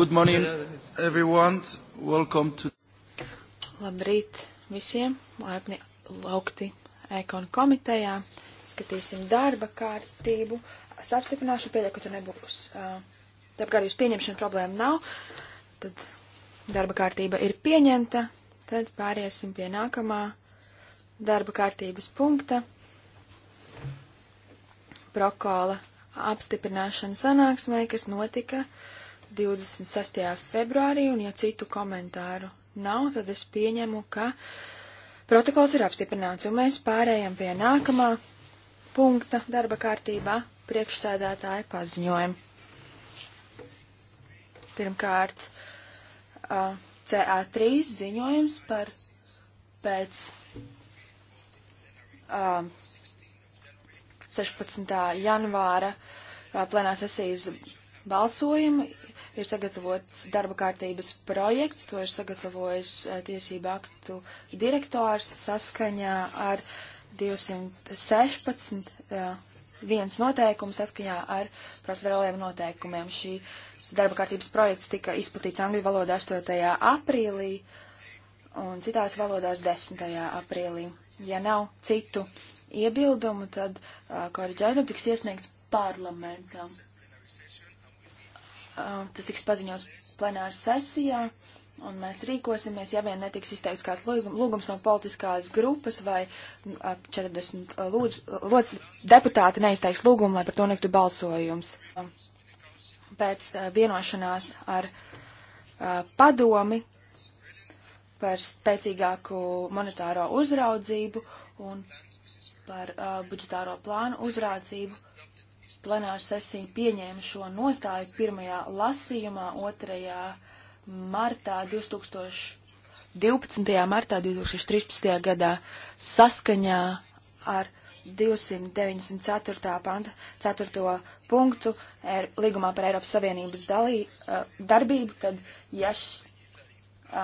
Good morning, everyone. Welcome to. Labrīt visiem, laipni laukti ekonu komitejā. Skatīsim darba kārtību. Es apstiprināšu, pieļauju, ka tur nebūs. Tāpēc, kā jūs pieņemšana problēma nav, tad darba kārtība ir pieņemta. Tad pāriesim pie nākamā darba kārtības punkta. Prokola apstiprināšana sanāksmē, kas notika uh, 26. februārī, un ja citu komentāru nav, tad es pieņemu, ka protokols ir apstiprināts, un mēs pārējām pie nākamā punkta darba kārtībā priekšsēdētāja paziņojuma. Pirmkārt, uh, CA3 ziņojums par pēc uh, 16. janvāra uh, plenā sesijas balsojumu ir sagatavots darba kārtības projekts, to ir sagatavojis tiesību aktu direktors saskaņā ar 216 jā, viens noteikums saskaņā ar procedurālajiem noteikumiem. Šīs darba kārtības projekts tika izplatīts angļu valodā 8. aprīlī un citās valodās 10. aprīlī. Ja nav citu iebildumu, tad uh, korģēdam tiks iesniegts parlamentam. Uh, tas tiks paziņots plenāras sesijā, un mēs rīkosimies, ja vien netiks izteikts kāds lūgums no politiskās grupas, vai 40 mm, uh, lūdz, lūdz deputāti neizteiks lūgumu, lai par to nektu balsojums. Um, pēc uh, vienošanās ar padomi par steicīgāku monetāro uzraudzību un par budžetāro plānu uzraudzību plenāra sesija pieņēma šo nostāju pirmajā lasījumā 2. martā 2012. martā 2013. gadā saskaņā ar 294. panta 4. punktu er, līgumā par Eiropas Savienības dalī, uh, darbību, tad, ja š, uh,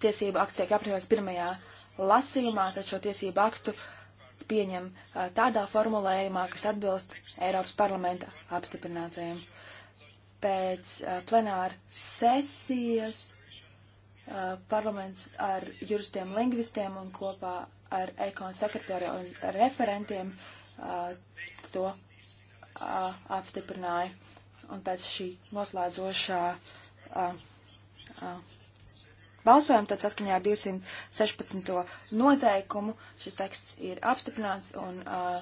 tiesību akti tiek apņemts pirmajā lasījumā, tad šo tiesību aktu uh, pieņem tādā formulējumā, kas atbilst Eiropas parlamenta apstiprinātajiem. Pēc plenāra sesijas parlaments ar juristiem, lingvistiem un kopā ar ekonu sekretāru un referentiem to apstiprināja. Un pēc šī noslēdzošā balsojam, tad saskaņā ar 216. noteikumu šis teksts ir apstiprināts un uh,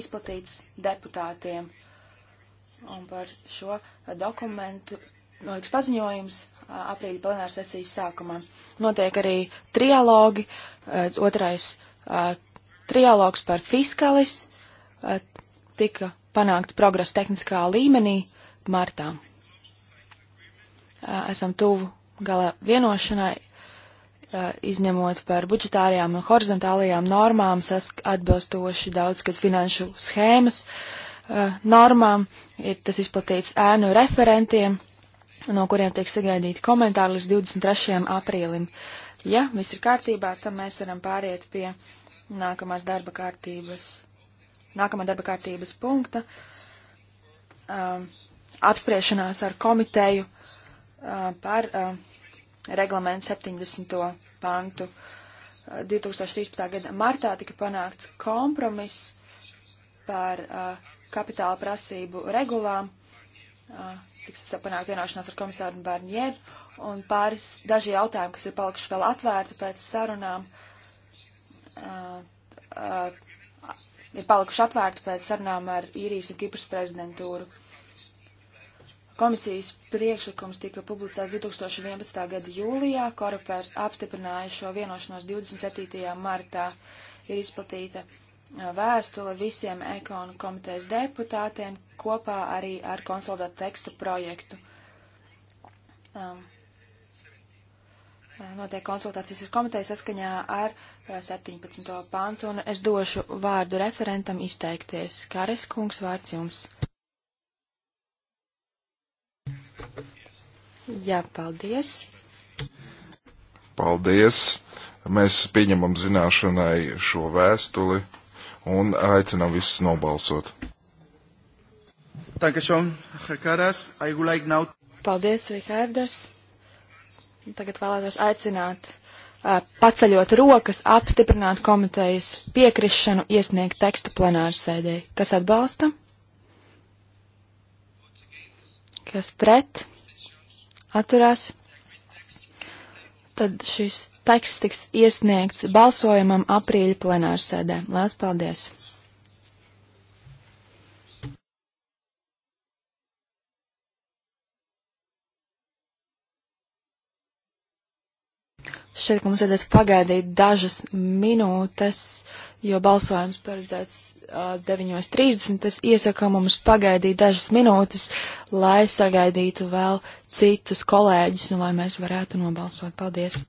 izplatīts deputātiem. Un par šo dokumentu notiks paziņojums aprīļa plenāra sesijas sākumā. Notiek arī trialogi, otrais trialogs par fiskalis tika panākts progress tehniskā līmenī martā. Esam tuvu gala vienošanai, izņemot par budžetārijām un horizontālajām normām, atbilstoši daudzgad finanšu schēmas normām, ir tas izplatīts ēnu referentiem, no kuriem tiek sagaidīti komentāri līdz 23. aprīlim. Ja viss ir kārtībā, tad mēs varam pāriet pie nākamās darba kārtības, nākamā darba kārtības punkta, um, apspriešanās ar komiteju uh, Uh, par uh, reglamentu 70. pantu. 2013. Uh, gada martā tika panākts kompromiss par kapitāla prasību regulām. Tiks panākt vienošanās ar komisāru Barnieru un pāris daži jautājumi, kas ir palikuši vēl atvērti pēc sarunām, ir palikuši atvērti pēc sarunām ar īrijas un Kipras prezidentūru. Komisijas priekšlikums tika publicēts 2011. gada jūlijā, Korupērs apstiprināja šo vienošanos 27. martā. Ir izplatīta vēstule visiem ekonu komitejas deputātiem kopā arī ar konsolidētu tekstu projektu. Um, notiek konsultācijas ar komiteju saskaņā ar 17. pantu, un es došu vārdu referentam izteikties. Kares kungs, vārds jums. Jā, paldies. Paldies. Mēs pieņemam zināšanai šo vēstuli un aicinām visus nobalsot. Paldies, Rihardas. Tagad vēlētos aicināt paceļot rokas, apstiprināt komitejas piekrišanu, iesniegt tekstu plenāru sēdēji. Kas atbalsta? Kas pret? atturās. Tad šis teksts tiks iesniegts balsojumam aprīļa plenārsēdē. Lielas paldies! Šeit mums vajadzēs pagaidīt dažas minūtes, jo balsojums paredzēts uh, 9.30. Es iesaku mums pagaidīt dažas minūtes, lai sagaidītu vēl citus kolēģus un lai mēs varētu nobalsot. Paldies!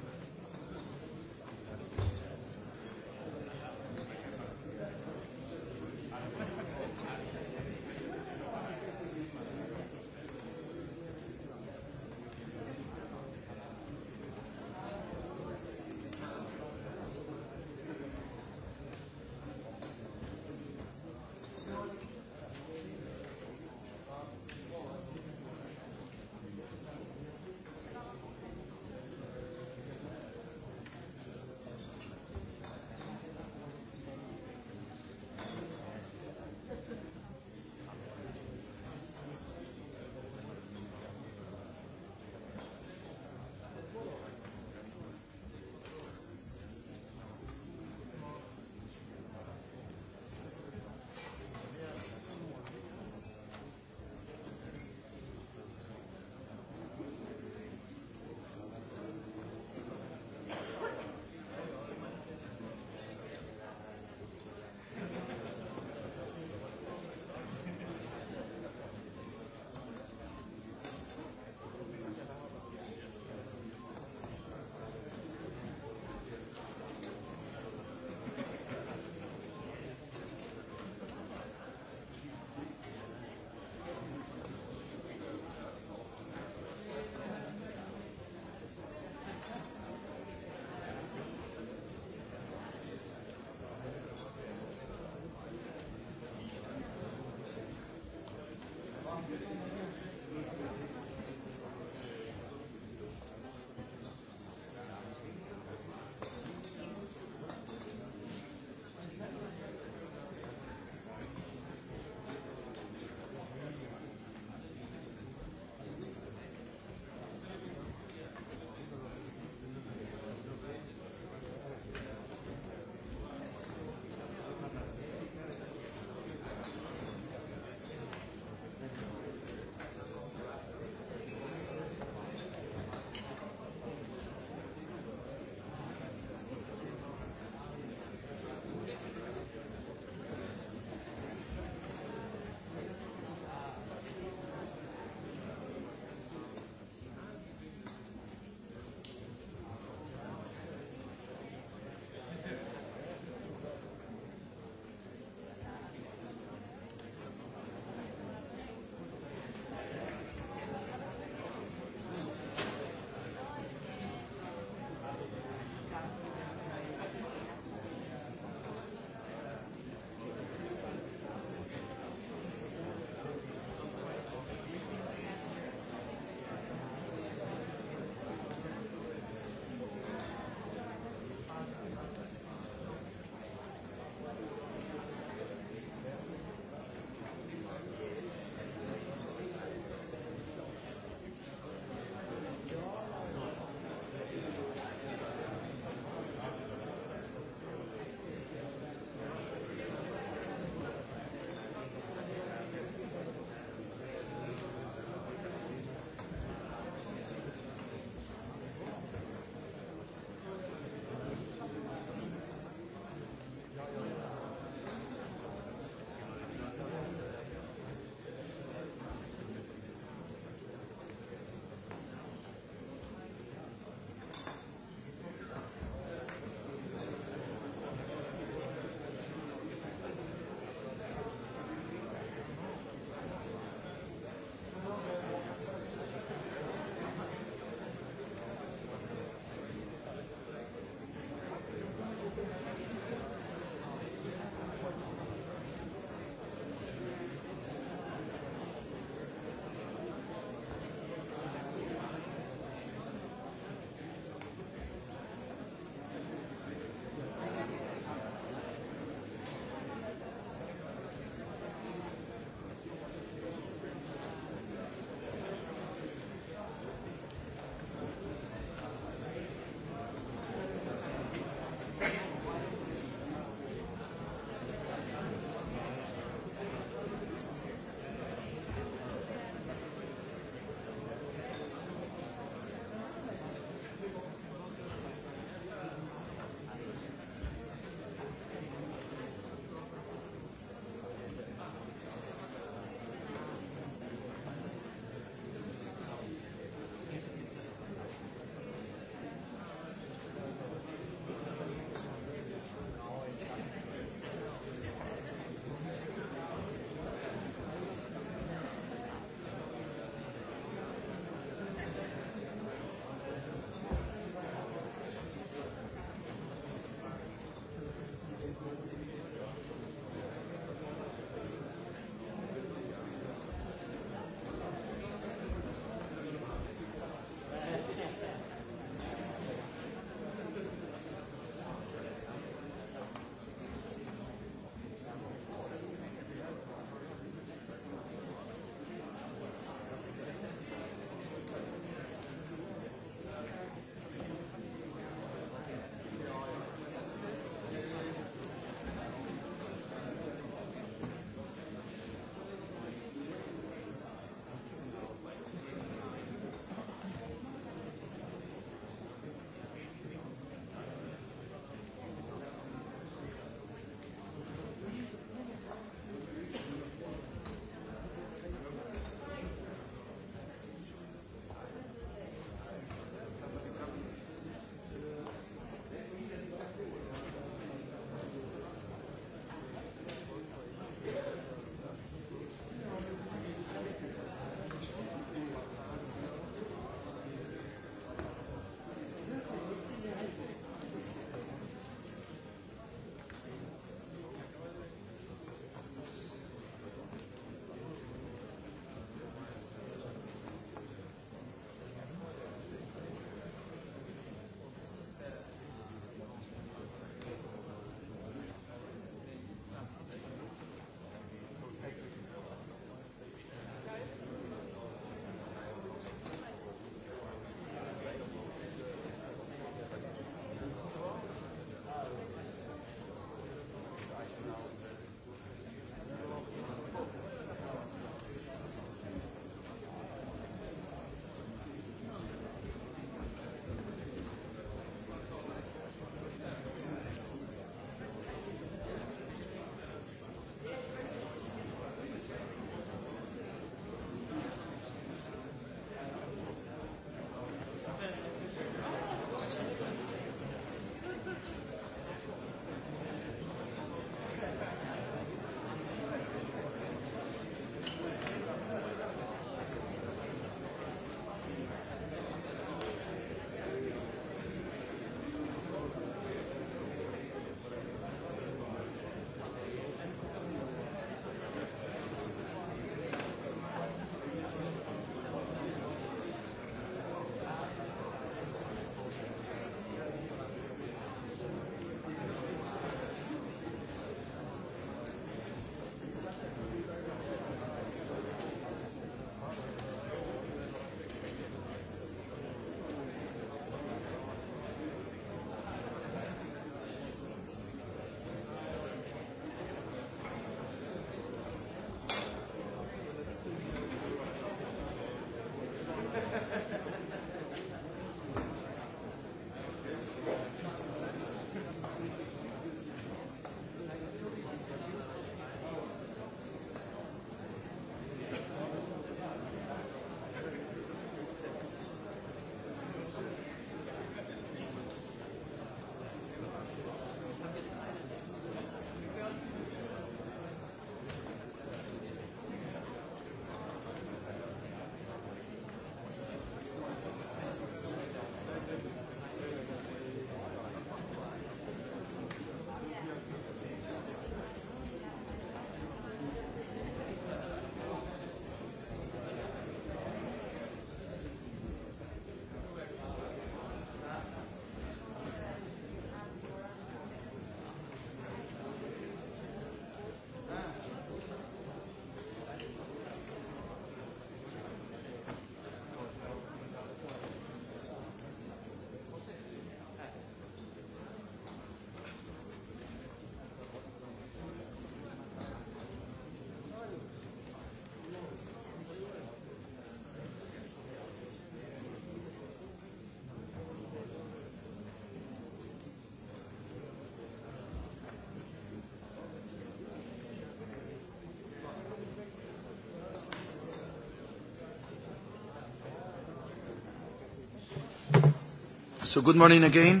So good morning again.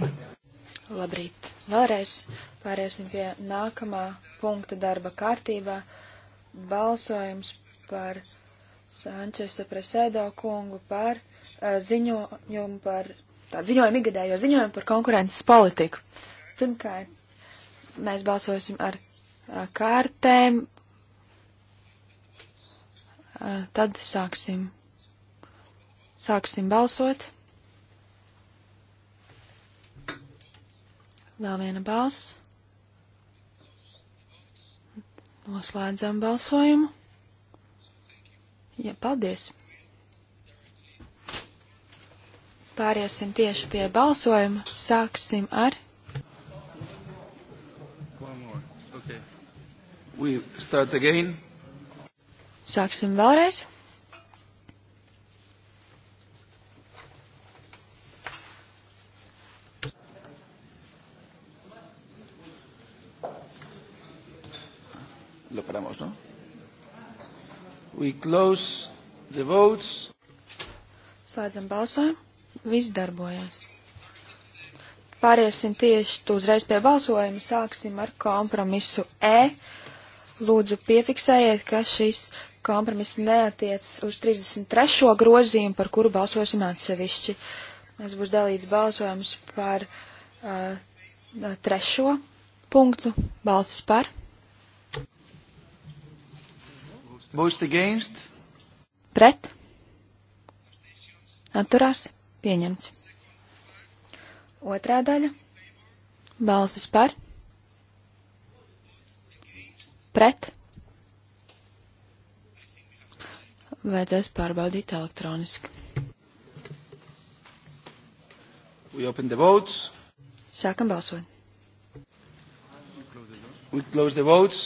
Labrīt. Vēlreiz pāriesim pie nākamā punkta darba kārtībā. Balsojums par Sančesa Presēdo kungu par uh, ziņojumu par, tā ziņojumu igadējo ziņojumu par konkurences politiku. Pirmkārt, mēs balsosim ar uh, kārtēm. Uh, tad sāksim. Sāksim balsot. Vēl viena balss. Noslēdzam balsojumu. Jā, paldies. Pāriesim tieši pie balsojuma. Sāksim ar. Okay. Sāksim vēlreiz. We close the votes. Slēdzam balsojumu. Viss darbojas. Pāriesim tieši uzreiz pie balsojuma. Sāksim ar kompromisu E. Lūdzu, piefiksējiet, ka šis kompromiss neatiec uz 33. grozījumu, par kuru balsosim atsevišķi. Mums būs dalīts balsojums par uh, trešo punktu. Balsis par. Būs against? Pret. Atturās. Pieņemts. Otrā daļa. Balsis par. Pret. Vajadzēs pārbaudīt elektroniski. We open the votes. Sākam balsot. We close the votes.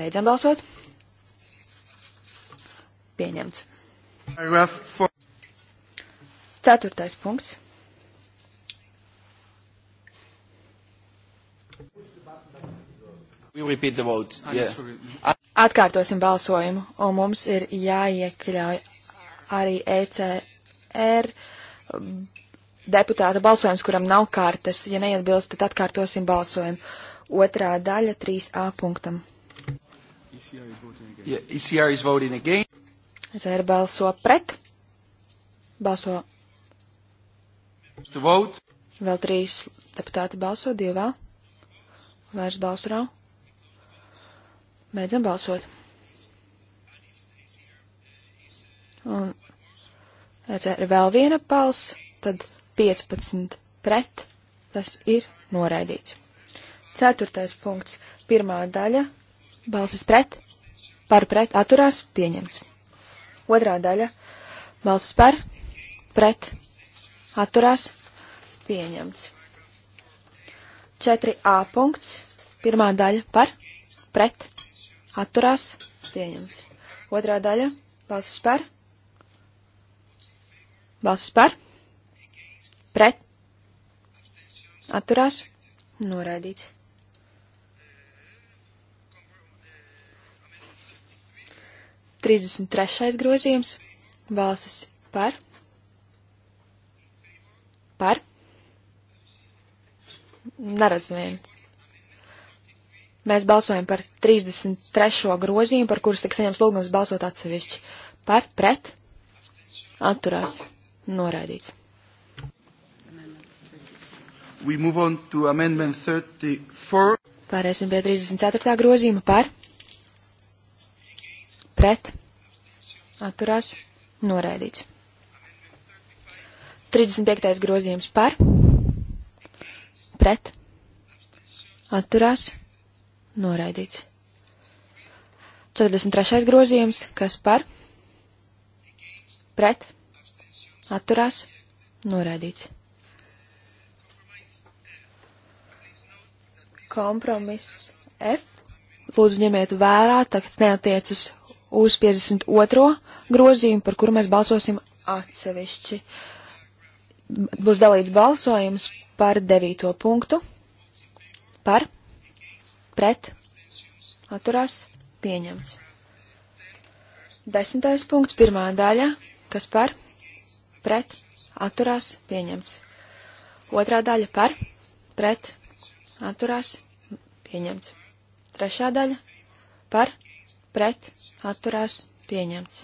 Beidzam balsot. Pieņemts. Ceturtais punkts. Ah, yeah. Ah. Atkārtosim balsojumu, un mums ir jāiekļauj arī ECR deputāta balsojums, kuram nav kārtas. Ja neiebilst, tad atkārtosim balsojumu. Otrā daļa 3A punktam. ECR e is voting again. ECR balso pret. Balso. Vēl trīs deputāti balso, divi vēl. Vairs balsu nav. Beidzam balsot. Un ECR vēl viena pals, tad 15 pret. Tas ir noraidīts. Ceturtais punkts. Pirmā daļa. Balsis pret. Par pret atturās pieņemts. Otrā daļa balsis par, pret, atturās, pieņemts. 4a punkts, pirmā daļa par, pret, atturās, pieņemts. Otrā daļa balsis par, balsis par, pret, atturās, noraidīts. 33. grozījums. Balsis par. Par. Neredz vienu. Mēs balsojam par 33. grozījumu, par kuras tiks saņems lūgums balsot atsevišķi. Par, pret, atturās, noraidīts. Pārēsim pie 34. grozījuma par pret, atturās, noraidīts. 35. grozījums par, pret, atturās, noraidīts. 43. grozījums, kas par, pret, atturās, noraidīts. Kompromiss F. Lūdzu, ņemiet vērā, tas neatiecas uz 52. grozījumu, par kuru mēs balsosim atsevišķi. Būs dalīts balsojums par 9. punktu. Par, pret, atturās, pieņemts. Desmitais punkts, pirmā daļa, kas par, pret, atturās, pieņemts. Otrā daļa par, pret, atturās, pieņemts. Trešā daļa par, pret pret, atturās, pieņemts.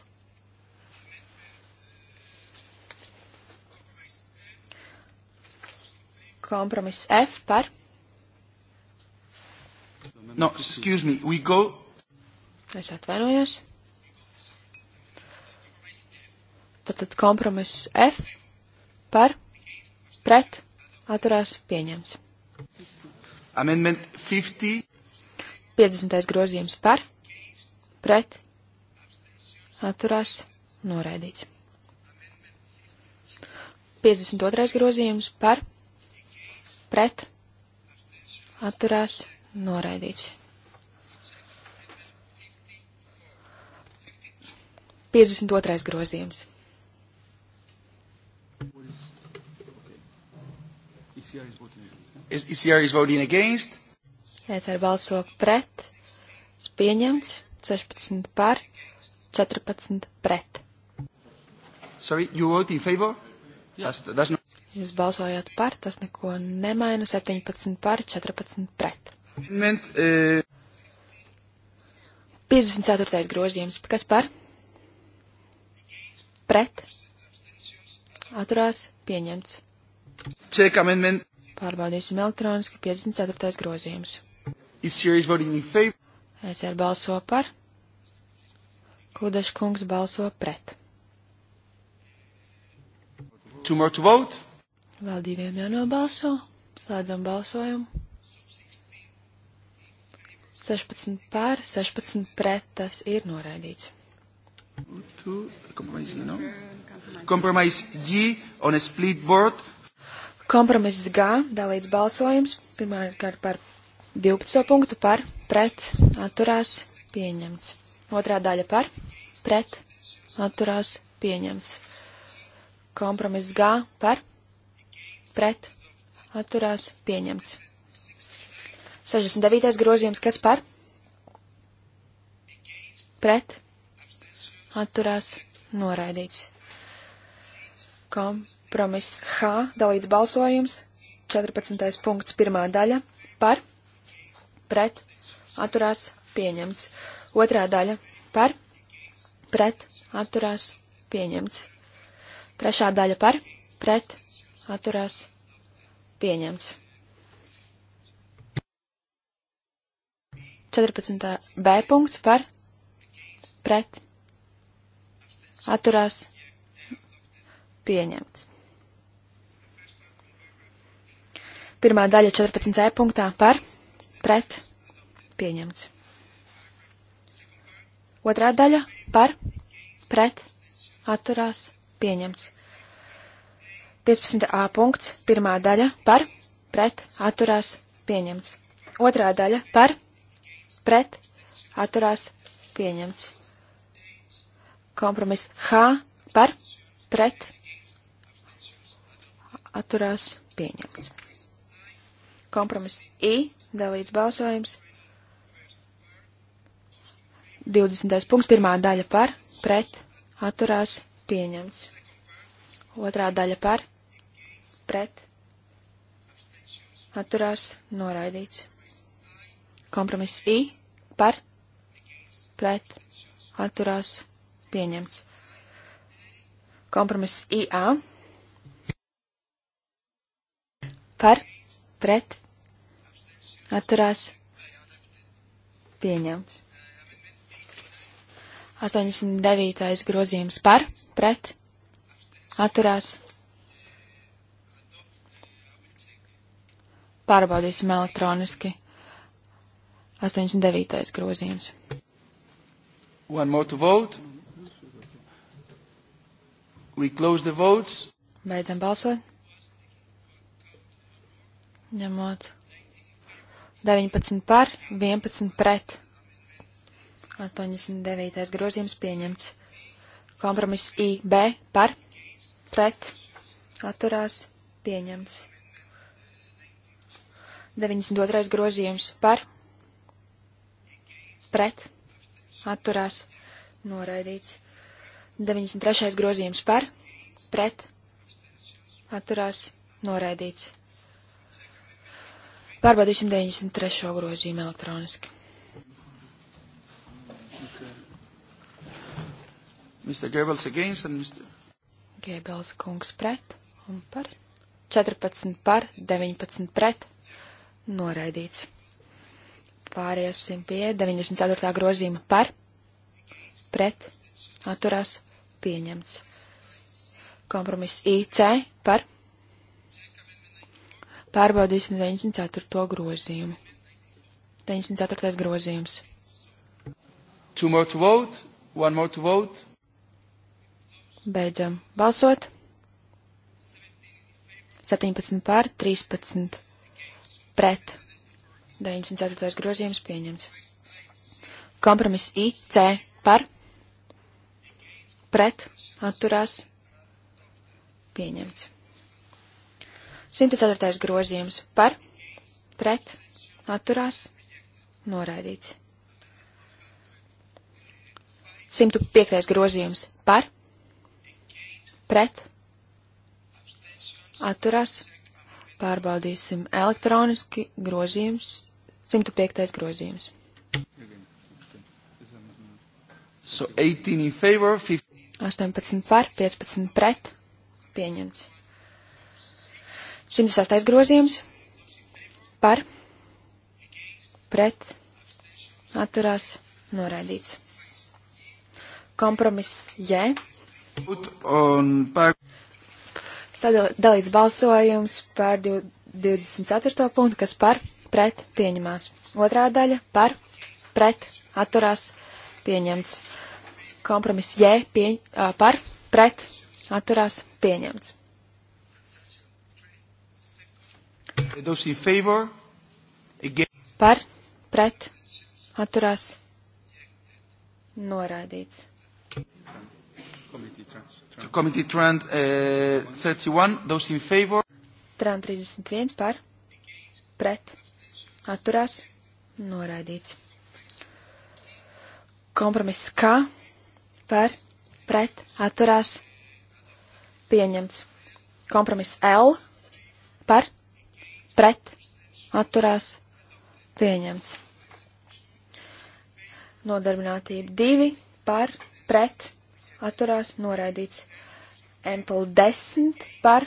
Kompromiss F par. No, excuse me, we go. Es atvainojos. Tātad kompromiss F par, pret, atturās, pieņemts. Amendment 50. 50. grozījums par pret, atturās, noraidīts. 52. grozījums par, pret, atturās, noraidīts. 52. grozījums. ECR balso pret, pieņemts. 16 par, 14 pret. Sorry, you vote in favor? Yes, that's not... Jūs balsojāt par, tas neko nemaina, 17 par, 14 pret. Ment, uh... 54. grozījums, kas par? Pret. Atturās, pieņemts. Check amendment. Pārbaudīsim elektroniski 54. grozījums. ECR balso par. Kudaš kungs balso pret. Two more to vote. Vēl diviem jānobalso. Slēdzam balsojumu. 16 pār, 16 pret, tas ir noraidīts. Kompromiss G on a split board. Kompromiss G, dalīts balsojums, pirmkārt par 12. punktu par, pret, atturās, pieņemts. Otrā daļa par, pret, atturās, pieņemts. Kompromiss G par, pret, atturās, pieņemts. 69. grozījums, kas par? Pret, atturās, noraidīts. Kompromiss H, dalīts balsojums, 14. punkts, pirmā daļa, par, pret, atturās, pieņemts. Otrā daļa par, pret, atturās, pieņemts. Trešā daļa par, pret, atturās, pieņemts. 14. B punkts par, pret, atturās, pieņemts. Pirmā daļa 14. E punktā par, pret, pieņemts. Otrā daļa par, pret, atturās, pieņemts. 15a punkts, pirmā daļa par, pret, atturās, pieņemts. Otrā daļa par, pret, atturās, pieņemts. Kompromiss H par, pret, atturās, pieņemts. Kompromiss I, dalīts balsojums, 20. punkts, pirmā daļa par, pret, atturās, pieņemts. Otrā daļa par, pret, atturās, noraidīts. Kompromiss I, par, pret, atturās, pieņemts. Kompromiss IA, par, pret, atturās, pieņemts. 89. grozījums par, pret, atturās. Pārbaudīsim elektroniski. 89. grozījums. One more to vote. We close the votes. Beidzam balsot. Ņemot 19 par, 11 pret. 89. grozījums pieņemts. Kompromiss IB par, pret, atturās, pieņemts. 92. grozījums par, pret, atturās, noraidīts. 93. grozījums par, pret, atturās, noraidīts. Pārbaudīsim 93. grozījumu elektroniski. Mr. Goebbels against and Mr. Goebbels kungs pret un par 14 par 19 pret noraidīts. Pāriesim pie 94. grozījuma par pret atturās pieņemts. Kompromiss IC par pārbaudīsim 94. grozījumu. 94. grozījums. Two more to vote, one more to vote. Beidzam balsot. 17 pār 13 pret. 94. grozījums pieņems. Kompromiss IC par pret atturās pieņemts. 104. grozījums par, pret, atturās, noraidīts. 105. grozījums par, pret, atturās, pārbaudīsim elektroniski grozījums, 105. grozījums. So 18 in favor, 15. 18 par, 15 pret, pieņemts. 106. grozījums par, pret, atturās, noraidīts. Kompromiss J. Yeah Sadalīts balsojums par 24. punktu, kas par pret pieņemās. Otrā daļa par pret atturās pieņemts. Kompromiss J pieņ, par pret atturās pieņemts. Par pret atturās noraidīts to Committee Trend uh, 31. Those in favor? Trend 31 par. Pret. Atturās. Noraidīts. Kompromiss kā? Par. Pret. Atturās. Pieņemts. Kompromiss L. Par. Pret. Atturās. Pieņemts. Nodarbinātība 2 par pret atturās noraidīts. Ample 10 par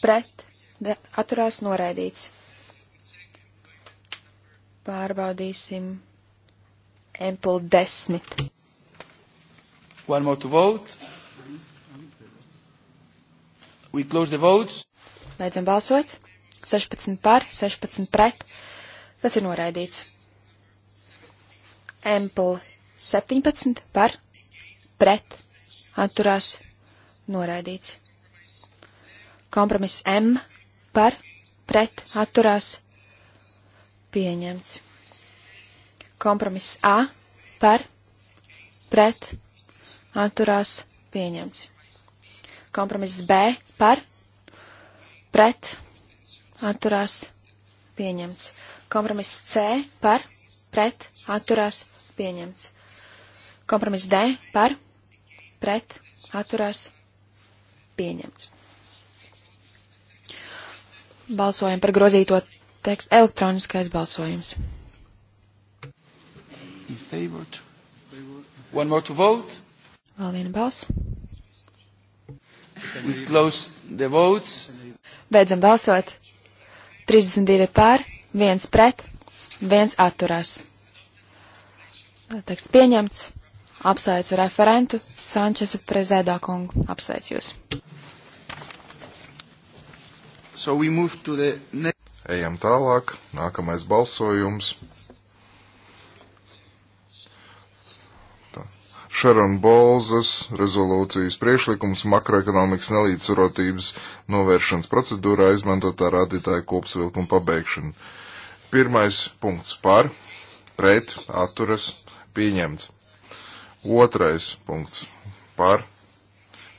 pret de, atturās noraidīts. Pārbaudīsim Ample 10. One more to vote. We close the votes. Beidzam balsot. 16 par, 16 pret. Tas ir noraidīts. Ample 17 par pret atturās noraidīts. Kompromiss M par pret atturās pieņemts. Kompromiss A par pret atturās pieņemts. Kompromiss B par pret atturās pieņemts. Kompromiss C par pret atturās pieņemts. Kompromiss D par pret pret, atturās, pieņemts. Balsojam par grozīto tekstu elektroniskais balsojums. One more to vote. Vēl viena balss. We close the votes. Beidzam balsot. 32 pār, 1 pret, 1 atturās. Teksts pieņemts. Apsveicu referentu Sančesu Prezēdā kungu. Apsveicu jūs. So the... Ejam tālāk. Nākamais balsojums. Šaron Bolzas rezolūcijas priekšlikums makroekonomikas nelīdzsvarotības novēršanas procedūrā izmantotā rādītāja kopsvilkuma pabeigšana. Pirmais punkts par, pret, atturas, pieņemts. Otrais punkts par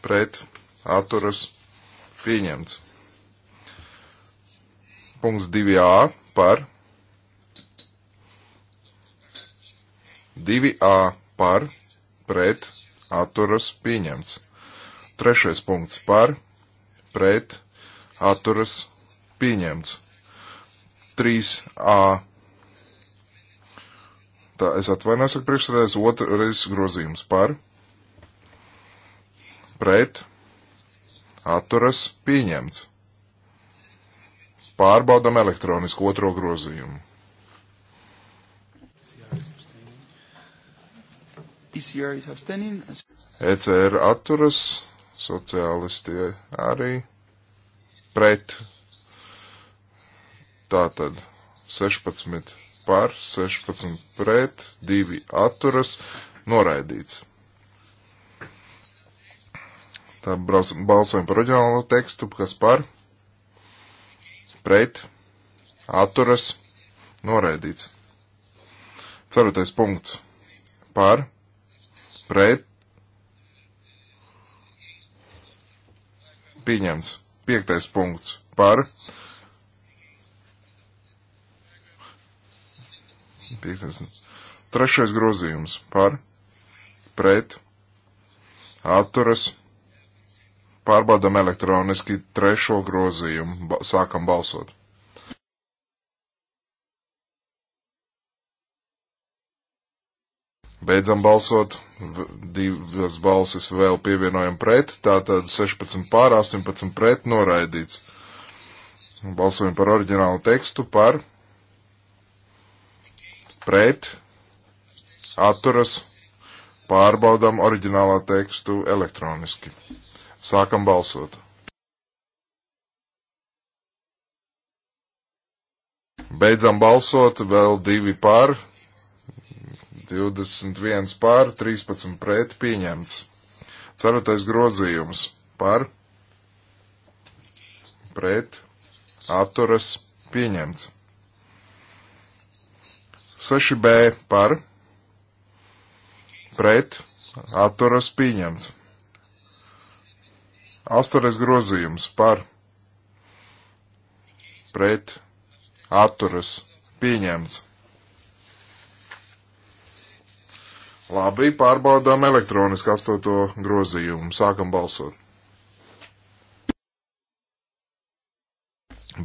pret atturas pieņemts. Punkts 2a par 2a par pret atturas pieņemts. Trešais punkts par pret atturas pieņemts. 3a Tā, es atvainojos, ka priekšsēdētājs otrais grozījums par, pret, atturas pieņemts. Pārbaudam elektronisku otro grozījumu. ECR e atturas, sociālisti arī pret. Tātad 16 par, 16 pret, 2 atturas, noraidīts. Tā balsojam par oriģinālo tekstu, kas par, pret, atturas, noraidīts. Ceturtais punkts par, pret, pieņemts. Piektais punkts par, pret 50. Trešais grozījums par pret atturas. Pārbaudam elektroniski trešo grozījumu. Sākam balsot. Beidzam balsot, divas balsis vēl pievienojam pret, tātad 16 pār 18 pret noraidīts. Balsojam par oriģinālu tekstu par pret, atturas, pārbaudām oriģinālā tekstu elektroniski. Sākam balsot. Beidzam balsot, vēl divi pār, 21 pār, 13 pret, pieņemts. Ceturtais grozījums par, pret, atturas, pieņemts. 6B par pret atturas pieņemts. Astoties grozījums par pret atturas pieņemts. Labi, pārbaudām elektroniski astoto grozījumu. Sākam balsot.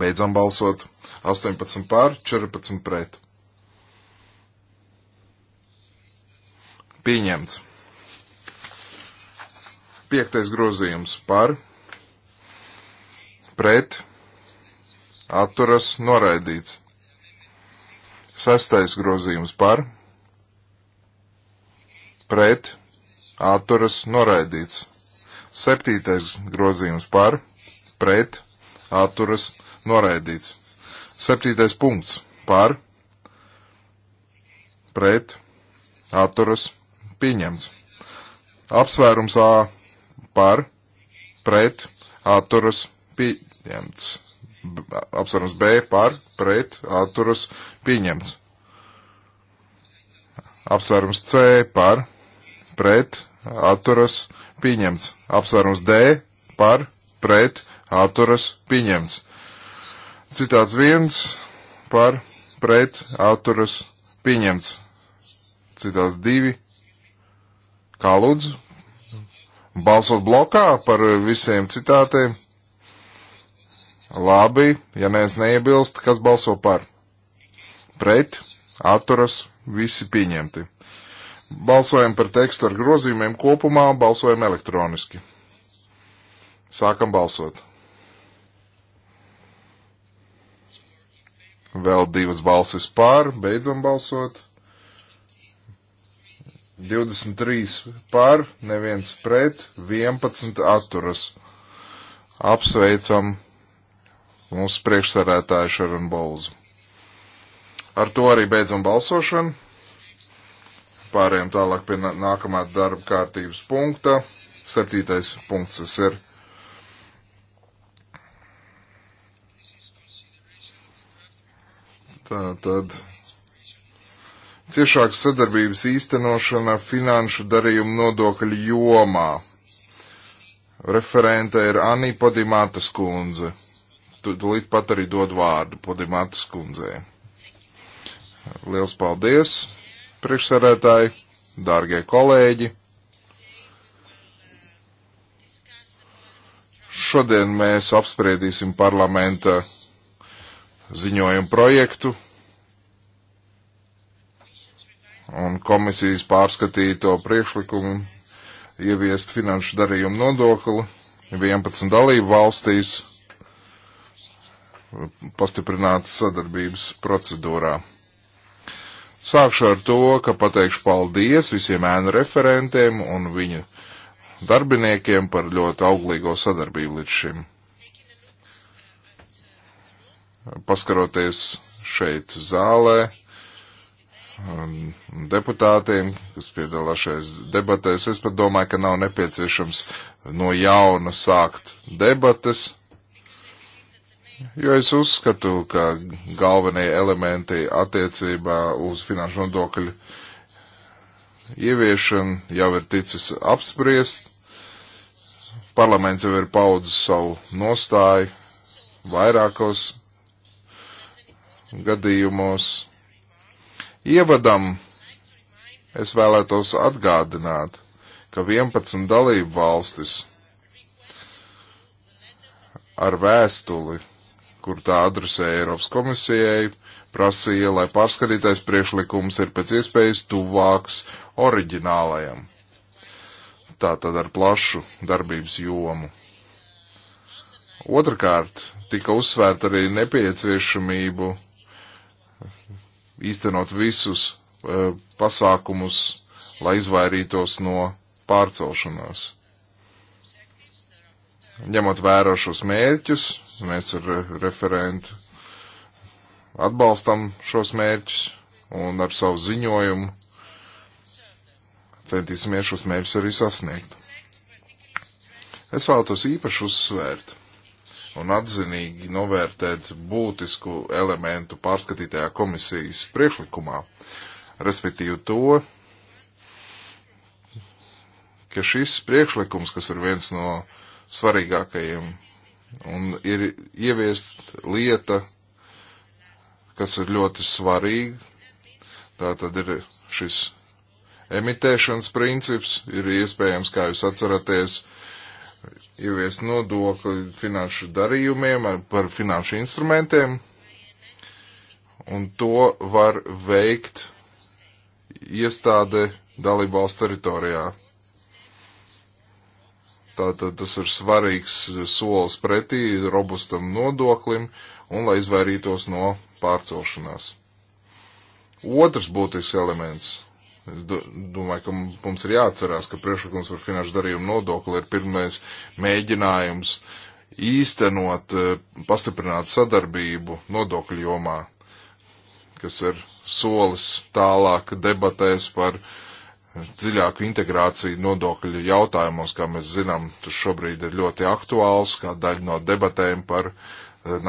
Beidzam balsot 18 pār, 14 pret. Pieņemts. Piektais grozījums par, pret, atturas, noraidīts. Sestais grozījums par, pret, atturas, noraidīts. Septītais grozījums par, pret, atturas, noraidīts. Septītais punkts par, pret, atturas, noraidīts pieņemts. Apsvērums A par, pret, atturas pieņemts. Apsvērums B par, pret, atturas pieņemts. Apsvērums C par, pret, atturas pieņemts. Apsvērums D par, pret, atturas pieņemts. Citāts viens par, pret, atturas pieņemts. Citāts divi Kā lūdzu? Balsot blokā par visiem citātiem? Labi, ja neviens neiebilst, kas balso par? Pret, atturas, visi pieņemti. Balsojam par tekstu ar grozījumiem kopumā, balsojam elektroniski. Sākam balsot. Vēl divas balsis pār, beidzam balsot. 23 par, neviens pret, 11 atturas. Apsveicam mūsu priekšsarētāju Šarun Bolzu. Ar to arī beidzam balsošanu. Pārējām tālāk pie nākamā darba kārtības punkta. Septītais punkts tas ir. Tā tad. tad ciešākas sadarbības īstenošana finanšu darījumu nodokļu jomā. Referente ir Anī Podimātas kundze. Tūlīt pat arī dod vārdu Podimātas kundzei. Liels paldies, priekšsarētāji, dārgie kolēģi! Šodien mēs apspriedīsim parlamenta ziņojumu projektu un komisijas pārskatīto priekšlikumu ieviest finanšu darījumu nodokli 11 dalību valstīs pastiprinātas sadarbības procedūrā. Sākšu ar to, ka pateikšu paldies visiem ēnu referentiem un viņu darbiniekiem par ļoti auglīgo sadarbību līdz šim. Paskaroties šeit zālē, Um, deputātiem, kas piedalās šajās debatēs. Es pat domāju, ka nav nepieciešams no jauna sākt debates, jo es uzskatu, ka galvenie elementi attiecībā uz finanšu nodokļu ieviešanu jau ir ticis apspriest. Parlaments jau ir paudzis savu nostāju vairākos gadījumos Ievadam es vēlētos atgādināt, ka 11 dalību valstis ar vēstuli, kur tā adresēja Eiropas komisijai, prasīja, lai pārskatītais priekšlikums ir pēc iespējas tuvāks oriģinālajam. Tātad ar plašu darbības jomu. Otrakārt, tika uzsvērta arī nepieciešamību īstenot visus e, pasākumus, lai izvairītos no pārcelšanās. Ņemot vērā šos mērķus, mēs ar referentu atbalstam šos mērķus un ar savu ziņojumu centīsimies šos mērķus arī sasniegt. Es vēlētos īpaši uzsvērt un atzinīgi novērtēt būtisku elementu pārskatītajā komisijas priekšlikumā, respektīvi to, ka šis priekšlikums, kas ir viens no svarīgākajiem, un ir ieviest lieta, kas ir ļoti svarīga, tā tad ir šis emitēšanas princips, ir iespējams, kā jūs atceraties, ievies nodokli finanšu darījumiem par finanšu instrumentiem, un to var veikt iestāde dalībvalsts teritorijā. Tātad tas ir svarīgs solis pretī robustam nodoklim un lai izvairītos no pārcelšanās. Otrs būtisks elements Es domāju, ka mums ir jāatcerās, ka priekšlikums par finanšu darījumu nodokli ir pirmais mēģinājums īstenot eh, pastiprināt sadarbību nodokļu jomā, kas ir solis tālāk debatēs par dziļāku integrāciju nodokļu jautājumos, kā mēs zinām, tas šobrīd ir ļoti aktuāls, kā daļa no debatēm par eh,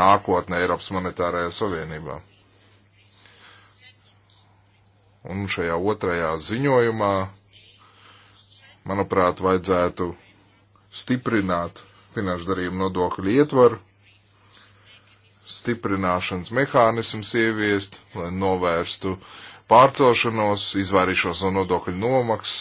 nākotnē Eiropas monetārajā savienībā. Un šajā otrajā ziņojumā, manuprāt, vajadzētu stiprināt finanšu darījumu nodokļu ietvaru, stiprināšanas mehānisms ieviest, lai novērstu pārcelšanos, izvairīšos no nodokļu nomaksas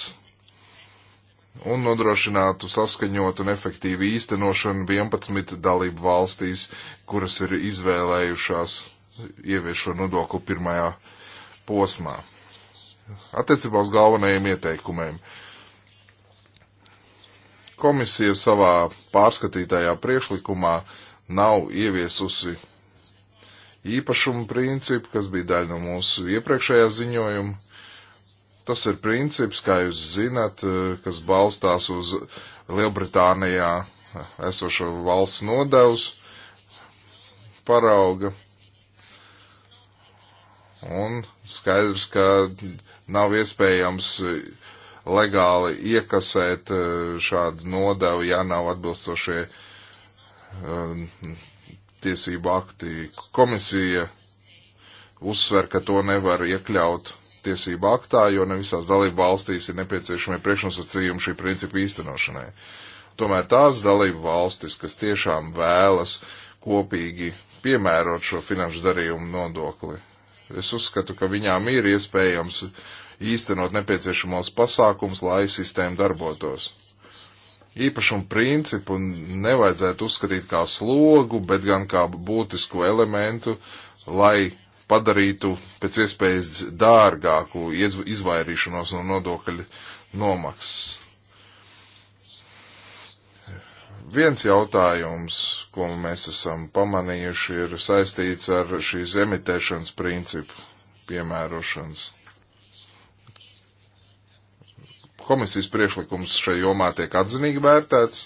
un nodrošinātu saskaņot un efektīvu īstenošanu 11 dalību valstīs, kuras ir izvēlējušās ieviešo nodokli pirmajā posmā attiecībā uz galvenajiem ieteikumiem. Komisija savā pārskatītajā priekšlikumā nav ieviesusi īpašumu principu, kas bija daļa no mūsu iepriekšējā ziņojuma. Tas ir princips, kā jūs zinat, kas balstās uz Lielbritānijā esošo valsts nodevs parauga. Un skaidrs, ka nav iespējams e, legāli iekasēt e, šādu nodevu, ja nav atbilstošie e, tiesību akti. Komisija uzsver, ka to nevar iekļaut tiesību aktā, jo ne visās dalību valstīs ir nepieciešamie priekšnosacījumi šī principa īstenošanai. Tomēr tās dalību valstis, kas tiešām vēlas kopīgi piemērot šo finanšu darījumu nodokli, Es uzskatu, ka viņām ir iespējams īstenot nepieciešamos pasākums, lai sistēma darbotos. Īpašumu principu nevajadzētu uzskatīt kā slogu, bet gan kā būtisku elementu, lai padarītu pēc iespējas dārgāku izvairīšanos no nodokļu nomaksas. Viens jautājums, ko mēs esam pamanījuši, ir saistīts ar šīs emitēšanas principu piemērošanas. Komisijas priekšlikums šai jomā tiek atzinīgi vērtēts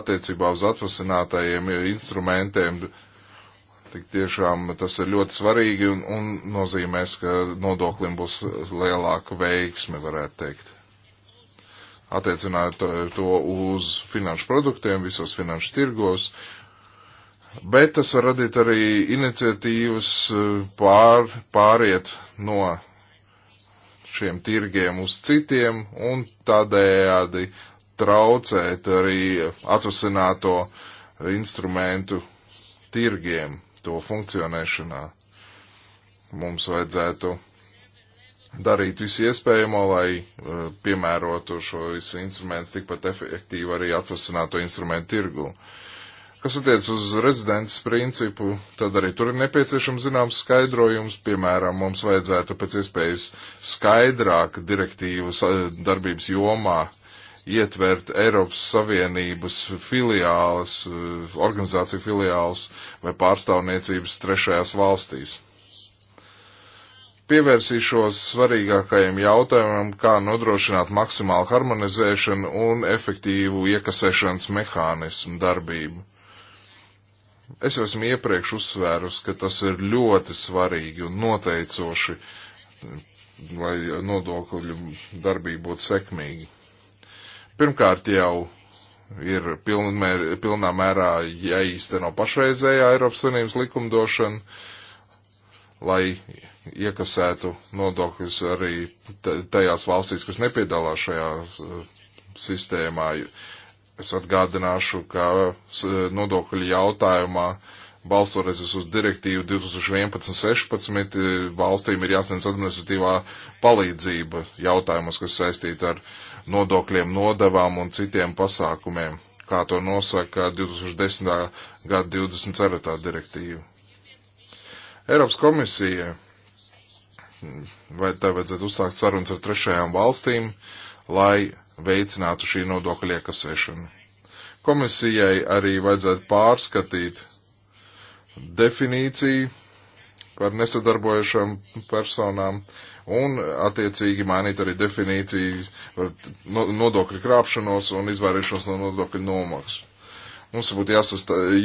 attiecībā uz atvasinātajiem instrumentiem. Tik tiešām tas ir ļoti svarīgi un, un nozīmēs, ka nodoklim būs lielāka veiksme, varētu teikt attiecināt to uz finanšu produktiem visos finanšu tirgos, bet tas var radīt arī iniciatīvas e, pār, pāriet no šiem tirgiem uz citiem un tādējādi traucēt arī atvasināto instrumentu tirgiem, to funkcionēšanā. Mums vajadzētu darīt visu iespējamo, lai uh, piemērotu šo visu instrumentu tikpat efektīvi arī atvasināto instrumentu tirgu. Kas attiec uz rezidents principu, tad arī tur ir nepieciešams zināms skaidrojums. Piemēram, mums vajadzētu pēc iespējas skaidrāk direktīvas darbības jomā ietvert Eiropas Savienības filiālas, uh, organizāciju filiālas vai pārstāvniecības trešajās valstīs. Pievērsīšos svarīgākajiem jautājumam, kā nodrošināt maksimālu harmonizēšanu un efektīvu iekasēšanas mehānismu darbību. Es jau esmu iepriekš uzsvērus, ka tas ir ļoti svarīgi un noteicoši, lai nodokļu darbība būtu sekmīga. Pirmkārt jau ir pilnmēr, pilnā mērā jāīsteno pašreizējā Eiropas Savienības likumdošana, lai iekasētu nodokļus arī tajās valstīs, kas nepiedalās šajā eh, sistēmā. Es atgādināšu, ka nodokļu jautājumā balstoties uz direktīvu 2011-16 eh, valstīm ir jāsniedz administratīvā palīdzība jautājumos, kas saistīti ar nodokļiem, nodevām un citiem pasākumiem, kā to nosaka 2010. gada 24. direktīva. Eiropas komisija vai tā vajadzētu uzsākt sarunas ar trešajām valstīm, lai veicinātu šī nodokļa iekasēšanu. Komisijai arī vajadzētu pārskatīt definīciju par nesadarbojušām personām un attiecīgi mainīt arī definīciju par nodokļu krāpšanos un izvairīšanos no nodokļu nomaksas. Mums būtu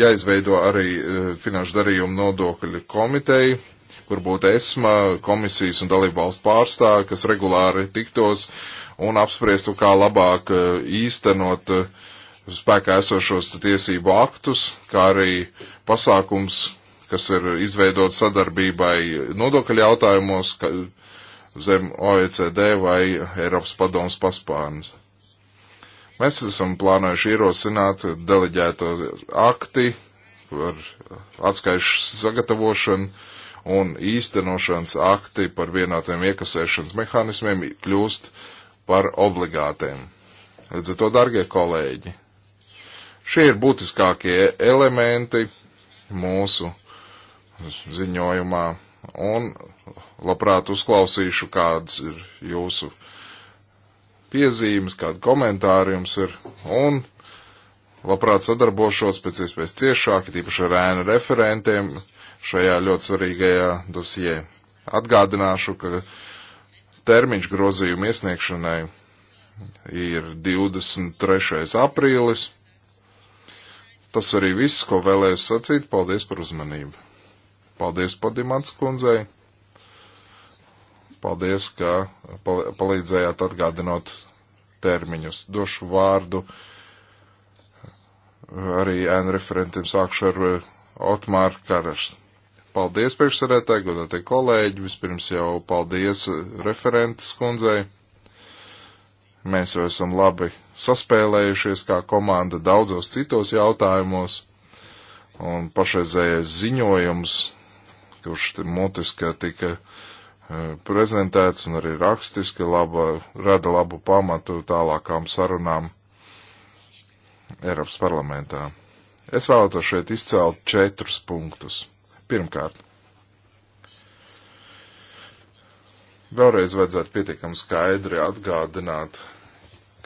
jāizveido arī eh, finanšu darījumu nodokļu komiteju, kur būtu ESMA, komisijas un dalību valstu pārstāvi, kas regulāri tiktos un apspriestu, kā labāk eh, īstenot eh, spēkā esošos tiesību aktus, kā arī pasākums, kas ir izveidots sadarbībai nodokļu jautājumos ka, zem OECD vai Eiropas padomas paspārnes. Mēs esam plānojuši ierosināt deleģēto akti par atskaišu sagatavošanu, un īstenošanas akti par vienotiem iekasēšanas mehānismiem kļūst par obligātiem. Līdz ar to, darbie kolēģi, šie ir būtiskākie elementi mūsu ziņojumā, un labprāt uzklausīšu, kāds ir jūsu piezīmes, kādi komentāri jums ir, un labprāt sadarbošos pēc iespējas ciešāk, tīpaši ar ēnu referentiem, šajā ļoti svarīgajā dosijē. Atgādināšu, ka termiņš grozījuma iesniegšanai ir 23. aprīlis. Tas arī viss, ko vēlējos sacīt. Paldies par uzmanību. Paldies Padimants kundzei. Paldies, ka pal palīdzējāt atgādinot termiņus. Došu vārdu arī ēnu referentiem sākšu ar eh, Otmāru Karašu. Paldies, priekšsarētāji, godātie kolēģi. Vispirms jau paldies eh, referentes kundzei. Mēs jau esam labi saspēlējušies kā komanda daudzos citos jautājumos. Un pašreizējais ziņojums, kurš mutiski tika eh, prezentēts un arī rakstiski laba, rada labu pamatu tālākām sarunām Eiropas parlamentā. Es vēlētos šeit izcelt četrus punktus. Pirmkārt, vēlreiz vajadzētu pietiekami skaidri atgādināt,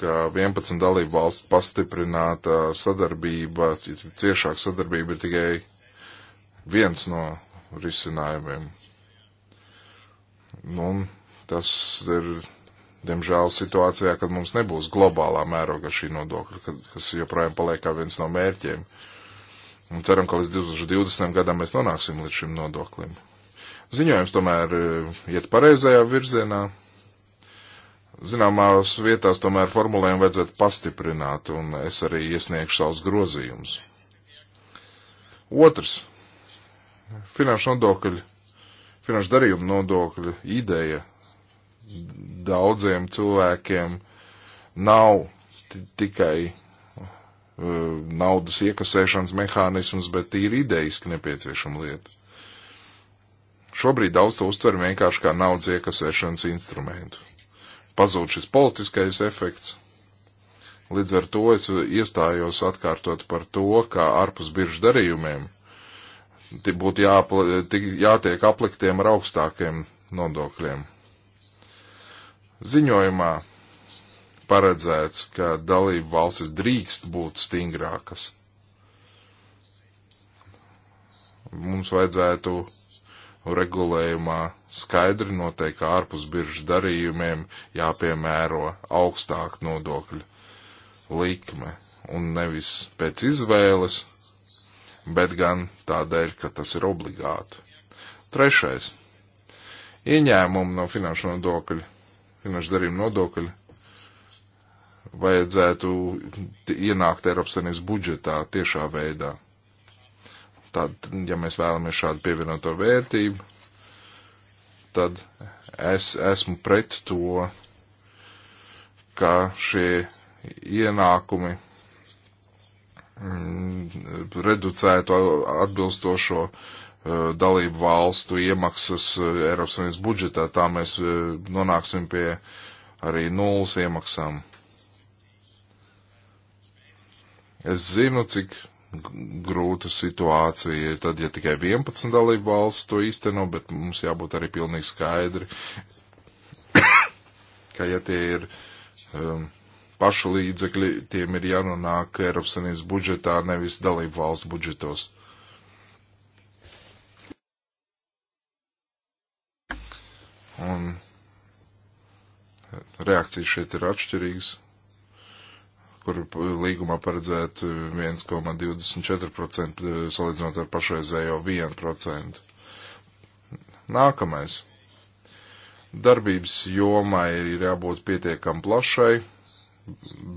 ka 11 dalību valstu pastiprināta sadarbība, ciešāka sadarbība ir tikai viens no risinājumiem. Nu, tas ir, diemžēl, situācijā, kad mums nebūs globālā mēroga šī nodokļa, kas joprojām paliek kā viens no mērķiem. Uh, Un ceram, ka līdz 2020. gadam mēs nonāksim līdz šim nodoklim. Ziņojums tomēr eh, iet pareizajā virzienā. Zināmās vietās tomēr formulējumu vajadzētu pastiprināt, un es arī iesniegšu savus grozījumus. Otrs. Finanšu nodokļu, finanšu darījumu nodokļu ideja daudziem cilvēkiem nav tikai Uh, naudas iekasēšanas mehānisms, bet tīri idejiski nepieciešama lieta. Šobrīd daudz to uztver vienkārši kā naudas iekasēšanas instrumentu. Pazūd šis politiskais efekts. Līdz ar to es iestājos atkārtot par to, kā ārpus biržu darījumiem būtu jāpla, jātiek apliktiem ar augstākiem nodokļiem. Ziņojumā paredzēts, ka dalību valstis drīkst būt stingrākas. Mums vajadzētu regulējumā skaidri noteikt, ka ārpus biržas darījumiem jāpiemēro augstāk nodokļu likme un nevis pēc izvēles, bet gan tādēļ, ka tas ir obligāti. Trešais. Ieņēmumi no finanšu nodokļa, finanšu darījuma nodokļa vajadzētu ienākt Eiropas Savienības budžetā tiešā veidā. Tad, ja mēs vēlamies šādu pievienoto vērtību, tad es esmu pret to, ka šie ienākumi mm, reducētu atbilstošo uh, dalību valstu iemaksas eh, Eiropas Savienības budžetā, tā mēs eh, nonāksim pie arī nulles iemaksām. Es zinu, cik grūta situācija ir tad, ja tikai 11 dalību valsts to īsteno, bet mums jābūt arī pilnīgi skaidri, ka ja tie ir um, paši līdzekļi, tiem ir jānonāk Eiropas Savienības budžetā, nevis dalību valsts budžetos. Un reakcijas šeit ir atšķirīgas kur līgumā paredzēt 1,24% eh, salīdzinot ar pašreizējo 1%. Nākamais. Darbības jomai ir jābūt pietiekam plašai,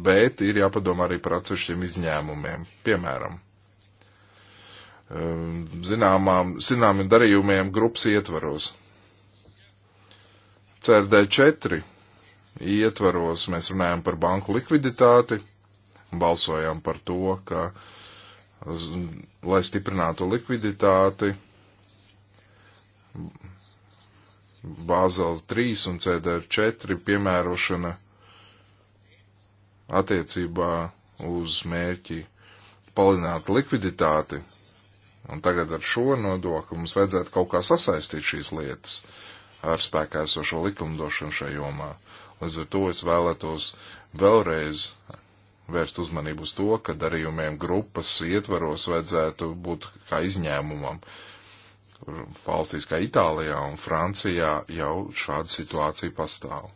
bet ir jāpadomā arī par atsevišķiem izņēmumiem. Piemēram, eh, zināmām, zināmiem darījumiem grupas ietvaros. CRD 4 ietvaros mēs runājam par banku likviditāti, balsojām par to, ka, lai stiprinātu likviditāti, Bāzela 3 un CDR 4 piemērošana attiecībā uz mērķi palināt likviditāti. Un tagad ar šo nodokli mums vajadzētu kaut kā sasaistīt šīs lietas ar spēkā esošo likumdošanu šajā jomā. Līdz ar to es vēlētos vēlreiz vērst uzmanību uz to, ka darījumiem grupas ietvaros vajadzētu būt kā izņēmumam. Kur valstīs kā Itālijā un Francijā jau šāda situācija pastāv.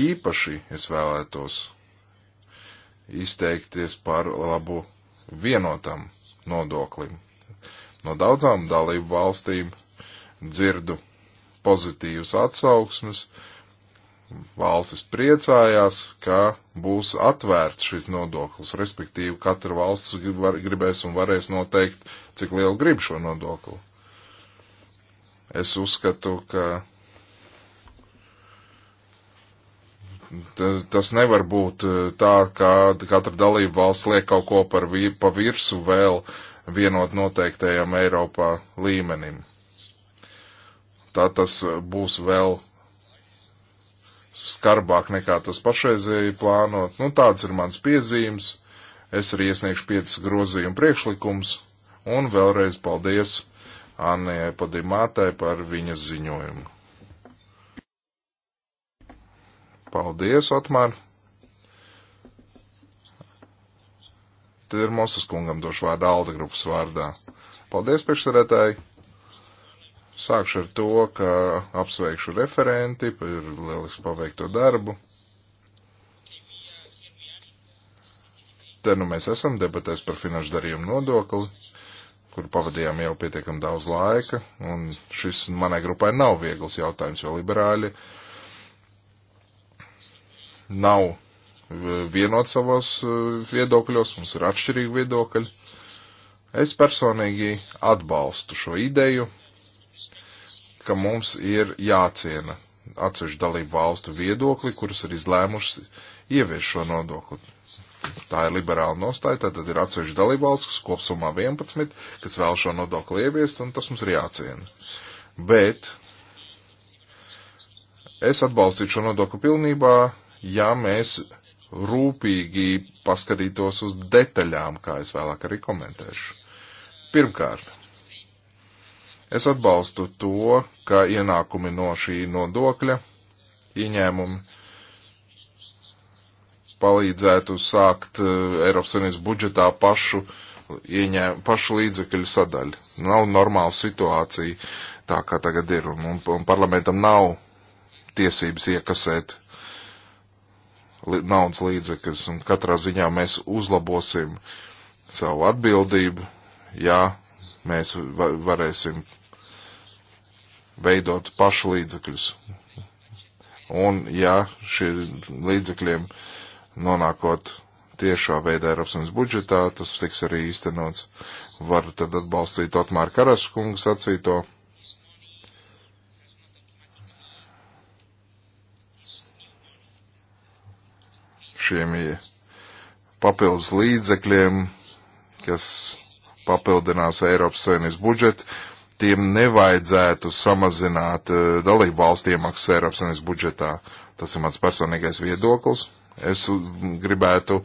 Īpaši es vēlētos izteikties par labu vienotam nodoklim. No daudzām dalību valstīm dzirdu pozitīvas atsauksmes, uh, valstis priecājās, ka būs atvērts šis nodoklis, respektīvi katra valsts gribēs un varēs noteikt, cik lielu grib šo nodokli. Es uzskatu, ka tas nevar būt e, tā, ka katra dalība valsts liek kaut ko par vi pa virsu vēl vienot noteiktajam Eiropā līmenim. Tā tas būs vēl skarbāk nekā tas pašreizēji plānot. Nu, tāds ir mans piezīmes. Es arī iesniegšu piecas grozījumu priekšlikums. Un vēlreiz paldies Annijai Padimātai par viņas ziņojumu. Paldies, Otmār. Tad ir Mosas kungam došu vārdu Alda grupas vārdā. Paldies, priekšsarētāji! Sākšu ar to, ka apsveikšu referenti par lielisku paveikto darbu. Te nu mēs esam debatēs par finanšu darījumu nodokli, kur pavadījām jau pietiekam daudz laika, un šis manai grupai nav viegls jautājums, jo liberāļi nav vienot savos e, viedokļos, mums ir atšķirīgi viedokļi. Es personīgi atbalstu šo ideju, ka mums ir jāciena atsevišķu dalību valstu viedokli, kuras ir izlēmušas ievies šo nodokli. Tā ir liberāla nostāja, tātad ir atsevišķi dalībvalsts, kopsumā 11, kas vēl šo nodokli ieviest, un tas mums ir jāciena. Bet es atbalstītu šo nodokli pilnībā, ja mēs rūpīgi paskatītos uz detaļām, kā es vēlāk arī komentēšu. Pirmkārt, Es atbalstu to, ka ienākumi no šī nodokļa ieņēmumi palīdzētu sākt eh, Eiropas Savienības budžetā pašu, ieņēm, pašu līdzekļu sadaļu. Nav normāla situācija tā, kā tagad ir, un, un, un parlamentam nav tiesības iekasēt li, naudas līdzekļus, un katrā ziņā mēs uzlabosim savu atbildību, ja mēs va, varēsim veidot pašu līdzekļus. Un, ja šie līdzekļiem nonākot tiešā veidā Eiropas Savienības budžetā, tas tiks arī īstenots. Var tad atbalstīt Otmāra Karaskungu sacīto. Šiem papildus līdzekļiem, kas papildinās Eiropas Savienības budžetu, tiem nevajadzētu samazināt eh, dalību valstu iemaksas Eiropas Savienības budžetā. Tas ir mans personīgais viedoklis. Es gribētu,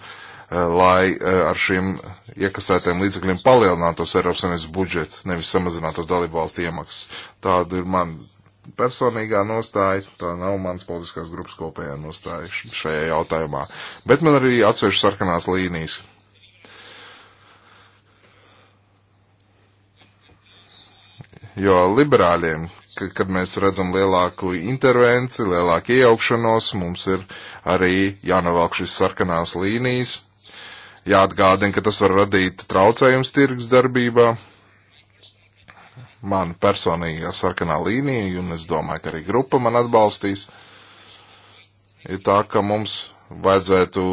eh, lai eh, ar šiem iekasētiem līdzekļiem palielinātos Eiropas Savienības budžets, nevis samazinātos dalību valstu iemaksas. Tāda ir man personīgā nostāja, tā nav mans politiskās grupas kopējā nostāja šajā jautājumā. Bet man arī atsevišķi sarkanās līnijas, jo liberāļiem, kad mēs redzam lielāku intervenciju, lielāku iejaukšanos, mums ir arī jānovelk šis sarkanās līnijas, jāatgādina, ka tas var radīt traucējums tirgus darbībā. Man personīgā sarkanā līnija, un es domāju, ka arī grupa man atbalstīs, ir tā, ka mums vajadzētu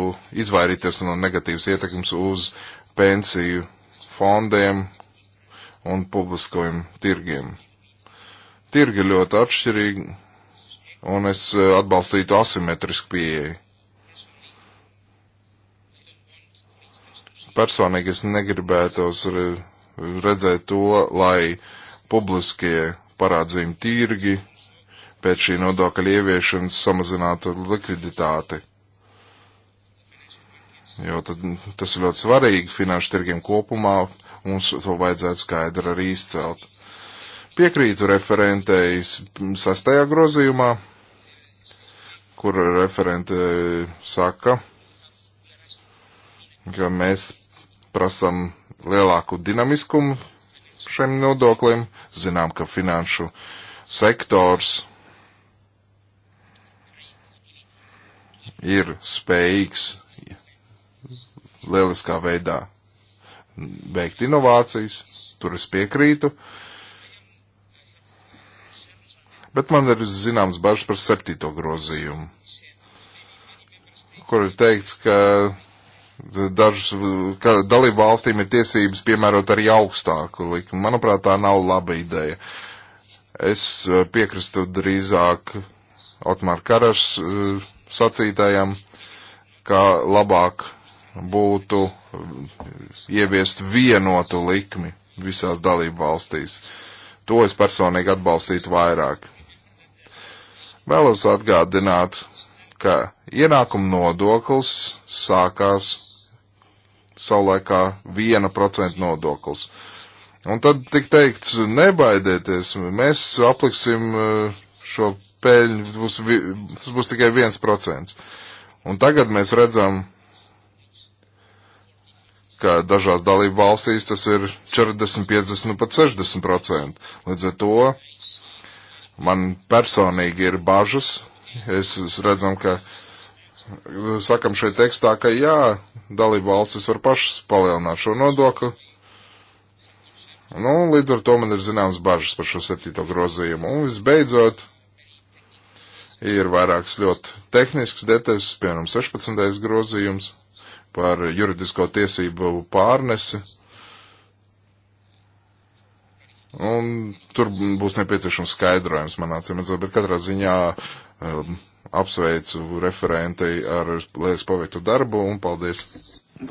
izvairīties no negatīvas ietekmes uz pensiju fondiem, un publiskajiem tirgiem. Tirgi ļoti atšķirīgi, un es e, atbalstītu asimetrisku pieeju. Personīgi es negribētos redzēt to, lai publiskie parādzījumi tirgi pēc šī nodokļa ieviešanas samazinātu likviditāti jo tad, mm, tas ir ļoti svarīgi finanšu tirgiem kopumā, Mums to vajadzētu skaidri arī izcelt. Piekrītu referentei sastajā grozījumā, kur referente saka, ka mēs prasam lielāku dinamiskumu šiem nodoklim. Zinām, ka finanšu sektors ir spējīgs lieliskā veidā veikt inovācijas, tur es piekrītu. Bet man ir zināms bažas par septīto grozījumu, kur ir teikts, ka dažas dalību valstīm ir tiesības piemērot arī augstāku likumu. Manuprāt, tā nav laba ideja. Es eh, piekrastu drīzāk Otmar Karas eh, sacītajam, ka labāk būtu eh, ieviest vienotu likmi visās dalību valstīs. To es personīgi atbalstītu vairāk. Vēlos atgādināt, ka ienākuma nodoklis sākās savulaikā 1% nodoklis. Un tad tik teikt, nebaidieties, mēs apliksim eh, šo peļņu, tas būs, tas būs tikai 1%. Un tagad mēs redzam ka dažās dalību valstīs tas ir 40, 50, pat 60 procenti. Līdz ar to man personīgi ir bažas. Es, es redzam, ka uh, sakam šeit tekstā, ka jā, dalību valstis var pašas palielināt šo nodokli. Nu, līdz ar to man ir zināms bažas par šo septīto grozījumu. Un visbeidzot, ir vairākas ļoti tehniskas detaļas, piemēram, 16. grozījums par juridisko tiesību pārnesi. Un tur būs nepieciešams skaidrojums manā cimedzot, bet katrā ziņā um, apsveicu referentei ar lietas paveiktu darbu un paldies.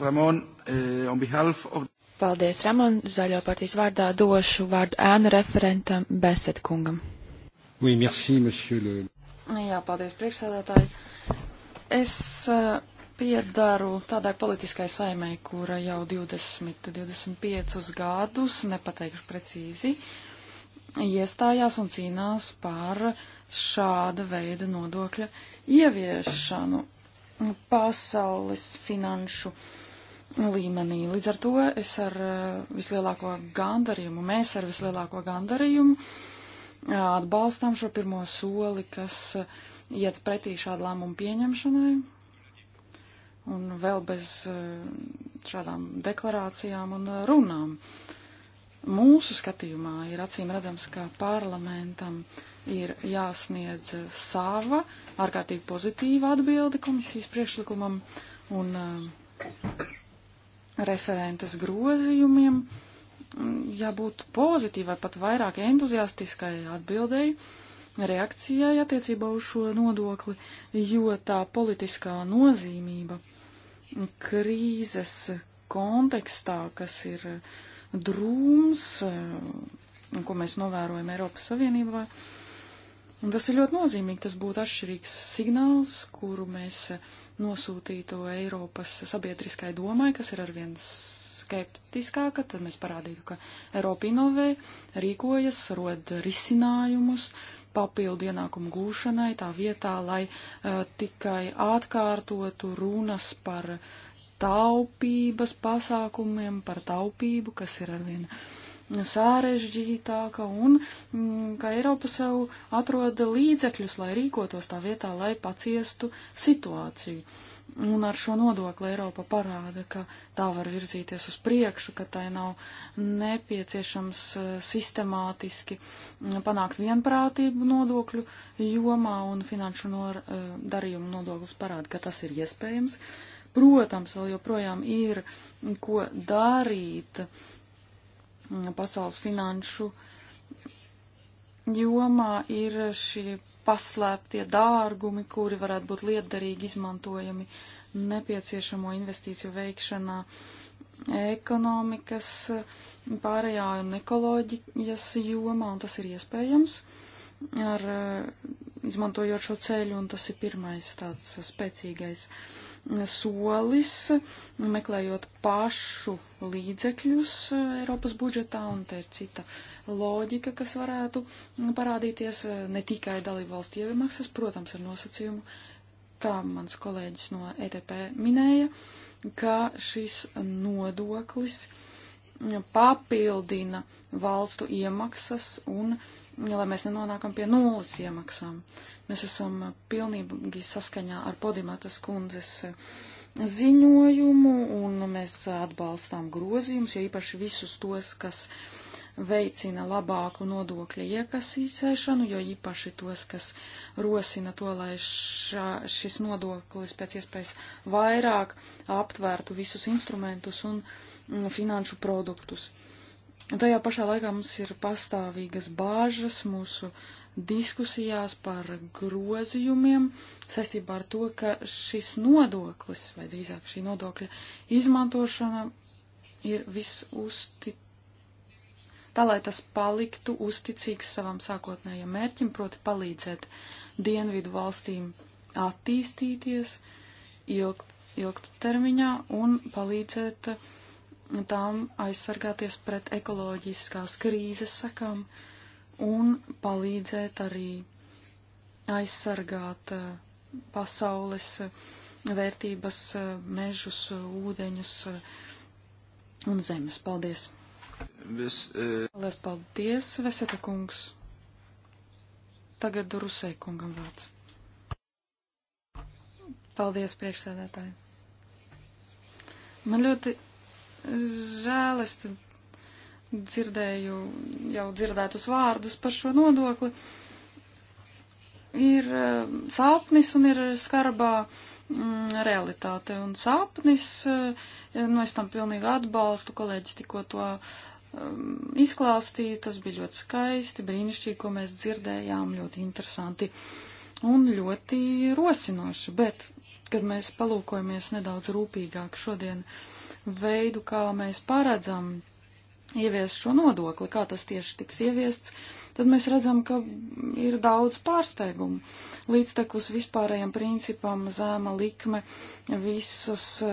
Ramon, eh, on behalf of. Paldies, Ramon. Zaļo partijas vārdā došu vārdu ēnu referentam Besetkungam. Oui, merci, monsieur le. Jā, paldies, priekšsēdētāji. Es uh, piedaru tādai politiskai saimē, kura jau 20, 25 gadus, nepateikšu precīzi, iestājās un cīnās par šāda veida nodokļa ieviešanu pasaules finanšu līmenī. Līdz ar to es ar eh, vislielāko gandarījumu, mēs ar vislielāko gandarījumu eh, atbalstam šo pirmo soli, kas eh, iet pretī šādu lēmumu pieņemšanai, un vēl bez eh, šādām deklarācijām un eh, runām. Mūsu skatījumā ir acīm redzams, ka parlamentam ir jāsniedz sava ārkārtīgi pozitīva atbilde komisijas priekšlikumam un eh, referentes grozījumiem. Jābūt pozitīvai, pat vairāk entuziastiskai atbildēji reakcijai attiecībā uz šo nodokli, jo tā politiskā nozīmība krīzes kontekstā, kas ir drūms, ko mēs novērojam Eiropas Savienībā. Un tas ir ļoti nozīmīgi, tas būtu atšķirīgs signāls, kuru mēs nosūtītu Eiropas sabiedriskai domai, kas ir arvien skeptiskāka, tad mēs parādītu, ka Eiropa inovē, rīkojas, rod risinājumus, uh, papildu ienākumu gūšanai, tā vietā, lai uh, tikai atkārtotu runas par taupības pasākumiem, par taupību, kas ir arvien sārežģītāka un mm, ka Eiropa sev atroda līdzekļus, lai rīkotos tā vietā, lai paciestu situāciju. Uh, Un ar šo nodokli Eiropa parāda, ka tā var virzīties uz priekšu, ka tai nav nepieciešams eh, sistemātiski mm, panākt vienprātību nodokļu jomā un finanšu nor, eh, darījumu nodoklis parāda, ka tas ir iespējams. Protams, vēl joprojām ir mm, ko darīt mm, pasaules finanšu jomā ir šie paslēptie dārgumi, kuri varētu būt lietderīgi izmantojami nepieciešamo investīciju veikšanā ekonomikas pārējā un ekoloģijas jomā, un tas ir iespējams ar izmantojot šo ceļu, un tas ir pirmais tāds spēcīgais uh, solis, meklējot pašu līdzekļus eh, Eiropas budžetā, un te ir cita loģika, kas varētu parādīties eh, ne tikai dalībvalstu iemaksas, protams, ar nosacījumu, kā mans kolēģis no ETP minēja, ka šis nodoklis eh, papildina valstu iemaksas un uh, lai mēs nenonākam pie nulles iemaksām. Mēs esam pilnīgi saskaņā ar Podimatas kundzes ziņojumu, un mēs atbalstām grozījumus, jo īpaši visus tos, kas veicina labāku nodokļa iekasīšanu, jo īpaši tos, kas rosina to, lai šā, šis nodoklis pēc iespējas vairāk aptvērtu visus instrumentus un mm, finanšu produktus. Tajā pašā laikā mums ir pastāvīgas bāžas mūsu diskusijās par grozījumiem saistībā ar to, ka šis nodoklis, vai drīzāk šī nodokļa izmantošana, ir visustic. Tā, lai tas paliktu uzticīgs savam sākotnējam mērķim, proti palīdzēt dienvidu valstīm attīstīties ilgt, ilgtermiņā un palīdzēt uh, tām aizsargāties pret ekoloģiskās krīzes sakām un palīdzēt arī aizsargāt eh, pasaules eh, vērtības, eh, mežus, ūdeņus un zemes. Paldies! Vis, e... Paldies, paldies, Veseta kungs! Tagad Rusē kungam vārds. Paldies, priekšsēdētāji! Man ļoti žēl, es dzirdēju jau dzirdētus vārdus par šo nodokli. Ir eh, sāpnis un ir skarbā mm, realitāte. Un sāpnis, eh, nu es tam pilnīgi atbalstu, kolēģis tikko to um, izklāstīja, tas bija ļoti skaisti, brīnišķīgi, ko mēs dzirdējām, ļoti interesanti un ļoti rosinoši. Bet, kad mēs palūkojamies nedaudz rūpīgāk šodien, uh, veidu, kā mēs paredzam ieviest šo nodokli, kā tas tieši tiks ieviests, tad mēs redzam, ka ir daudz pārsteigumu. Līdztekus vispārējiem principam zēma likme, visas, eh,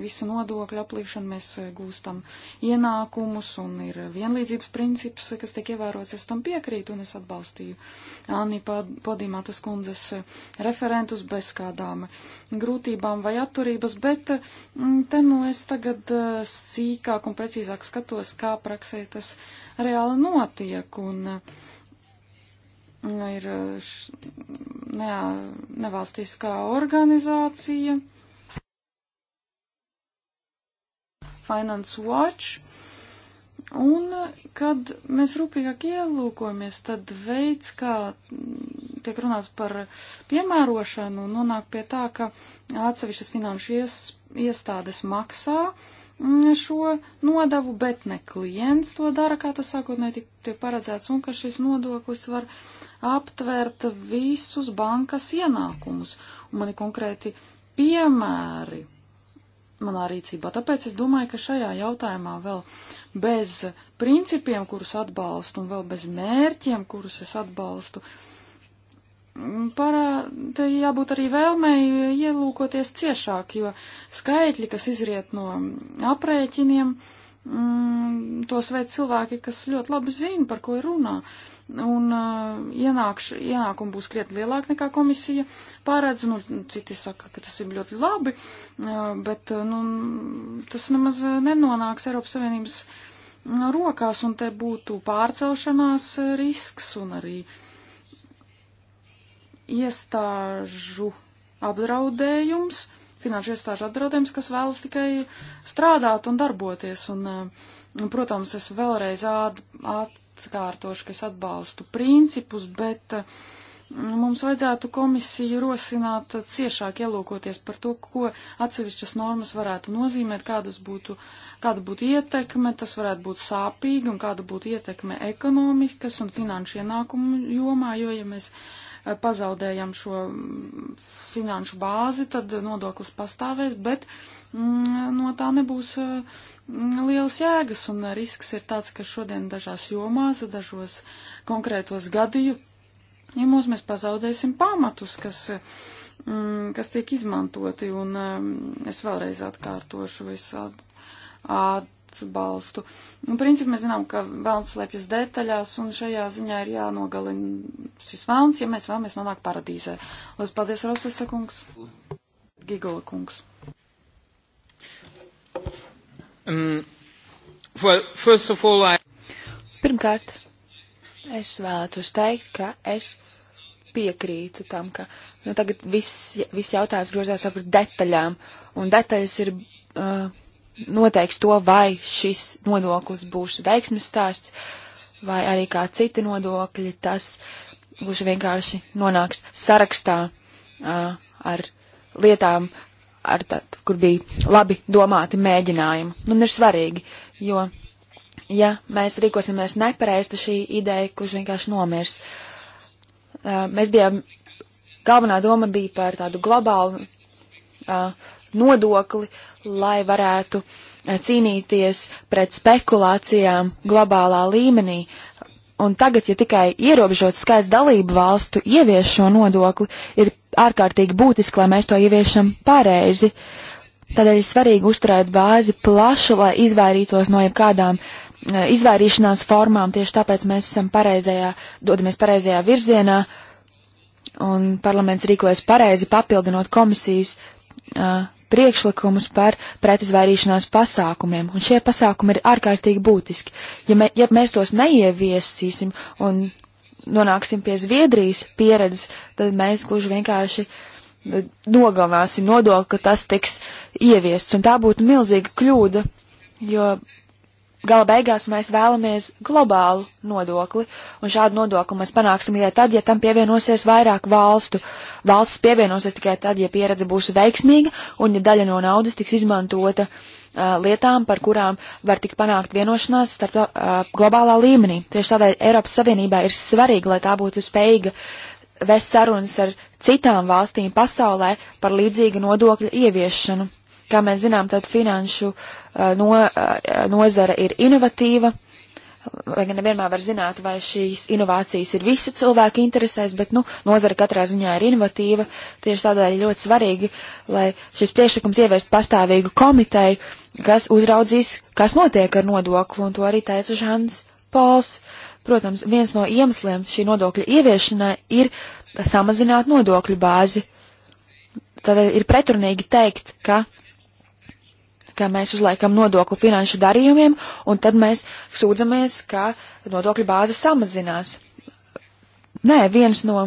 visu nodokļu aplīšanu mēs eh, gūstam ienākumus un ir vienlīdzības princips, kas tiek ievērots. Es tam piekrītu un es atbalstīju Anni Podīmātas kundzes eh, referentus bez kādām grūtībām vai atturības, bet mm, te nu es tagad sīkāk un precīzāk skatos, kā praksē tas reāli notiek. Un, uh, Ir uh, ne, nevalstiskā organizācija Finance Watch, Un, uh, kad mēs rūpīgāk ielūkojamies, tad veids, kā mm, tiek runāts par piemērošanu, nonāk pie tā, ka atsevišķas finanšu ies, iestādes maksā šo nodevu, bet ne klients to dara, kā tas sākotnēji tiek paredzēts, un ka šis nodoklis var aptvert visus bankas ienākumus. Un man ir konkrēti piemēri manā rīcībā. Tāpēc es domāju, ka šajā jautājumā vēl bez principiem, kurus atbalstu, un vēl bez mērķiem, kurus es atbalstu, uh, Parā, te jābūt arī vēlmei ielūkoties ciešāk, jo skaitļi, kas izriet no aprēķiniem, mm, tos veids cilvēki, kas ļoti labi zina, par ko ir runā. Un uh, ienākš, ienākumi būs krietni lielāki nekā komisija pārēdz, nu, citi saka, ka tas ir ļoti labi, uh, bet, nu, tas nemaz nenonāks Eiropas Savienības rokās, un te būtu pārcelšanās risks un arī uh, iestāžu apdraudējums, finanšu iestāžu apdraudējums, kas vēlas tikai strādāt un darboties. Un, eh, protams, es vēlreiz atkārtošu, ka es atbalstu principus, bet eh, mums vajadzētu komisiju rosināt ciešāk ielūkoties par to, ko atsevišķas normas varētu nozīmēt, kādas būtu, kāda būtu ietekme, tas varētu būt sāpīgi un kāda būtu ietekme ekonomikas un finanšu ienākumu jomā, jo, ja mēs uh, Eh, pazaudējam šo mm, finanšu bāzi, tad nodoklis pastāvēs, bet mm, no tā nebūs eh, liels jēgas, un eh, risks ir tāds, ka šodien dažās jomās, dažos konkrētos gadījumos mēs pazaudēsim pamatus, kas mm, kas tiek izmantoti, un es vēlreiz atkārtošu, es at, at, atbalstu. Nu, principā mēs zinām, ka vēlns slēpjas detaļās, un šajā ziņā ir jānogalina šis vēlns, ja mēs vēlamies nonākt paradīzē. Lielas paldies, Rosasa kungs. Gigola kungs. Um, well, first of all, I... Pirmkārt, es vēlētos teikt, ka es piekrītu tam, ka nu, tagad viss, viss jautājums grozās ap detaļām, un detaļas ir. Uh, noteiks to, vai šis nodoklis būs veiksmes stāsts, vai arī kā citi nodokļi, tas gluži vienkārši nonāks sarakstā uh, ar lietām, ar tā, kur bija labi domāti mēģinājumi. Nu, un ir svarīgi, jo, ja mēs rīkosimies nepareizi, tad šī ideja gluži vienkārši nomirs. Uh, mēs bijām, galvenā doma bija par tādu globālu uh, nodokli, lai varētu eh, cīnīties pret spekulācijām globālā līmenī. Un tagad, ja tikai ierobežot skaits dalību valstu ievieš šo nodokli, ir ārkārtīgi būtiski, lai mēs to ieviešam pareizi. Tādēļ ir svarīgi uzturēt bāzi plašu, lai izvairītos no jebkādām eh, izvairīšanās formām. Tieši tāpēc mēs esam pareizajā, dodamies pareizajā virzienā, un parlaments rīkojas pareizi, papildinot komisijas uh, priekšlikumus par pretizvairīšanās pasākumiem, un šie pasākumi ir ārkārtīgi būtiski. Ja, me, ja mēs tos neieviesīsim un nonāksim pie Zviedrijas pieredzes, tad mēs gluži vienkārši eh, nogalināsim nodokli, ka tas tiks ieviests, un tā būtu milzīga kļūda, jo gala beigās mēs vēlamies globālu nodokli, un šādu nodokli mēs panāksim tikai tad, ja tam pievienosies vairāk valstu. Valsts pievienosies tikai tad, ja pieredze būs veiksmīga, un ja daļa no naudas tiks izmantota uh, lietām, par kurām var tik panākt vienošanās starp to, uh, globālā līmenī. Tieši tādēļ Eiropas Savienībā ir svarīgi, lai tā būtu spējīga vest sarunas ar citām valstīm pasaulē par līdzīgu nodokļu ieviešanu. Kā mēs zinām, tad finanšu uh, Eh, no, eh, nozara ir inovatīva, lai gan nevienmēr var zināt, vai šīs inovācijas ir visu cilvēku interesēs, bet, nu, nozara katrā ziņā ir inovatīva, tieši tādēļ ir ļoti svarīgi, lai šis priekšlikums ieviestu pastāvīgu komiteju, kas uzraudzīs, kas notiek ar nodoklu, un to arī teica Žans Pols. Protams, viens no iemesliem šī nodokļa ieviešanai ir samazināt nodokļu bāzi. Tad ir pretrunīgi teikt, ka uh, ka mēs uzliekam nodokli finanšu darījumiem, un tad mēs sūdzamies, ka nodokļu bāze samazinās. Nē, viens no,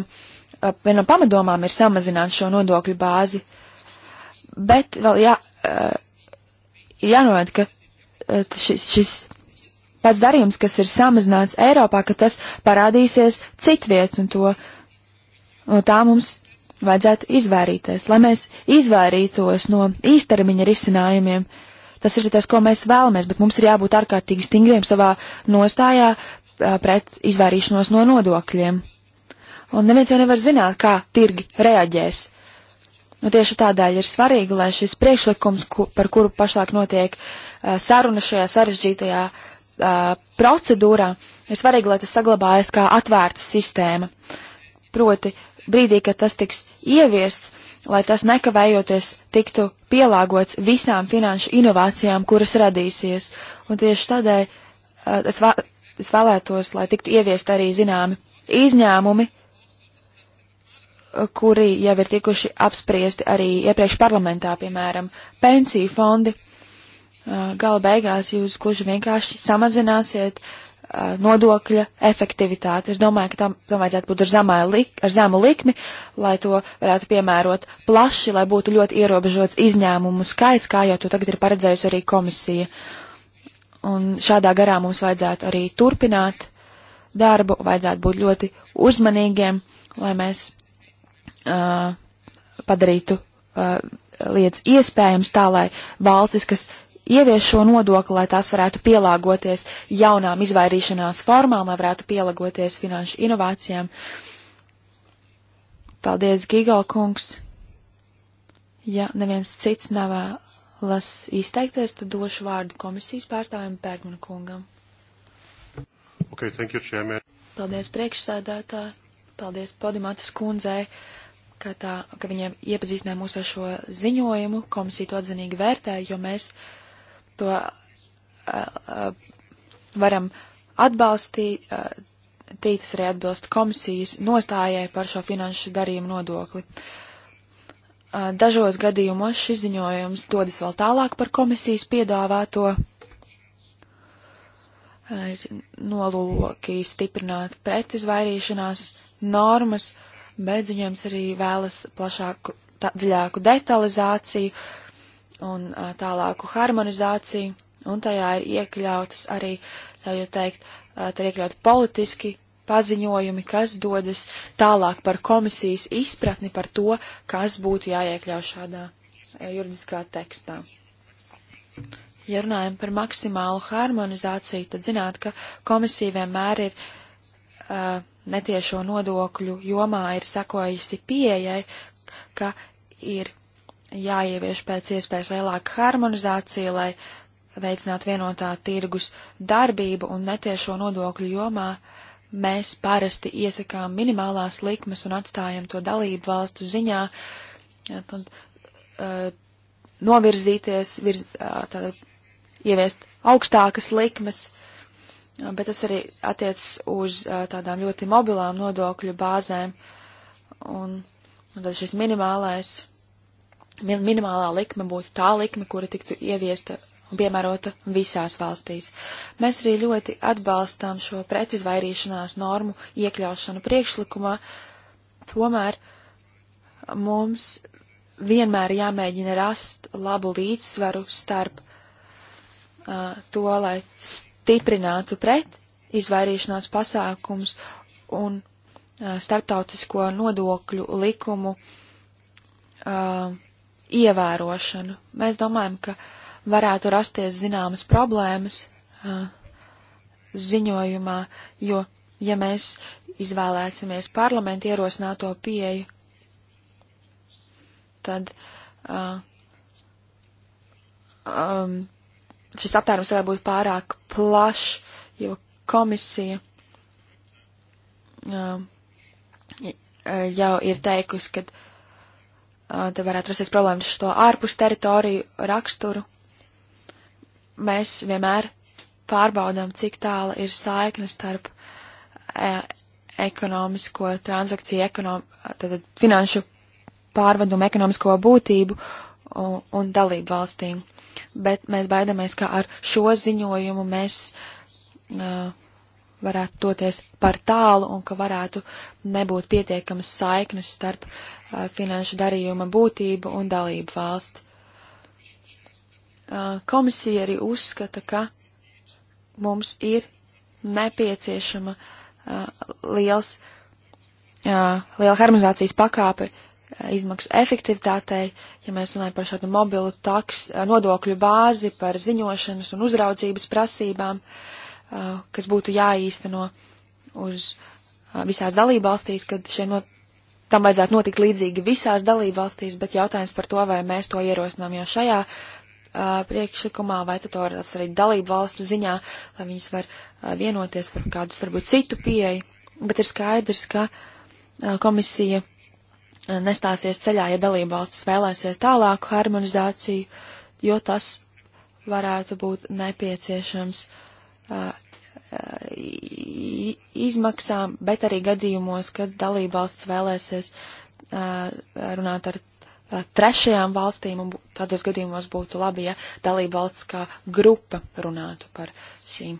viena no pamadomām ir samazināt šo nodokļu bāzi, bet vēl jā, jānorāda, ka šis, šis pats darījums, kas ir samazināts Eiropā, ka tas parādīsies citviet, un to, no tā mums vajadzētu izvairīties, lai mēs izvairītos no īstermiņa risinājumiem. Tas ir tas, ko mēs vēlamies, bet mums ir jābūt ārkārtīgi stingriem savā nostājā pret izvairīšanos no nodokļiem. Un neviens jau nevar zināt, kā tirgi reaģēs. Nu, tieši tādēļ ir svarīgi, lai šis priekšlikums, ku, par kuru pašlaik notiek uh, saruna šajā sarežģītajā uh, procedūrā, ir svarīgi, lai tas saglabājas kā atvērta sistēma. Proti, brīdī, kad tas tiks ieviests, lai tas nekavējoties tiktu pielāgots visām finanšu inovācijām, kuras radīsies. Un tieši tādēļ uh, es, vā, es vēlētos, lai tiktu ieviest arī zināmi izņēmumi, kuri jau ir tikuši apspriesti arī iepriekš parlamentā, piemēram, pensiju fondi. Uh, gala beigās jūs gluži vienkārši samazināsiet uh, Eh, nodokļa efektivitāti. Es domāju, ka tam, tam vajadzētu būt ar, lik, ar zemu likmi, lai to varētu piemērot plaši, lai būtu ļoti ierobežots izņēmumu skaits, kā jau to tagad ir paredzējusi arī komisija. Un šādā garā mums vajadzētu arī turpināt darbu, vajadzētu būt ļoti uzmanīgiem, lai mēs uh, padarītu uh, lietas iespējams tā, lai valstis, kas ievies šo nodokli, lai tās varētu pielāgoties jaunām izvairīšanās formām, lai varētu pielāgoties finanšu inovācijām. Paldies, Gigalkungs. Ja neviens cits nav uh, las izteikties, tad došu vārdu komisijas pārstāvim Pērkmanu kungam. Okay, thank you, chairman. Paldies priekšsēdētāji, paldies Podimatas kundzei ka, tā, ka viņiem iepazīstināja mūs ar šo ziņojumu, komisija to atzinīgi vērtēja, jo mēs to uh, varam atbalstīt. Uh, Tītas arī atbilst komisijas nostājai par šo finanšu darījumu nodokli. Uh, dažos gadījumos šis ziņojums dodas vēl tālāk par komisijas piedāvāto nolūki stiprināt pretizvairīšanās normas, bet ziņojums arī vēlas plašāku, tā, dziļāku detalizāciju, uh, un tālāku harmonizāciju, un tajā ir iekļautas arī, tā jau teikt, tā ir iekļauti politiski paziņojumi, kas dodas tālāk par komisijas izpratni par to, kas būtu jāiekļauj šādā juridiskā tekstā. Ja runājam par maksimālu harmonizāciju, tad zināt, ka komisija vienmēr ir uh, netiešo nodokļu jomā ir sekojusi pieejai, ka ir jāievieš pēc iespējas lielāka harmonizācija, lai veicinātu vienotā tirgus darbību un netiešo nodokļu jomā. Mēs parasti iesakām minimālās likmes un atstājam to dalību valstu ziņā. Tad, uh, novirzīties, virz, uh, eh, tad, ieviest augstākas likmes, bet tas arī attiecas uz uh, tādām ļoti mobilām nodokļu bāzēm. Un, un tad šis minimālais min minimālā likme būtu tā likme, kura tiktu ieviesta un piemērota visās valstīs. Mēs arī ļoti atbalstām šo pretizvairīšanās normu iekļaušanu priekšlikumā, tomēr mums vienmēr jāmēģina rast labu līdzsvaru starp uh, to, lai stiprinātu pret izvairīšanās pasākums un uh, starptautisko nodokļu likumu uh, ievērošanu. Mēs domājam, ka varētu rasties zināmas problēmas uh, ziņojumā, jo, ja mēs izvēlēsimies parlamentu ierosināto pieeju, tad uh, um, šis aptērums varētu būt pārāk plašs, jo komisija uh, jau ir teikusi, ka uh, Uh, te varētu rasties problēmas ar to ārpus teritoriju raksturu. Mēs vienmēr pārbaudām, cik tāla ir saikne starp e ekonomisko transakciju, ekonom, tātad finanšu pārvedumu, ekonomisko būtību un, un dalību valstīm. Bet mēs baidamies, ka ar šo ziņojumu mēs uh, varētu toties par tālu un ka varētu nebūt pietiekamas saiknes starp uh, finanšu darījuma būtību un dalību valsti. Uh, komisija arī uzskata, ka mums ir nepieciešama uh, liels, liela harmonizācijas pakāpe izmaksu efektivitātei, ja mēs runājam par šādu mobilu taks, nodokļu bāzi, par ziņošanas un uzraudzības prasībām. Uh, kas būtu jāīsteno uz visās dalībvalstīs, kad šiem not, tam vajadzētu notikt līdzīgi visās dalībvalstīs, bet jautājums par to, vai mēs to ierosinām jau šajā uh, priekšlikumā, vai tad to var arī dalībvalstu ziņā, lai viņas var uh, vienoties par kādu, varbūt citu pieeju, bet ir skaidrs, ka uh, komisija uh, nestāsies ceļā, ja dalībvalstis vēlēsies tālāku harmonizāciju, jo tas varētu būt nepieciešams uh, izmaksām, bet arī gadījumos, kad dalībvalsts vēlēsies runāt ar trešajām valstīm, un tādos gadījumos būtu labi, ja dalībvalsts kā grupa runātu par šīm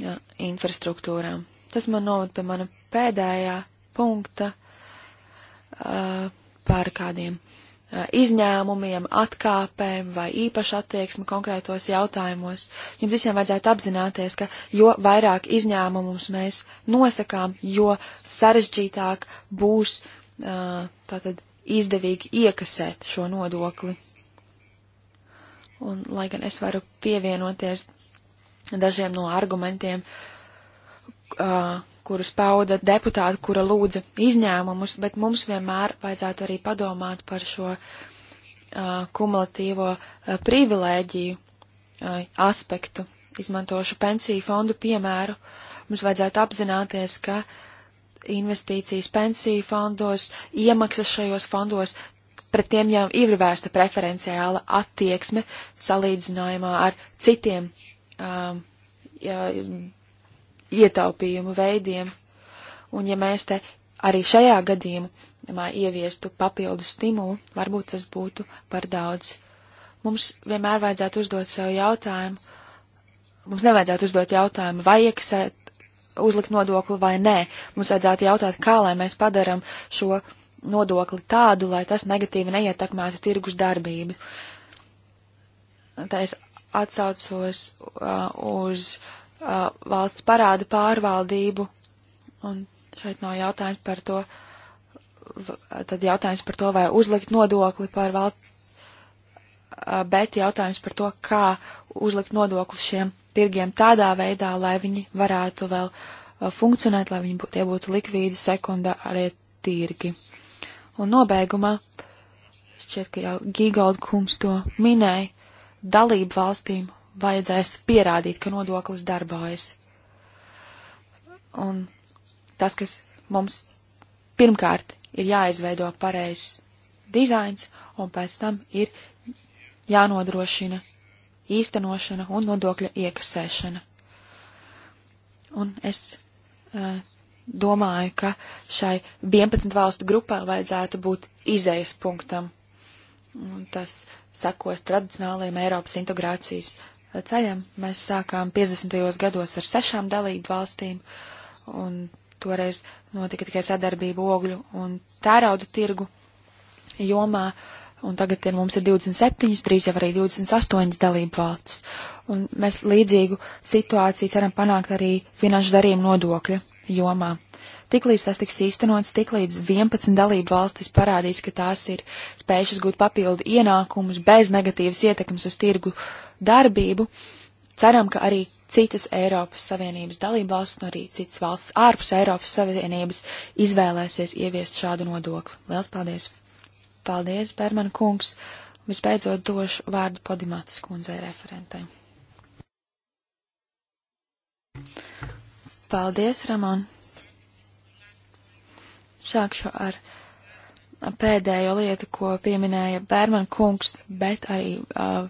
jā, infrastruktūrām. Tas man novad pie mana pēdējā punkta uh, par kādiem uh, Eh, izņēmumiem, atkāpēm vai īpašu attieksmi konkrētos jautājumos. Jums visiem vajadzētu apzināties, ka jo vairāk izņēmumus mēs nosakām, jo sarežģītāk būs eh, tātad izdevīgi iekasēt šo nodokli. Un, lai gan es varu pievienoties dažiem no argumentiem, eh, kurus pauda deputāti, kura lūdza izņēmumus, bet mums vienmēr vajadzētu arī padomāt par šo uh, kumulatīvo uh, privilēģiju uh, aspektu. Izmantošu pensiju fondu piemēru. Mums vajadzētu apzināties, ka investīcijas pensiju fondos, iemaksas šajos fondos, pret tiem jau ir vērsta preferenciāla attieksme salīdzinājumā ar citiem. Um, ja, ietaupījumu veidiem. Un ja mēs te arī šajā gadījumā ieviestu papildu stimulu, varbūt tas būtu par daudz. Mums vienmēr vajadzētu uzdot sev jautājumu, mums nevajadzētu uzdot jautājumu, vai iekasēt, uzlikt nodokli vai nē. Mums vajadzētu jautāt, kā lai mēs padaram šo nodokli tādu, lai tas negatīvi neietekmētu tirgus darbību. Tā es atsaucos uh, uz uh, valsts parādu pārvaldību, un šeit nav jautājums par to, tad jautājums par to, vai uzlikt nodokli par valsts, bet jautājums par to, kā uzlikt nodokli šiem tirgiem tādā veidā, lai viņi varētu vēl funkcionēt, lai viņi būtu, tie būtu likvīdi sekundārie tirgi. Un nobeigumā, šķiet, ka jau Gigolda kungs to minēja, dalību valstīm vajadzēs pierādīt, ka nodoklis darbojas. Un tas, kas mums pirmkārt ir jāizveido pareizs dizains, un pēc tam ir jānodrošina īstenošana un nodokļa iekasēšana. Un es uh, domāju, ka šai 11 valstu grupā vajadzētu būt izējas punktam. Un tas sekos tradicionālajiem Eiropas integrācijas ceļam. Mēs sākām 50. gados ar sešām dalību valstīm, un toreiz notika tikai sadarbība ogļu un tērauda tirgu jomā, un tagad ir, mums ir 27, drīz jau arī 28 dalību valsts. Un mēs līdzīgu situāciju ceram panākt arī finanšu darījumu nodokļa jomā. Tiklīdz tas tiks īstenots, tiklīdz 11 dalību valstis parādīs, ka tās ir spējušas gūt papildu ienākumus bez negatīvas ietekmes uz tirgu uh, darbību. Ceram, ka arī citas Eiropas Savienības dalībvalsts un no arī citas valsts ārpus Eiropas Savienības izvēlēsies ieviest šādu nodokli. Lielas paldies! Paldies, Bermana kungs! Visbeidzot došu vārdu Podimātas kundzei referentai. Paldies, Ramon! Sākšu ar pēdējo lietu, ko pieminēja Bērman kungs, bet arī uh,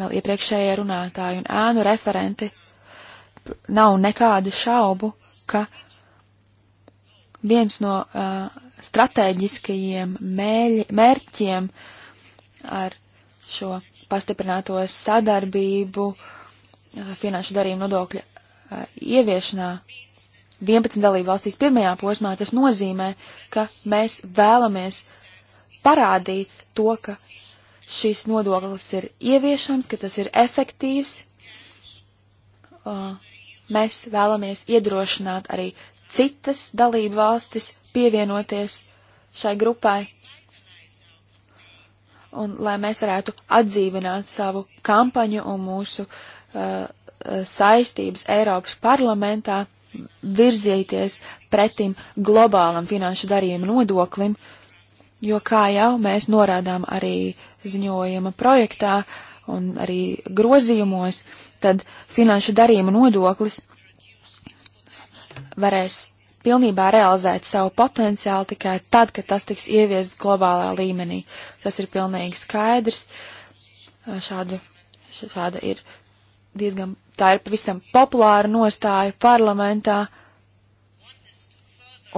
vēl iepriekšējie runātāji un ēnu referenti, nav nekādu šaubu, ka viens no uh, stratēģiskajiem mēļi, mērķiem ar šo pastiprināto sadarbību uh, finanšu darījumu nodokļa uh, ieviešanā 11 dalību valstīs pirmajā posmā, tas nozīmē, ka mēs vēlamies parādīt to, ka šis nodoklis ir ieviešams, ka tas ir efektīvs. Uh, mēs vēlamies iedrošināt arī citas dalību valstis pievienoties šai grupai. Un lai mēs varētu atdzīvināt savu kampaņu un mūsu uh, uh saistības Eiropas parlamentā, virzieties pretim globālam finanšu darījumu nodoklim, jo, kā jau mēs norādām arī ziņojuma projektā un arī grozījumos, tad finanšu darījuma nodoklis varēs pilnībā realizēt savu potenciālu tikai tad, kad tas tiks ieviests globālā līmenī. Tas ir pilnīgi skaidrs. Šādu, šāda ir diezgan, tā ir pavisam populāra nostāja parlamentā.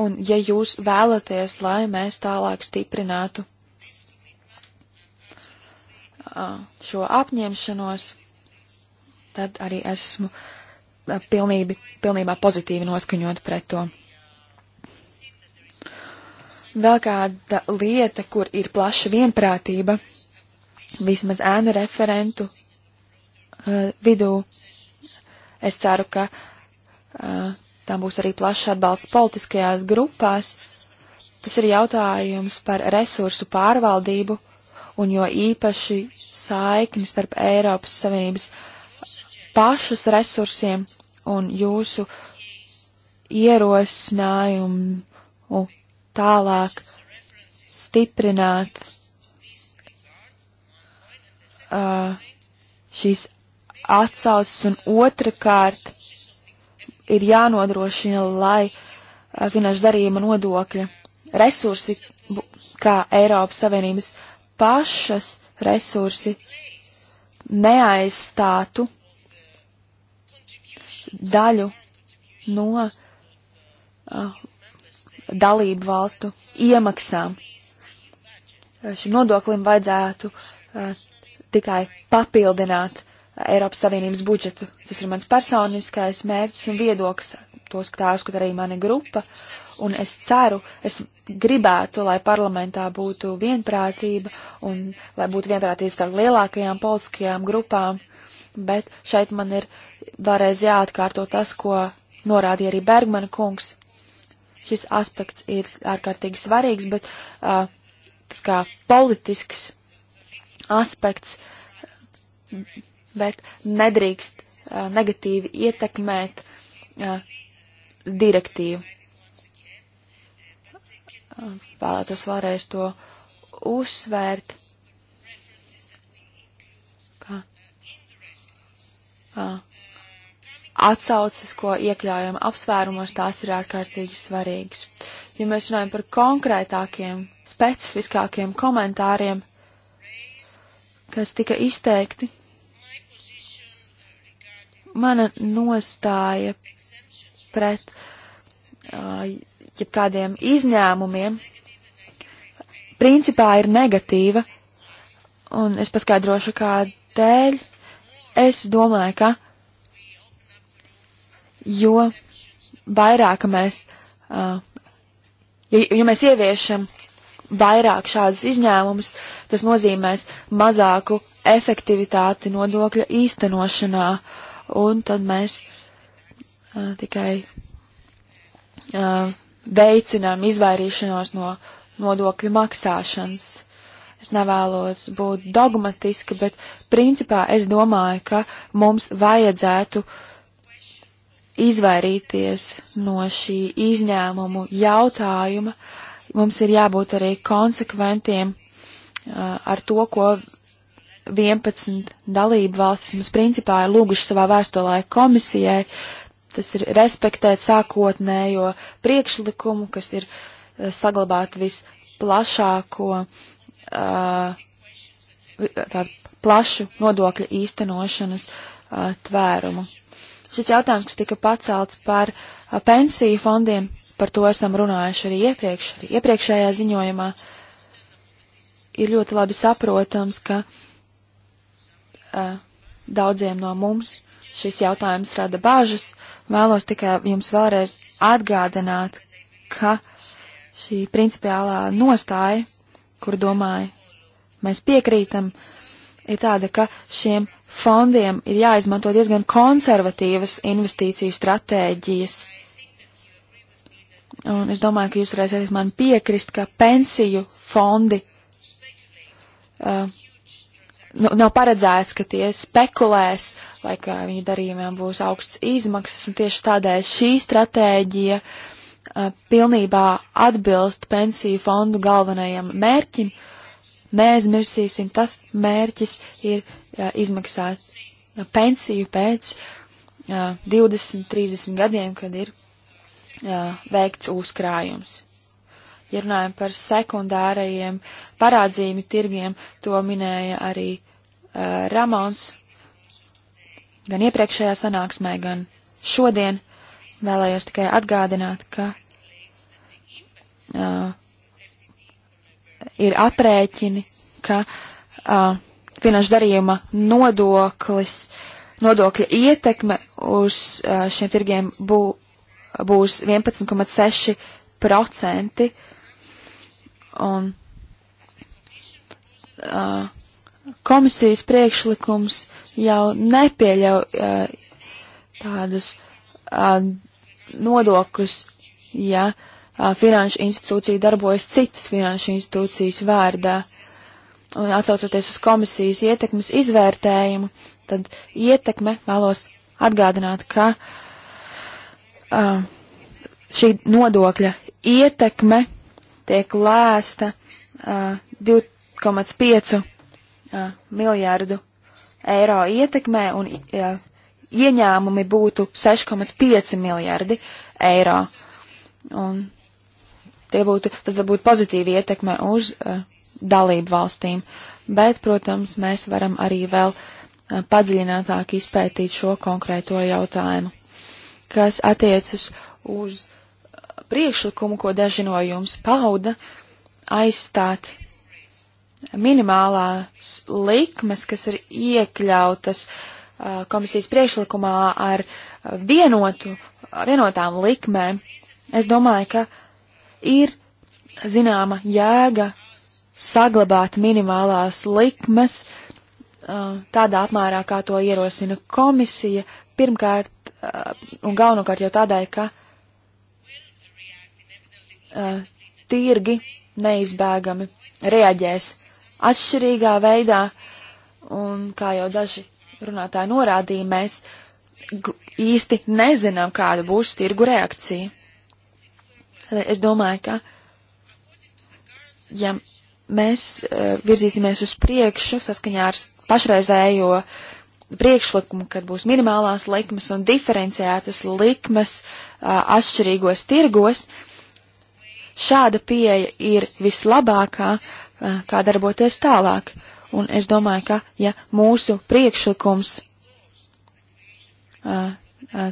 Un ja jūs vēlaties, lai mēs tālāk stiprinātu šo apņemšanos, tad arī esmu pilnībi, pilnībā pozitīvi noskaņot pret to. Vēl kāda lieta, kur ir plaša vienprātība, vismaz ēnu referentu uh, vidū, es ceru, ka uh, tā būs arī plaša atbalsta politiskajās grupās, tas ir jautājums par resursu pārvaldību un jo īpaši saikni starp Eiropas Savienības pašas resursiem un jūsu ierosinājumu tālāk stiprināt uh, šīs atsaucas un otrakārt ir jānodrošina, lai uh, finanšu darījuma nodokļa resursi, kā Eiropas Savienības uh, pašas resursi neaizstātu daļu no uh, dalību valstu iemaksām. Šim nodoklim vajadzētu uh, tikai papildināt Eiropas Savienības budžetu. Tas ir mans personiskais mērķis un viedoklis to uzskata arī mana grupa, un es ceru, es gribētu, lai parlamentā būtu vienprātība un lai būtu vienprātība starp lielākajām politiskajām grupām, bet šeit man ir vēlreiz jāatkārto tas, ko norādīja arī Bergmana kungs. Šis aspekts ir ārkārtīgi svarīgs, bet uh, kā politisks aspekts, bet nedrīkst uh, negatīvi ietekmēt uh, direktīvu. Vēlētos vēlreiz to uzsvērt, ka atsauces, ko iekļaujam apsvērumos, tās ir ārkārtīgi svarīgas. Ja mēs runājam par konkrētākiem, specifiskākiem komentāriem, kas tika izteikti, mana nostāja pret uh, jebkādiem izņēmumiem, principā ir negatīva, un es paskaidrošu, kādēļ. Es domāju, ka jo vairāk mēs, uh, ja, ja mēs ieviešam vairāk šādus izņēmumus, tas nozīmēs mazāku efektivitāti nodokļa īstenošanā, un tad mēs uh, tikai uh, veicinām izvairīšanos no nodokļu maksāšanas. Es nevēlos būt dogmatiska, bet principā es domāju, ka mums vajadzētu izvairīties no šī izņēmumu jautājuma. Mums ir jābūt arī konsekventiem uh, ar to, ko 11 dalību valstis mums principā ir lūguši savā vēstulē komisijai, Tas ir respektēt sākotnējo priekšlikumu, kas ir eh, saglabāt visplašāko uh, tādu plašu nodokļu īstenošanas uh, tvērumu. Šis jautājums, kas tika pacelts par uh, pensiju fondiem, par to esam runājuši arī iepriekš, arī iepriekšējā ziņojumā, ir ļoti labi saprotams, ka uh, daudziem no mums šis jautājums rada bāžas, vēlos tikai jums vēlreiz atgādināt, ka šī principiālā nostāja, kur domāju, mēs piekrītam, ir tāda, ka šiem fondiem ir jāizmanto diezgan konservatīvas investīciju stratēģijas. Un es domāju, ka jūs varēsiet man piekrist, ka pensiju fondi uh, nu, nav paredzēts, ka tie spekulēs vai ka viņu darījumiem būs augsts izmaksas, un tieši tādēļ šī stratēģija uh, pilnībā atbilst pensiju fondu galvenajam mērķim. Neaizmirsīsim, tas mērķis ir uh, izmaksāt uh, pensiju pēc 20-30 uh, gadiem, kad ir uh, veikts uzkrājums. Ja runājam par sekundārajiem parādzījumi tirgiem, to minēja arī uh, Ramons, gan iepriekšējā sanāksmē, gan šodien. Vēlējos tikai atgādināt, ka uh, ir aprēķini, ka uh, finanšu darījuma nodoklis, nodokļa ietekme uz uh, šiem tirgiem bū, būs 11,6%. Un, uh, komisijas priekšlikums jau nepieļauj uh, tādus uh, eh, nodokļus, ja uh, finanšu institūcija darbojas citas finanšu institūcijas vārdā. Un atsaucoties uz komisijas ietekmes izvērtējumu, tad ietekme vēlos atgādināt, ka uh, šī nodokļa ietekme tiek lēsta uh, 2,5 uh, miljārdu eiro ietekmē un uh, ieņēmumi būtu 6,5 miljardi eiro. Un tie būtu, tas būtu pozitīvi ietekme uz uh, dalību valstīm. Bet, protams, mēs varam arī vēl uh, padziļinātāk izpētīt šo konkrēto jautājumu, kas attiecas uz priekšlikumu, ko daži no jums pauda, aizstāt minimālās likmes, kas ir iekļautas uh, komisijas priekšlikumā ar vienotu, vienotām likmēm, es domāju, ka ir zināma jēga saglabāt minimālās likmes uh, tādā apmērā, kā to ierosina komisija, pirmkārt uh, un galvenokārt jau tādai, ka uh, tirgi neizbēgami reaģēs atšķirīgā veidā, un kā jau daži runātāji norādīja, mēs īsti nezinām, kāda būs tirgu reakcija. Tad es domāju, ka ja mēs uh, virzīsimies uz priekšu saskaņā ar pašreizējo priekšlikumu, kad būs minimālās likmes un diferenciētas likmes uh, atšķirīgos tirgos, šāda pieeja ir vislabākā, Eh, kā darboties tālāk. Un es domāju, ka ja mūsu priekšlikums uh,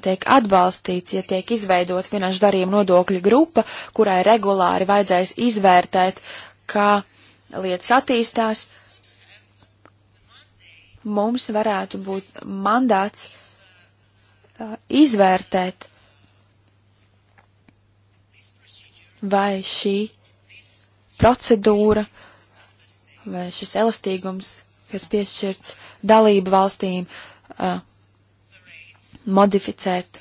tiek atbalstīts, ja tiek izveidot finanšu darījumu nodokļu grupa, kurai regulāri vajadzēs izvērtēt, kā lietas attīstās, mums varētu būt mandāts uh, izvērtēt, vai šī procedūra uh, vai šis elastīgums, kas piešķirts dalību valstīm, uh, modificēt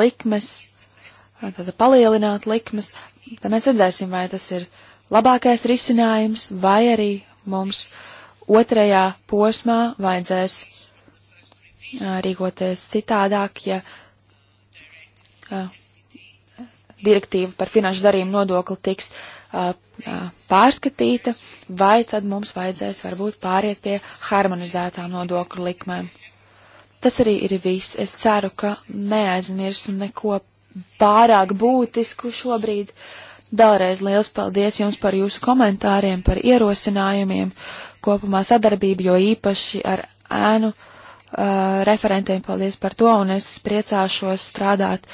likmes, tad palielināt likmes, tad mēs redzēsim, vai tas ir labākais risinājums, vai arī mums otrajā posmā vajadzēs uh, rīkoties citādāk, ja uh, direktīva par finanšu darījumu nodokli tiks uh, pārskatīta, vai tad mums vajadzēs varbūt pāriet pie harmonizētām nodokļu likmēm. Tas arī ir viss. Es ceru, ka neaizmirsu neko pārāk būtisku šobrīd. Vēlreiz liels paldies jums par jūsu komentāriem, par ierosinājumiem, kopumā sadarbību, jo īpaši ar ēnu uh, referentiem paldies par to, un es priecāšos strādāt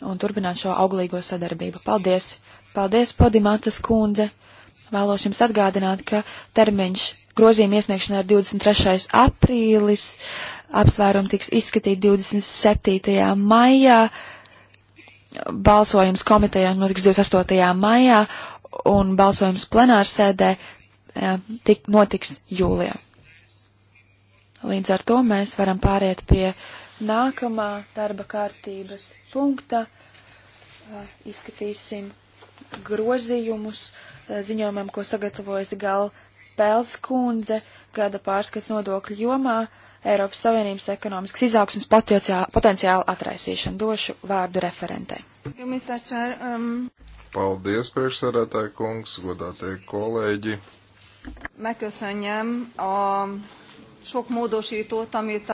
un turpināt šo auglīgo sadarbību. Paldies! Paldies, Podimātas kundze! Vēlos jums atgādināt, ka termiņš grozījuma iesniegšanai ir 23. aprīlis, apsvērumi tiks izskatīti 27. maijā, balsojums komitejās notiks 28. maijā un balsojums plenārsēdē tik notiks jūlijā. Līdz ar to mēs varam pāriet pie nākamā darba kārtības punkta. Izskatīsim grozījumus eh, ziņojumam, ko sagatavojas Gal Pelskundze gada pārskats nodokļu jomā Eiropas Savienības ekonomiskas izaugsmas potenciāla atraisīšana. Došu vārdu referentē. Um, Paldies, priekšsēdētāji kungs, godātie kolēģi. Megköszönjem a sok módosítót, amit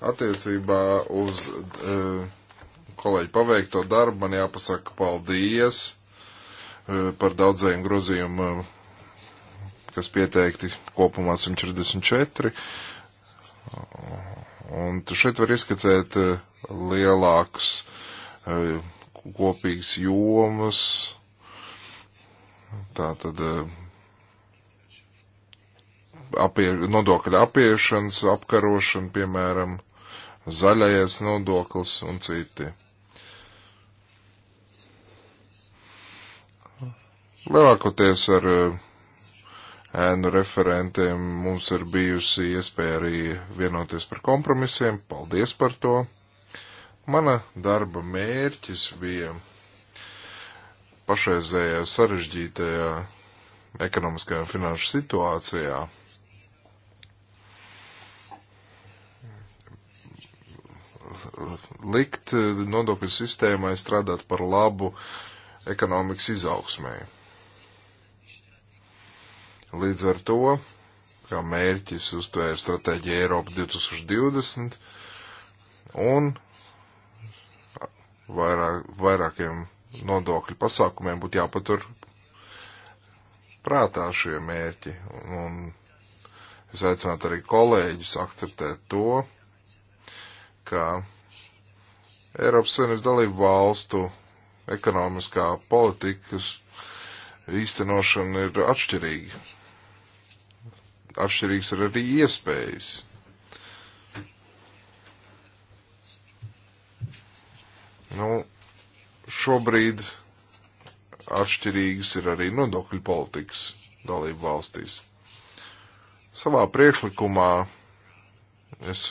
Attiecībā uz uh, kolēģi paveikto darbu. Man jāpasaka paldies e, par daudzajiem grozījumu, kas pieteikti kopumā 144. Un šeit var ieskicēt e, lielākus e, kopīgas jomas, tātad apie, nodokļa apiešanas, apkarošana, piemēram, zaļais nodoklis un citi. Lielākoties ar eh, ēnu referentiem mums ir bijusi iespēja arī vienoties par kompromisiem. Paldies par to! Mana darba mērķis bija pašreizējā sarežģītajā ekonomiskajā un finanšu situācijā likt nodokļu sistēmai strādāt par labu ekonomikas izaugsmēji. Līdz ar to, kā mērķis uztvēra stratēģija Eiropa 2020 un vairāk, vairākiem nodokļu pasākumiem būtu jāpatur prātā šie mērķi. Un es aicinātu arī kolēģus akceptēt to, ka Eiropas Savienības dalību valstu ekonomiskā politikas īstenošana ir atšķirīga atšķirīgs ir arī iespējas. Nu, šobrīd atšķirīgas ir arī nodokļu politikas dalību valstīs. Savā priekšlikumā es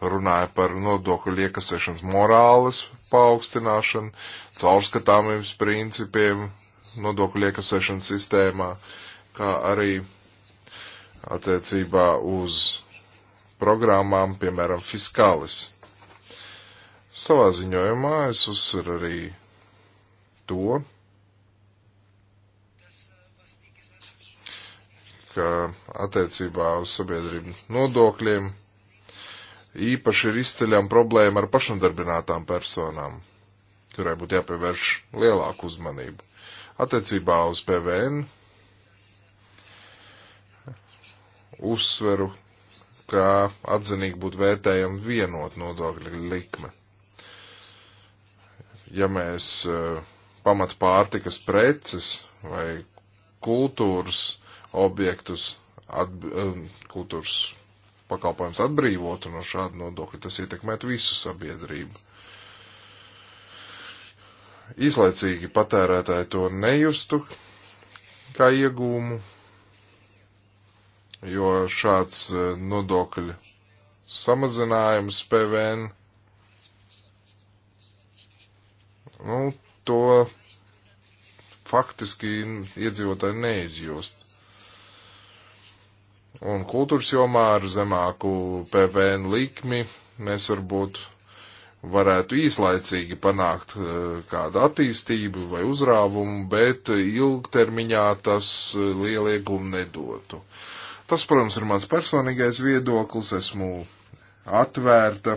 runāju par nodokļu iekasēšanas morāles paaugstināšanu, caurskatāmības principiem nodokļu iekasēšanas sistēmā, kā arī attiecībā uz programmām, piemēram, fiskālis. Savā ziņojumā es uzsveru arī to, ka attiecībā uz sabiedrību nodokļiem īpaši ir izceļama problēma ar pašnodarbinātām personām, kurai būtu jāpievērš lielāku uzmanību. Attiecībā uz PVN uzsveru, ka atzinīgi būtu vērtējama vienot nodokļu likme. Ja mēs eh, pamat pārtikas preces vai kultūras objektus, atb eh, kultūras pakalpojums atbrīvotu no šāda nodokļa, tas ietekmētu visu sabiedrību. Īslaicīgi patērētāji to nejustu kā iegūmu, jo šāds e, nodokļu samazinājums PVN, nu, to faktiski iedzīvotāji neizjūst. Un kultūras jomā ar zemāku PVN likmi mēs varbūt varētu īslaicīgi panākt e, kādu attīstību vai uzrāvumu, bet ilgtermiņā tas e, lielu iegumu nedotu. Uh, Tas, protams, ir mans personīgais viedoklis. Esmu atvērta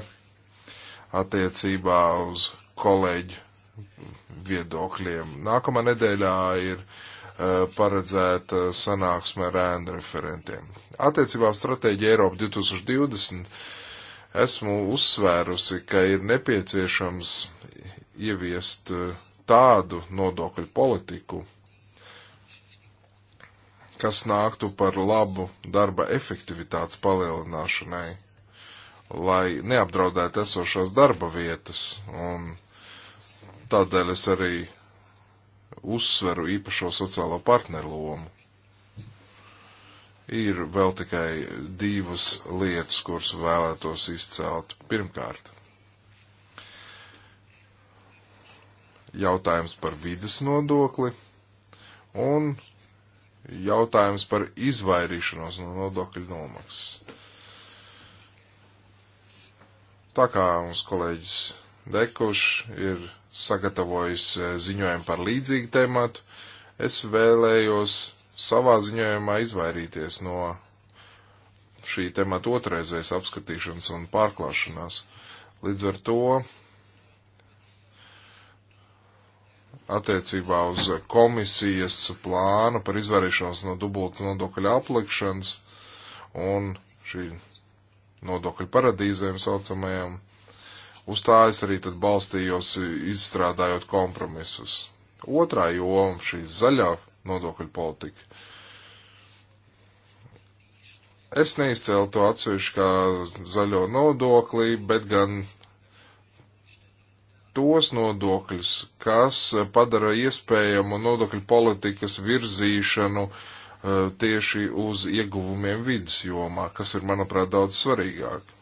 attiecībā uz kolēģu viedokļiem. Nākamā nedēļā ir uh, paredzēta sanāksme ar ēnu referentiem. Attiecībā uz stratēģiju Eiropa 2020 esmu uzsvērusi, ka ir nepieciešams ieviest e, tādu nodokļu politiku, kas nāktu par labu darba efektivitātes palielināšanai, lai neapdraudētu esošās darba vietas. Un tādēļ es arī uzsveru īpašo sociālo partneru lomu. Ir vēl tikai divas lietas, kuras vēlētos izcelt. Pirmkārt, jautājums par vidas nodokli un jautājums par izvairīšanos no nodokļu nomaksas. Tā kā mums kolēģis Dekuš ir sagatavojis e, ziņojumu par līdzīgu tēmatu, es vēlējos savā ziņojumā izvairīties no šī temata otrreizējas apskatīšanas un pārklāšanās. Līdz ar to attiecībā uz komisijas plānu par izvairīšanos no dubulta nodokļa aplikšanas un šī nodokļa paradīzēm saucamajām. Uz tā es arī tad balstījos izstrādājot kompromisus. Otrā joma šī zaļā nodokļa politika. Es neizcēlu to atsevišķi kā zaļo nodoklī, bet gan tos nodokļus, kas padara iespējamu nodokļu politikas virzīšanu eh, tieši uz ieguvumiem vidas jomā, kas ir, manuprāt, daudz svarīgāk.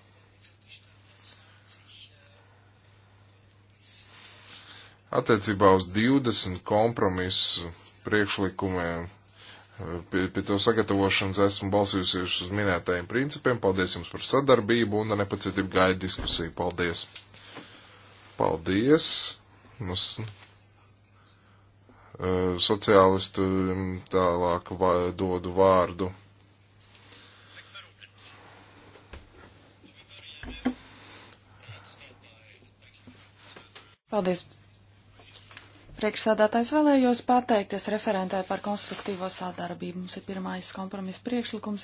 Attiecībā uz 20 kompromisu priekšlikumiem eh, pie, pie to sagatavošanas esmu balsījusies uz minētajiem principiem. Paldies jums par sadarbību un nepacietību gaidu diskusiju. Paldies! Paldies! Mums eh, sociālistu mm, tālāk dodu vārdu. Paldies. Priekšsādātājs vēlējos pateikties referentē par konstruktīvo sādarbību. Mums ir pirmais kompromiss priekšlikums,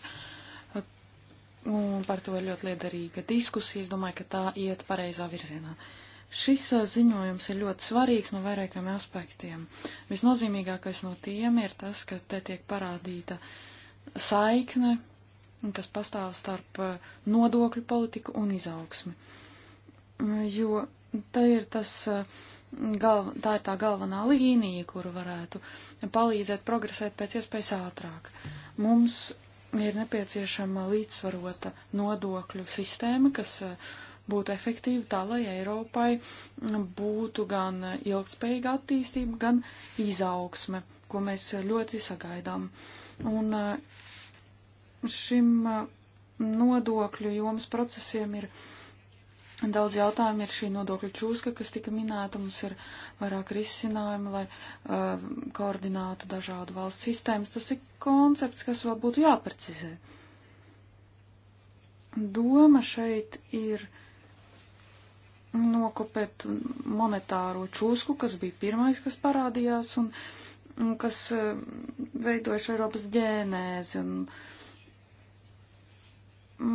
un par to ir ļoti liederīga diskusija. Es domāju, ka tā iet pareizā virzienā. Uh, Šis uh, ziņojums ir ļoti svarīgs no vairākiem aspektiem. Visnozīmīgākais no tiem ir tas, ka te tiek parādīta saikne, kas pastāv starp uh, nodokļu politiku un izaugsmi. Uh, jo te ir tas, gal, tā ir tā galvenā līnija, kuru varētu palīdzēt progresēt pēc iespējas ātrāk. Mums ir nepieciešama līdzsvarota nodokļu sistēma, kas uh, būtu efektīvi tā, lai Eiropai būtu gan ilgspējīga attīstība, gan izaugsme, ko mēs ļoti sagaidām. Un eh, šim eh, nodokļu jomas procesiem ir daudz jautājumu, ir šī nodokļu čūska, kas tika minēta, mums ir vairāk risinājumu, lai uh, koordinātu dažādu valstu sistēmas. Tas ir koncepts, kas vēl būtu jāprecizē. Doma šeit ir nokopēt monetāro čūsku, kas bija pirmais, kas parādījās un, un kas eh, veidojuši Eiropas ģēnēzi. Un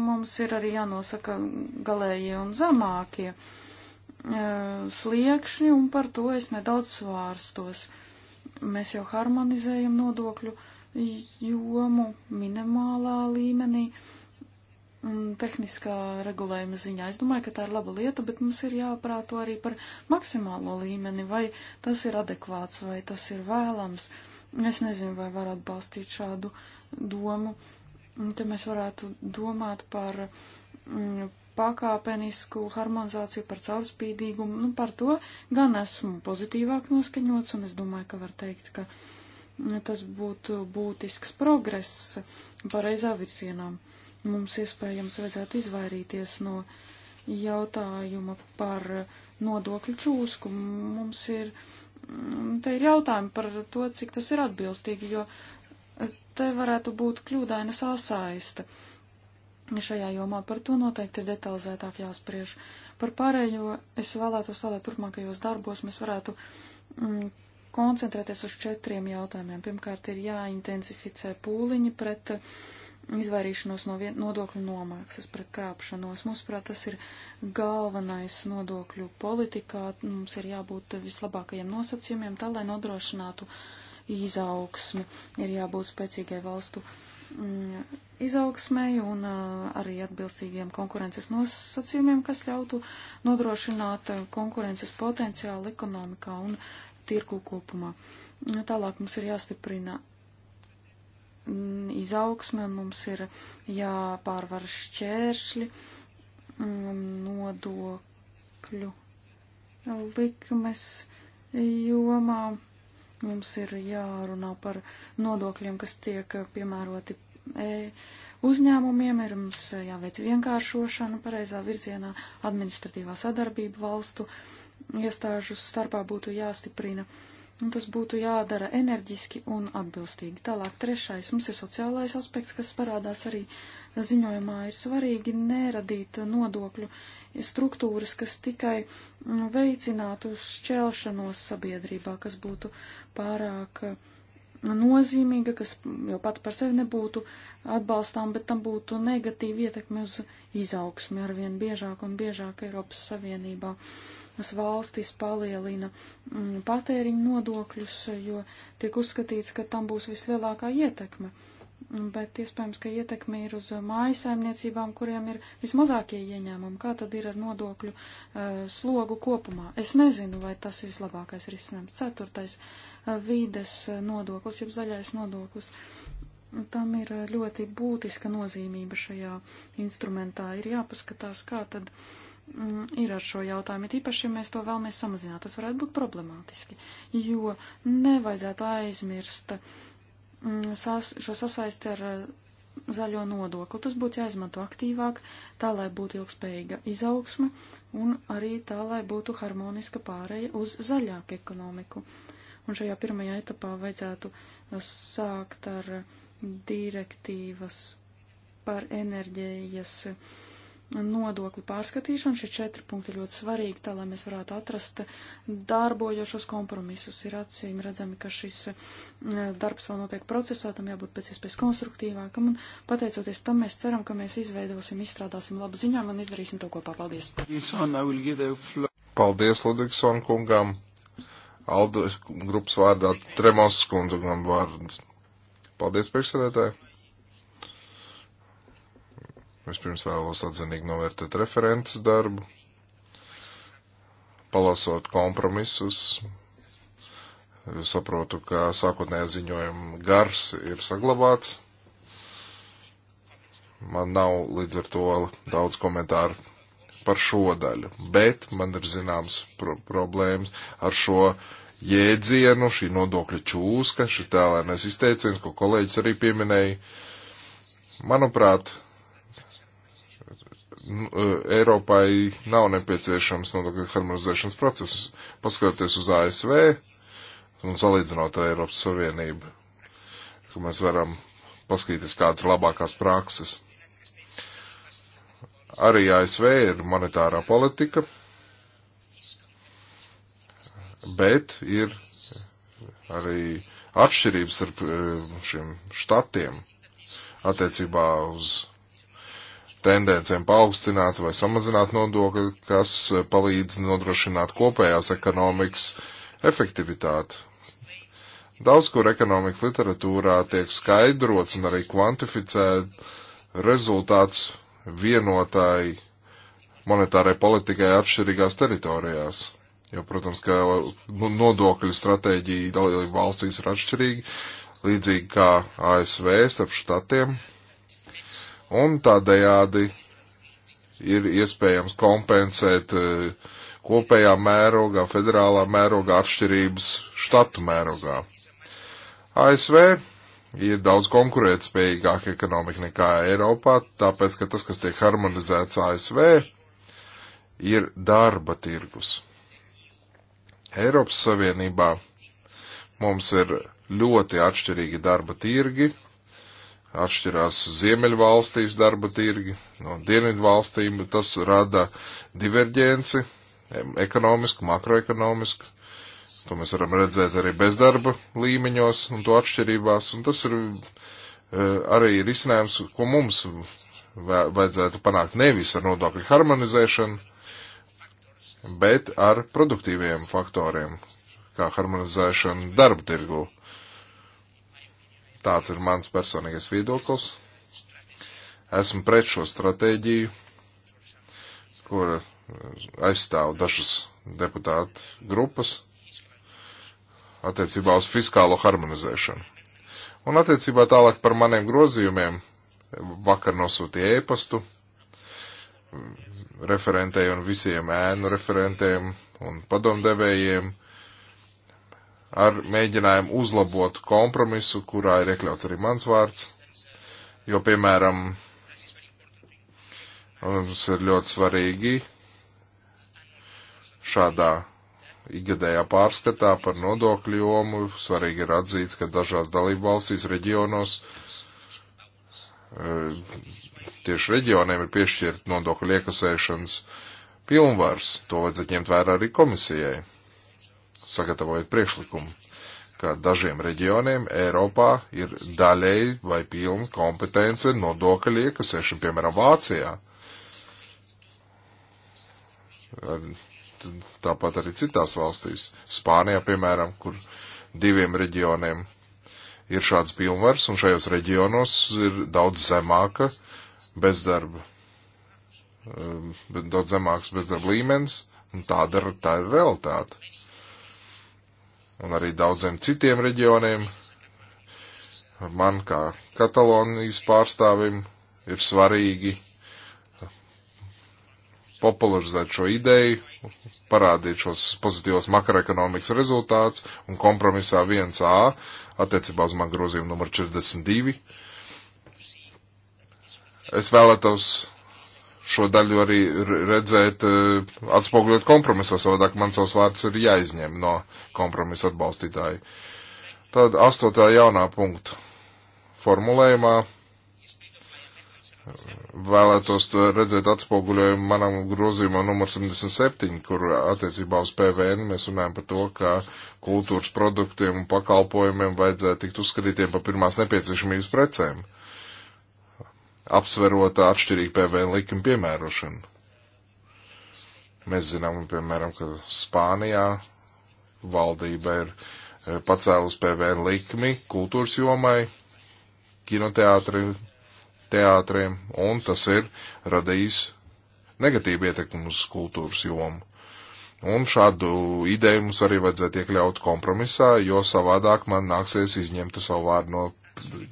mums ir arī jānosaka galējie un zamākie eh, sliekšņi, un par to es nedaudz svārstos. Mēs jau harmonizējam nodokļu jomu minimālā līmenī. Uh, tehniskā regulējuma ziņā. Es domāju, ka tā ir laba lieta, bet mums ir jāprāto arī par maksimālo līmeni, vai tas ir adekvāts, vai tas ir vēlams. Es nezinu, vai var atbalstīt šādu domu. Te mēs varētu domāt par mm, pakāpenisku harmonizāciju, par caurspīdīgumu. Nu, par to gan esmu pozitīvāk noskaņots, un es domāju, ka var teikt, ka mm, tas būtu būtisks progress pareizā virsienām. Mums iespējams vajadzētu izvairīties no jautājuma par nodokļu čūsku. Mums ir, mm, te ir jautājumi par to, cik tas ir atbilstīgi, jo te varētu būt kļūdaina sāsaista. Šajā jomā par to noteikti ir detalizētāk jāspriež. Par pārējo es vēlētos, lai turpmākajos darbos mēs varētu mm, koncentrēties uz četriem jautājumiem. Pirmkārt, ir jāintensificē pūliņi pret uh, izvairīšanos no nodokļu nomāksas pret krāpšanos. Mūsuprāt, tas ir galvenais nodokļu politikā. Mums ir jābūt vislabākajiem nosacījumiem, tā lai nodrošinātu izaugsmi. Ir jābūt spēcīgai valstu mm, izaugsmai un arī atbilstīgiem konkurences nosacījumiem, kas ļautu nodrošināt konkurences potenciālu ekonomikā un tirku kopumā. Tālāk mums ir jāstiprina Mm, izaugsme, un mums ir jāpārvar šķēršļi, mm, nodokļu likmes jomā. Mums ir jārunā par nodokļiem, kas tiek piemēroti e, uzņēmumiem, ir mums jāveic vienkāršošana pareizā virzienā, administratīvā sadarbība valstu iestāžu starpā būtu jāstiprina. Uh, Un tas būtu jādara enerģiski un atbilstīgi. Tālāk trešais mums ir sociālais aspekts, kas parādās arī ziņojumā. Ir svarīgi neradīt nodokļu struktūras, kas tikai veicinātu šķelšanos sabiedrībā, kas būtu pārāk nozīmīga, kas jau pat par sevi nebūtu atbalstām, bet tam būtu negatīva ietekme uz izaugsmi arvien biežāk un biežāk Eiropas Savienībā. Uh, valstis palielina mm, patēriņu nodokļus, jo tiek uzskatīts, ka tam būs vislielākā ietekme. Bet iespējams, ka ietekme ir uz mājasaimniecībām, kuriem ir vismazākie ieņēmumi. Kā tad ir ar nodokļu uh, slogu kopumā? Es nezinu, vai tas ir vislabākais risinājums. Ceturtais uh, - vīdes nodoklis, jeb zaļais nodoklis. Tam ir eh, ļoti būtiska nozīmība šajā instrumentā. Ir jāpaskatās, kā tad uh, Mm, ir ar šo jautājumu. Tīpaši, ja mēs to vēlamies samazināt, tas varētu būt problemātiski, jo nevajadzētu aizmirst mm, sas, šo sasaisti ar eh, zaļo nodokli. Tas būtu jāizmanto aktīvāk, tā lai būtu ilgspējīga izaugsme un arī tā, lai būtu harmoniska pāreja uz zaļāku ekonomiku. Un šajā pirmajā etapā vajadzētu eh, sākt ar direktīvas par enerģējas uh, nodokļu pārskatīšanu. Šie četri punkti ļoti svarīgi, tā lai mēs varētu atrast darbojošos kompromisus. Ir acīm redzami, ka šis eh, darbs vēl notiek procesā, tam jābūt pēc iespējas konstruktīvākam, un pateicoties tam mēs ceram, ka mēs izveidosim, izstrādāsim labu ziņām un izdarīsim to kopā. Paldies! Paldies, Ludvigsson kungam! Aldo grupas vārdā Tremos kundzam vārds. Paldies, priekšsēdētāji! Vispirms vēlos atzinīgi novērtēt referents darbu, palasot kompromisus. Saprotu, ka sākotnējā ziņojuma gars ir saglabāts. Man nav līdz ar to daudz komentāru par šo daļu, bet man ir zināms pro problēmas ar šo jēdzienu, šī nodokļa čūska, šī tēlēnais izteiciens, ko kolēģis arī pieminēja. Manuprāt, Nu, e, Eiropai nav nepieciešams nodokļu harmonizēšanas process. Paskatoties uz ASV un salīdzinot ar Eiropas Savienību, ka mēs varam paskatīties kādas labākās prakses. Arī ASV ir monetārā politika, bet ir arī atšķirības starp e, šiem štatiem attiecībā uz tendencēm paaugstināt vai samazināt nodokļi, kas palīdz nodrošināt kopējās ekonomikas efektivitāti. Daudz, kur ekonomikas literatūrā tiek skaidrots un arī kvantificēt rezultāts vienotāji monetārai politikai atšķirīgās teritorijās. Jo, protams, ka nodokļu stratēģija dalību valstīs ir atšķirīga, līdzīgi kā ASV starp štatiem un tādējādi ir iespējams kompensēt e, kopējā mērogā, federālā mērogā atšķirības štatu mērogā. ASV ir daudz konkurētspējīgāka ekonomika nekā Eiropā, tāpēc, ka tas, kas tiek harmonizēts ASV, ir darba tirgus. Eiropas Savienībā mums ir ļoti atšķirīgi darba tirgi, atšķirās Ziemeļvalstīs darba tirgi no Dienvidvalstīm, tas rada diverģenci ekonomisku, makroekonomisku. To mēs varam redzēt arī bezdarba līmeņos un to atšķirībās, un tas ir e, arī risinājums, ko mums vajadzētu panākt nevis ar nodokļu harmonizēšanu, bet ar produktīviem faktoriem, kā harmonizēšana darba tirgu. Tāds ir mans personīgais viedoklis. Esmu pret šo stratēģiju, kur aizstāv dažas deputātu grupas attiecībā uz fiskālo harmonizēšanu. Un attiecībā tālāk par maniem grozījumiem vakar nosūtīja ēpastu referentei un visiem ēnu referentiem un padomdevējiem ar mēģinājumu uzlabot kompromisu, kurā ir iekļauts arī mans vārds. Jo, piemēram, mums ir ļoti svarīgi šādā ikgadējā pārskatā par nodokļu jomu. Svarīgi ir atzīts, ka dažās dalību valstīs, reģionos, eh, tieši reģioniem ir piešķirt nodokļu iekasēšanas pilnvars. To vajadzētu ņemt vērā arī komisijai sagatavojot priekšlikumu, ka dažiem reģioniem Eiropā ir daļēji vai pilna kompetence nodokļu iekasēšana, piemēram, Vācijā. Tāpat arī citās valstīs. Spānijā, piemēram, kur diviem reģioniem ir šāds pilnvars, un šajos reģionos ir daudz zemāka bezdarba, um, daudz zemāks bezdarba līmenis, un tāda tā ir realitāte un arī daudziem citiem reģioniem. Man kā Katalonijas pārstāvim ir svarīgi popularizēt šo ideju, parādīt šos pozitīvos makroekonomikas rezultātus un kompromisā 1A attiecībā uz man grozījumu numur 42. Es vēlētos šo daļu arī redzēt, e, atspoguļot kompromisā, savādāk man savs vārds ir jāizņem no kompromisa atbalstītāju. Tad astotā jaunā punkta formulējumā vēlētos redzēt atspoguļojumu manam grozījumam numur 77, kur attiecībā uz PVN mēs runājam par to, ka kultūras produktiem un pakalpojumiem vajadzētu tikt uzskatītiem par pirmās nepieciešamības precēm. Uh, apsverot atšķirīgu PVN likumu piemērošanu. Mēs zinām, piemēram, ka Spānijā valdība ir e, pacēlus PVN likmi kultūras jomai, kinoteātri, teātriem, un tas ir radījis negatīvu ietekmi uz kultūras jomu. Un šādu ideju mums arī vajadzētu iekļaut kompromisā, jo savādāk man nāksies izņemt savu vārdu no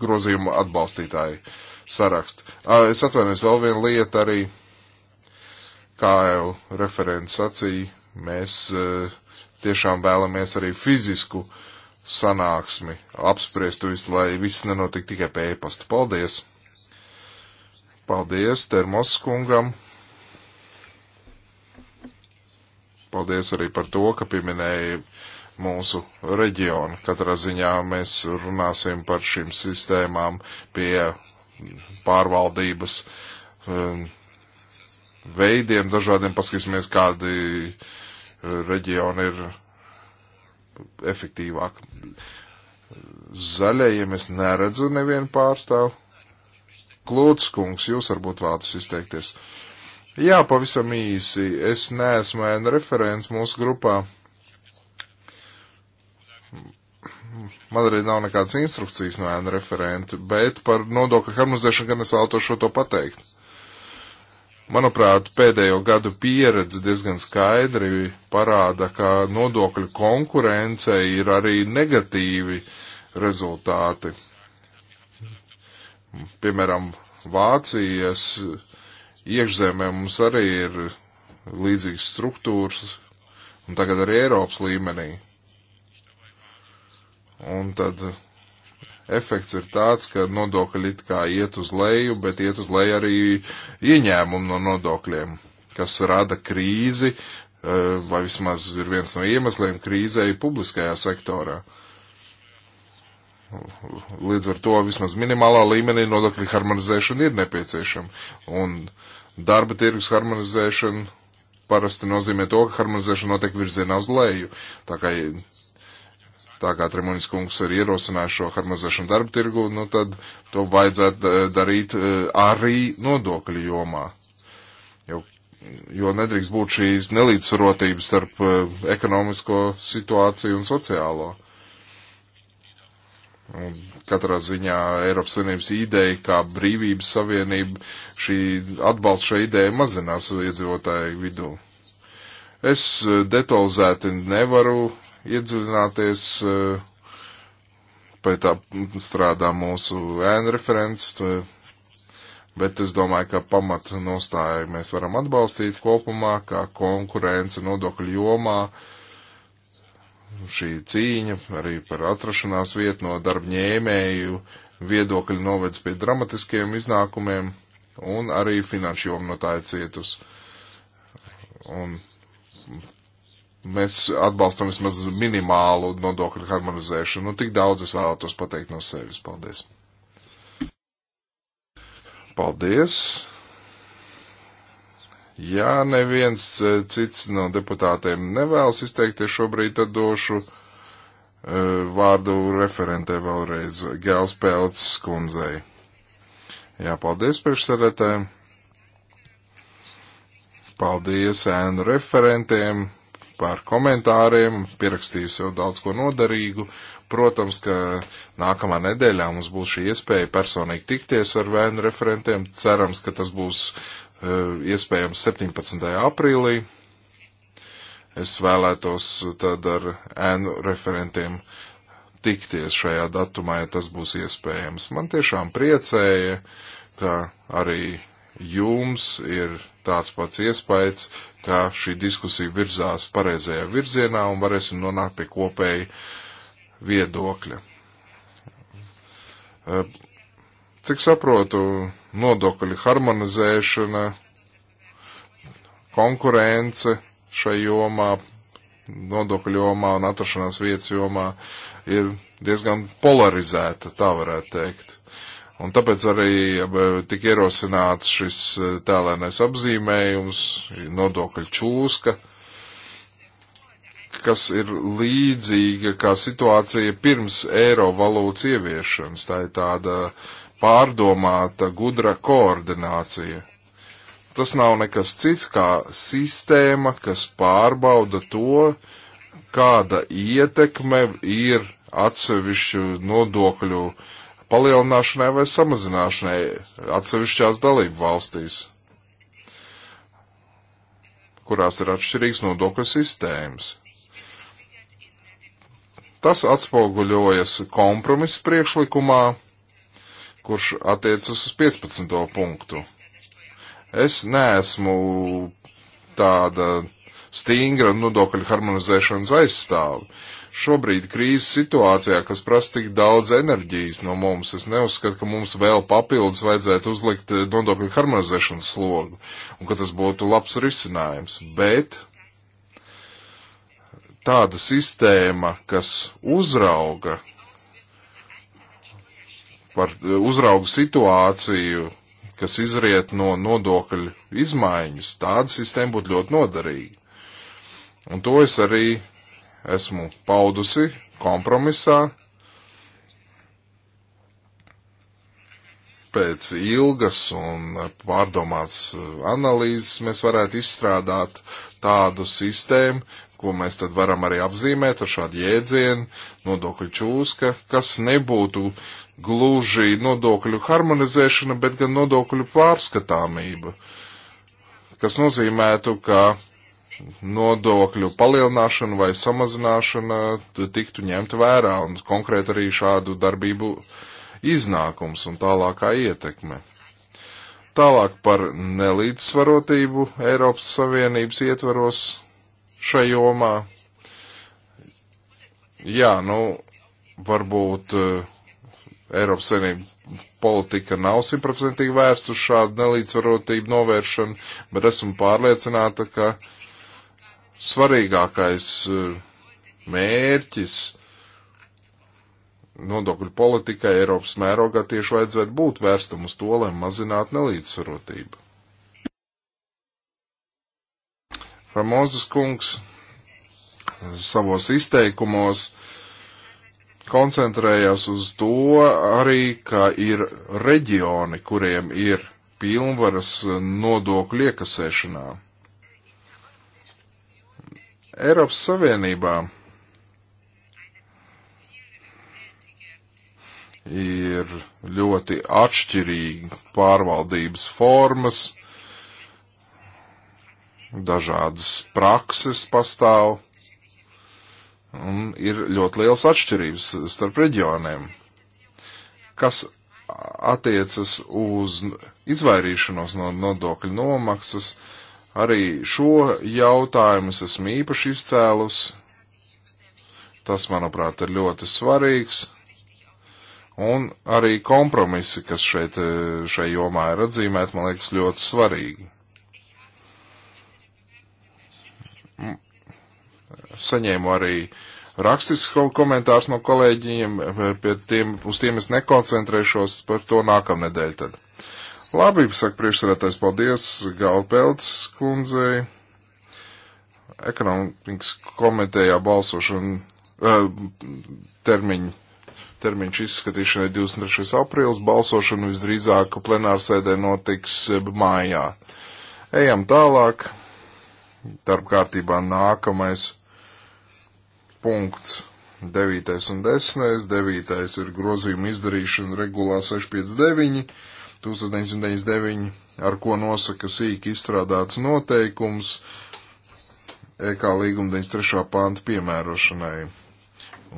grozījuma atbalstītāju. Uh, sarakstu. Es atvainojos, vēl viena lieta arī, kā jau referents sacīja, mēs e, tiešām vēlamies arī fizisku sanāksmi apspriest visu, lai viss nenotika tikai pie e-pasta. Paldies! Paldies Termos kungam! Paldies arī par to, ka pieminēja mūsu reģionu. Katrā ziņā mēs runāsim par šīm sistēmām pie pārvaldības um, veidiem dažādiem. Paskatīsimies, kādi uh, reģioni ir efektīvāk. Zaļajiem es neredzu nevienu pārstāvu. Klūts kungs, jūs varbūt vēlaties izteikties. Jā, pavisam īsi. Es neesmu referents mūsu grupā. man arī nav nekādas instrukcijas no ēna referenta, bet par nodokļu harmonizēšanu gan es vēlētos šo to pateikt. Manuprāt, pēdējo gadu pieredze diezgan skaidri parāda, ka nodokļu konkurence ir arī negatīvi rezultāti. Piemēram, Vācijas iekšzemē mums arī ir līdzīgas struktūras, un tagad arī Eiropas līmenī Un tad efekts ir tāds, ka nodokļi it kā iet uz leju, bet iet uz leju arī ieņēmumi no nodokļiem, kas rada krīzi, eh, vai vismaz ir viens no iemesliem krīzei publiskajā sektorā. Līdz ar to vismaz minimālā līmenī nodokļu harmonizēšana ir nepieciešama. Un darba tirgus harmonizēšana parasti nozīmē to, ka harmonizēšana notiek virzienā uz leju. Tā kā tā kā Tremonis kungs ir ierosinājis šo harmonizēšanu darba tirgu, nu tad to vajadzētu eh, darīt eh, arī nodokļu jomā. Jo, jo nedrīkst būt šīs nelīdzsvarotības starp eh, ekonomisko situāciju un sociālo. Un katrā ziņā Eiropas Savienības ideja, kā brīvības savienība, šī atbalsts šai idejai mazinās iedzīvotāju vidū. Es detalizēti nevaru iedziļināties, eh, pēc tā strādā mūsu ēna referents, bet es domāju, ka pamatu nostāju mēs varam atbalstīt kopumā, kā konkurence nodokļu jomā, šī cīņa arī par atrašanās vietu no darbņēmēju viedokļu novedz pie dramatiskiem iznākumiem, un arī finanšu joma no tā ir cietusi. Un mēs atbalstam vismaz minimālu nodokļu harmonizēšanu. Nu, tik daudz es vēlētos pateikt no sevis. Paldies! Paldies! Ja neviens eh, cits no deputātiem nevēlas izteikties šobrīd, tad došu uh, vārdu referentē vēlreiz Gēls Pēlts skundzei. Jā, paldies priekšsēdētājiem! Paldies ēnu referentiem par komentāriem, pierakstīju sev daudz ko noderīgu. Protams, ka nākamā nedēļā mums būs šī iespēja personīgi tikties ar vēnu referentiem. Cerams, ka tas būs e, iespējams 17. aprīlī. Es vēlētos tad ar ēnu referentiem tikties šajā datumā, ja tas būs iespējams. Man tiešām priecēja, ka arī jums ir tāds pats iespējas, ka šī diskusija virzās pareizajā virzienā un varēsim nonākt pie kopēja viedokļa. Cik saprotu, nodokļu harmonizēšana, konkurence šai jomā, nodokļu jomā un atrašanās vietas jomā ir diezgan polarizēta, tā varētu teikt. Un tāpēc arī tika ierosināts šis eh, tēlēnais apzīmējums, nodokļu čūska, kas ir līdzīga kā situācija pirms eiro valūtas ieviešanas. Tā ir tāda pārdomāta, gudra koordinācija. Tas nav nekas cits kā sistēma, kas pārbauda to, kāda ietekme ir atsevišķu nodokļu uh, palielināšanai vai samazināšanai atsevišķās dalību valstīs, kurās ir atšķirīgs nodokļu sistēmas. Tas atspoguļojas kompromisa priekšlikumā, kurš attiecas uz 15. punktu. Es neesmu tāda stingra nodokļu harmonizēšanas aizstāve. Uh, šobrīd krīzes situācijā, kas prasa tik daudz enerģijas no mums. Es neuzskatu, ka mums vēl papildus vajadzētu uzlikt eh, nodokļu harmonizēšanas slogu un ka tas būtu labs risinājums. Bet tāda sistēma, kas uzrauga par eh, uzraugu situāciju, kas izriet no nodokļu izmaiņas, tāda sistēma būtu ļoti noderīga. Un to es arī esmu paudusi kompromisā. Pēc ilgas un pārdomāts uh, analīzes mēs varētu izstrādāt tādu sistēmu, ko mēs tad varam arī apzīmēt ar šādu jēdzienu, nodokļu čūska, kas nebūtu gluži nodokļu harmonizēšana, bet gan nodokļu pārskatāmība, kas nozīmētu, ka nodokļu palielināšana vai samazināšana tiktu ņemta vērā un konkrēti arī šādu darbību iznākums un tālākā ietekme. Tālāk par nelīdzsvarotību Eiropas Savienības ietvaros šai jomā. Jā, nu, varbūt eh, Eiropas Savienība politika nav simtprocentīgi vērsta uz šādu nelīdzsvarotību novēršanu, bet esmu pārliecināta, ka uh, svarīgākais eh, mērķis nodokļu politikai Eiropas mērogā tieši vajadzētu būt vērstam uz to, lai mazinātu nelīdzsvarotību. Ramozes kungs savos izteikumos koncentrējās uz to arī, ka ir reģioni, kuriem ir pilnvaras nodokļu iekasēšanā. Eiropas Savienībā ir ļoti atšķirīgi pārvaldības formas, dažādas prakses pastāv, un ir ļoti liels atšķirības starp reģioniem, kas attiecas uz izvairīšanos no nodokļu nomaksas, uh, Arī šo jautājumu es esmu īpaši izcēlus. Tas, manuprāt, ir ļoti svarīgs. Un arī kompromisi, kas šeit, e, šai jomā ir atzīmēti, man liekas, ļoti svarīgi. Saņēmu arī rakstisks komentārs no kolēģiem, e, pie tiem, uz tiem es nekoncentrēšos, par to nākamnedēļ tad. Labi, saka priekšsēdētājs, paldies Galpelts kundzei. Ekonomikas komitejā balsošana uh, eh, termiņu. Termiņš izskatīšanai 23. aprīlis, balsošana visdrīzāk plenārsēdē notiks eh, mājā. Ejam tālāk. Darba kārtībā nākamais punkts. 9. un 10. 9. ir grozījuma izdarīšana regulā 659 1999, ar ko nosaka sīk izstrādāts noteikums EK līguma 93. pānta piemērošanai.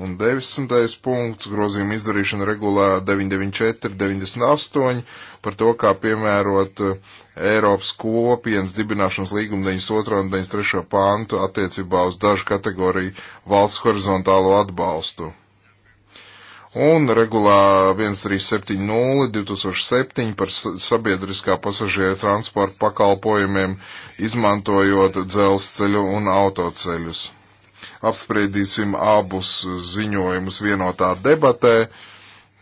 Un 90. punkts grozījuma izdarīšana regulā 994, 98 par to, kā piemērot e, Eiropas kopienas dibināšanas līguma 92. un 93. pāntu attiecībā uz dažu kategoriju valsts horizontālo atbalstu un regulā 1370 2007 par sabiedriskā pasažieru transporta pakalpojumiem, izmantojot dzelzceļu un autoceļus. Apspriedīsim abus ziņojumus vienotā debatē.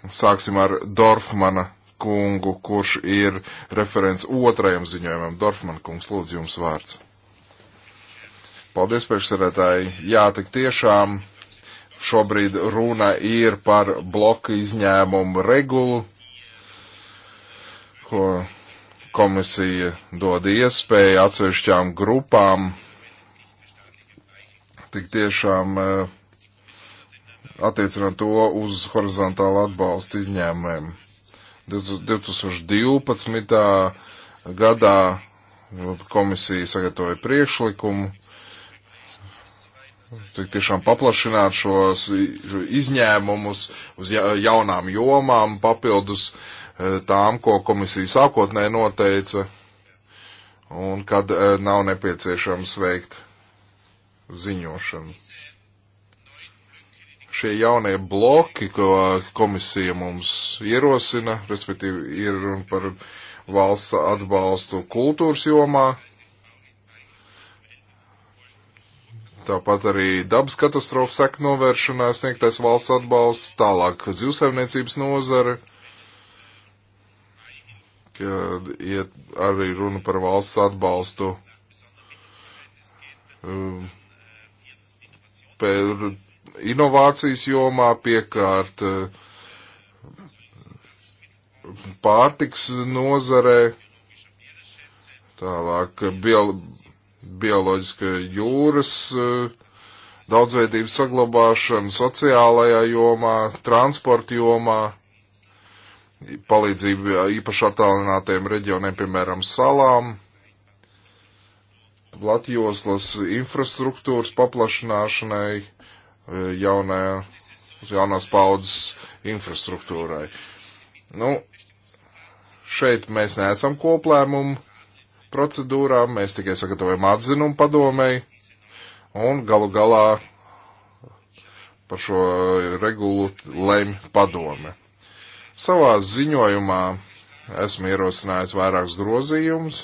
Sāksim ar Dorfmana kungu, kurš ir referents otrajam ziņojumam. Dorfman kungs, lūdzu jums vārds. Paldies, priekšsarētāji. Jā, tik tiešām Šobrīd runa ir par bloku izņēmumu regulu, ko komisija dod iespēju atsevišķām grupām tik tiešām e, attiecināt to uz horizontālu atbalstu izņēmumiem. 2012. gadā komisija sagatavoja priekšlikumu, tik tiešām paplašināt šos izņēmumus uz jaunām jomām, papildus e, tām, ko komisija sākotnēji noteica, un kad e, nav nepieciešams veikt ziņošanu. Šie jaunie bloki, ko komisija mums ierosina, respektīvi ir un par valsts atbalstu kultūras jomā, Tāpat arī dabas katastrofu seku novēršanā sniegtais valsts atbalsts, tālāk zivsaimniecības nozare, kad iet arī runa par valsts atbalstu um, par inovācijas jomā, piekārt uh, pārtiks nozarē, tālāk bio, bioloģiska jūras eh, daudzveidības saglabāšana, sociālajā jomā, transporta jomā, palīdzība īpaši attālinātiem reģioniem, piemēram, salām, Latvijoslas infrastruktūras paplašināšanai, eh, jaunā, jaunās paudzes infrastruktūrai. Nu, šeit mēs neesam koplēmumu procedūrām, mēs tikai sagatavojam atzinumu padomēji un galu galā par šo regulu lem padome. Savā ziņojumā esmu ierosinājis vairākus grozījumus,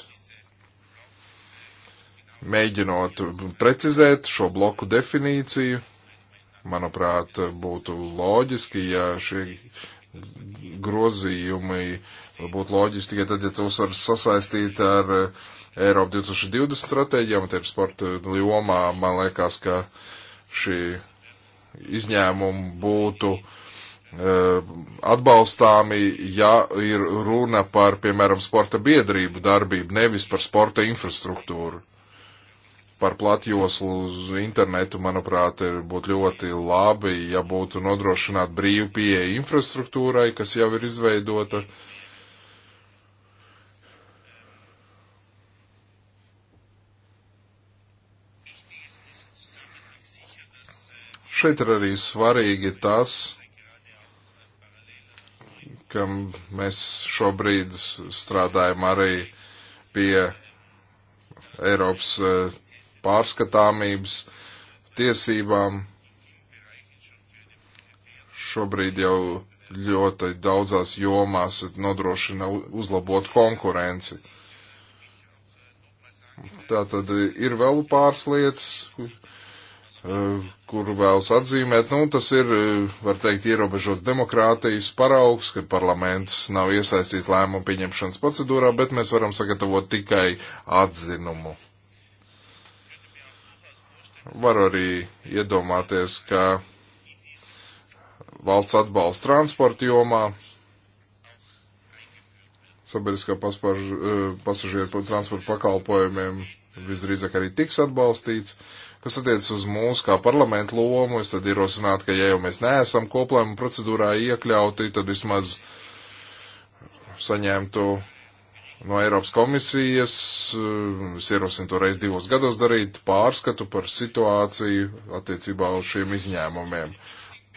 mēģinot precizēt šo bloku definīciju. Manuprāt, būtu loģiski, ja šie grozījumi uh, būtu loģiski tikai tad, ja tos var sasaistīt ar eh, Eiropu 2020 stratēģijām, tie ir sporta jomā, man liekas, ka šī izņēmuma būtu eh, atbalstāmi, ja ir runa par, piemēram, sporta biedrību darbību, nevis par sporta infrastruktūru. Par platjoslu internetu, manuprāt, būtu ļoti labi, ja būtu nodrošināt brīvu pieeja infrastruktūrai, kas jau ir izveidota. Uh, Šeit ir arī svarīgi tas, ka mēs šobrīd strādājam arī pie Eiropas eh, pārskatāmības tiesībām. Šobrīd jau ļoti daudzās jomās nodrošina uzlabot konkurenci. Tā tad ir vēl pāris lietas, eh, kuru vēlas atzīmēt, nu, tas ir, var teikt, ierobežots demokrātijas paraugs, ka parlaments nav iesaistīts lēmumu pieņemšanas procedūrā, bet mēs varam sagatavot tikai atzinumu. Var arī iedomāties, ka valsts atbalsts transporta jomā, sabiedriskā eh, pasažieru transporta pakalpojumiem visdrīzāk arī tiks atbalstīts, Kas attiec uz mūsu kā parlamentu lomu, es tad ierosinātu, ka ja jau mēs neesam koplēmu procedūrā iekļauti, tad vismaz saņemtu no Eiropas komisijas, eh, es ierosinu to reiz divos gados darīt, pārskatu par situāciju attiecībā uz šiem izņēmumiem.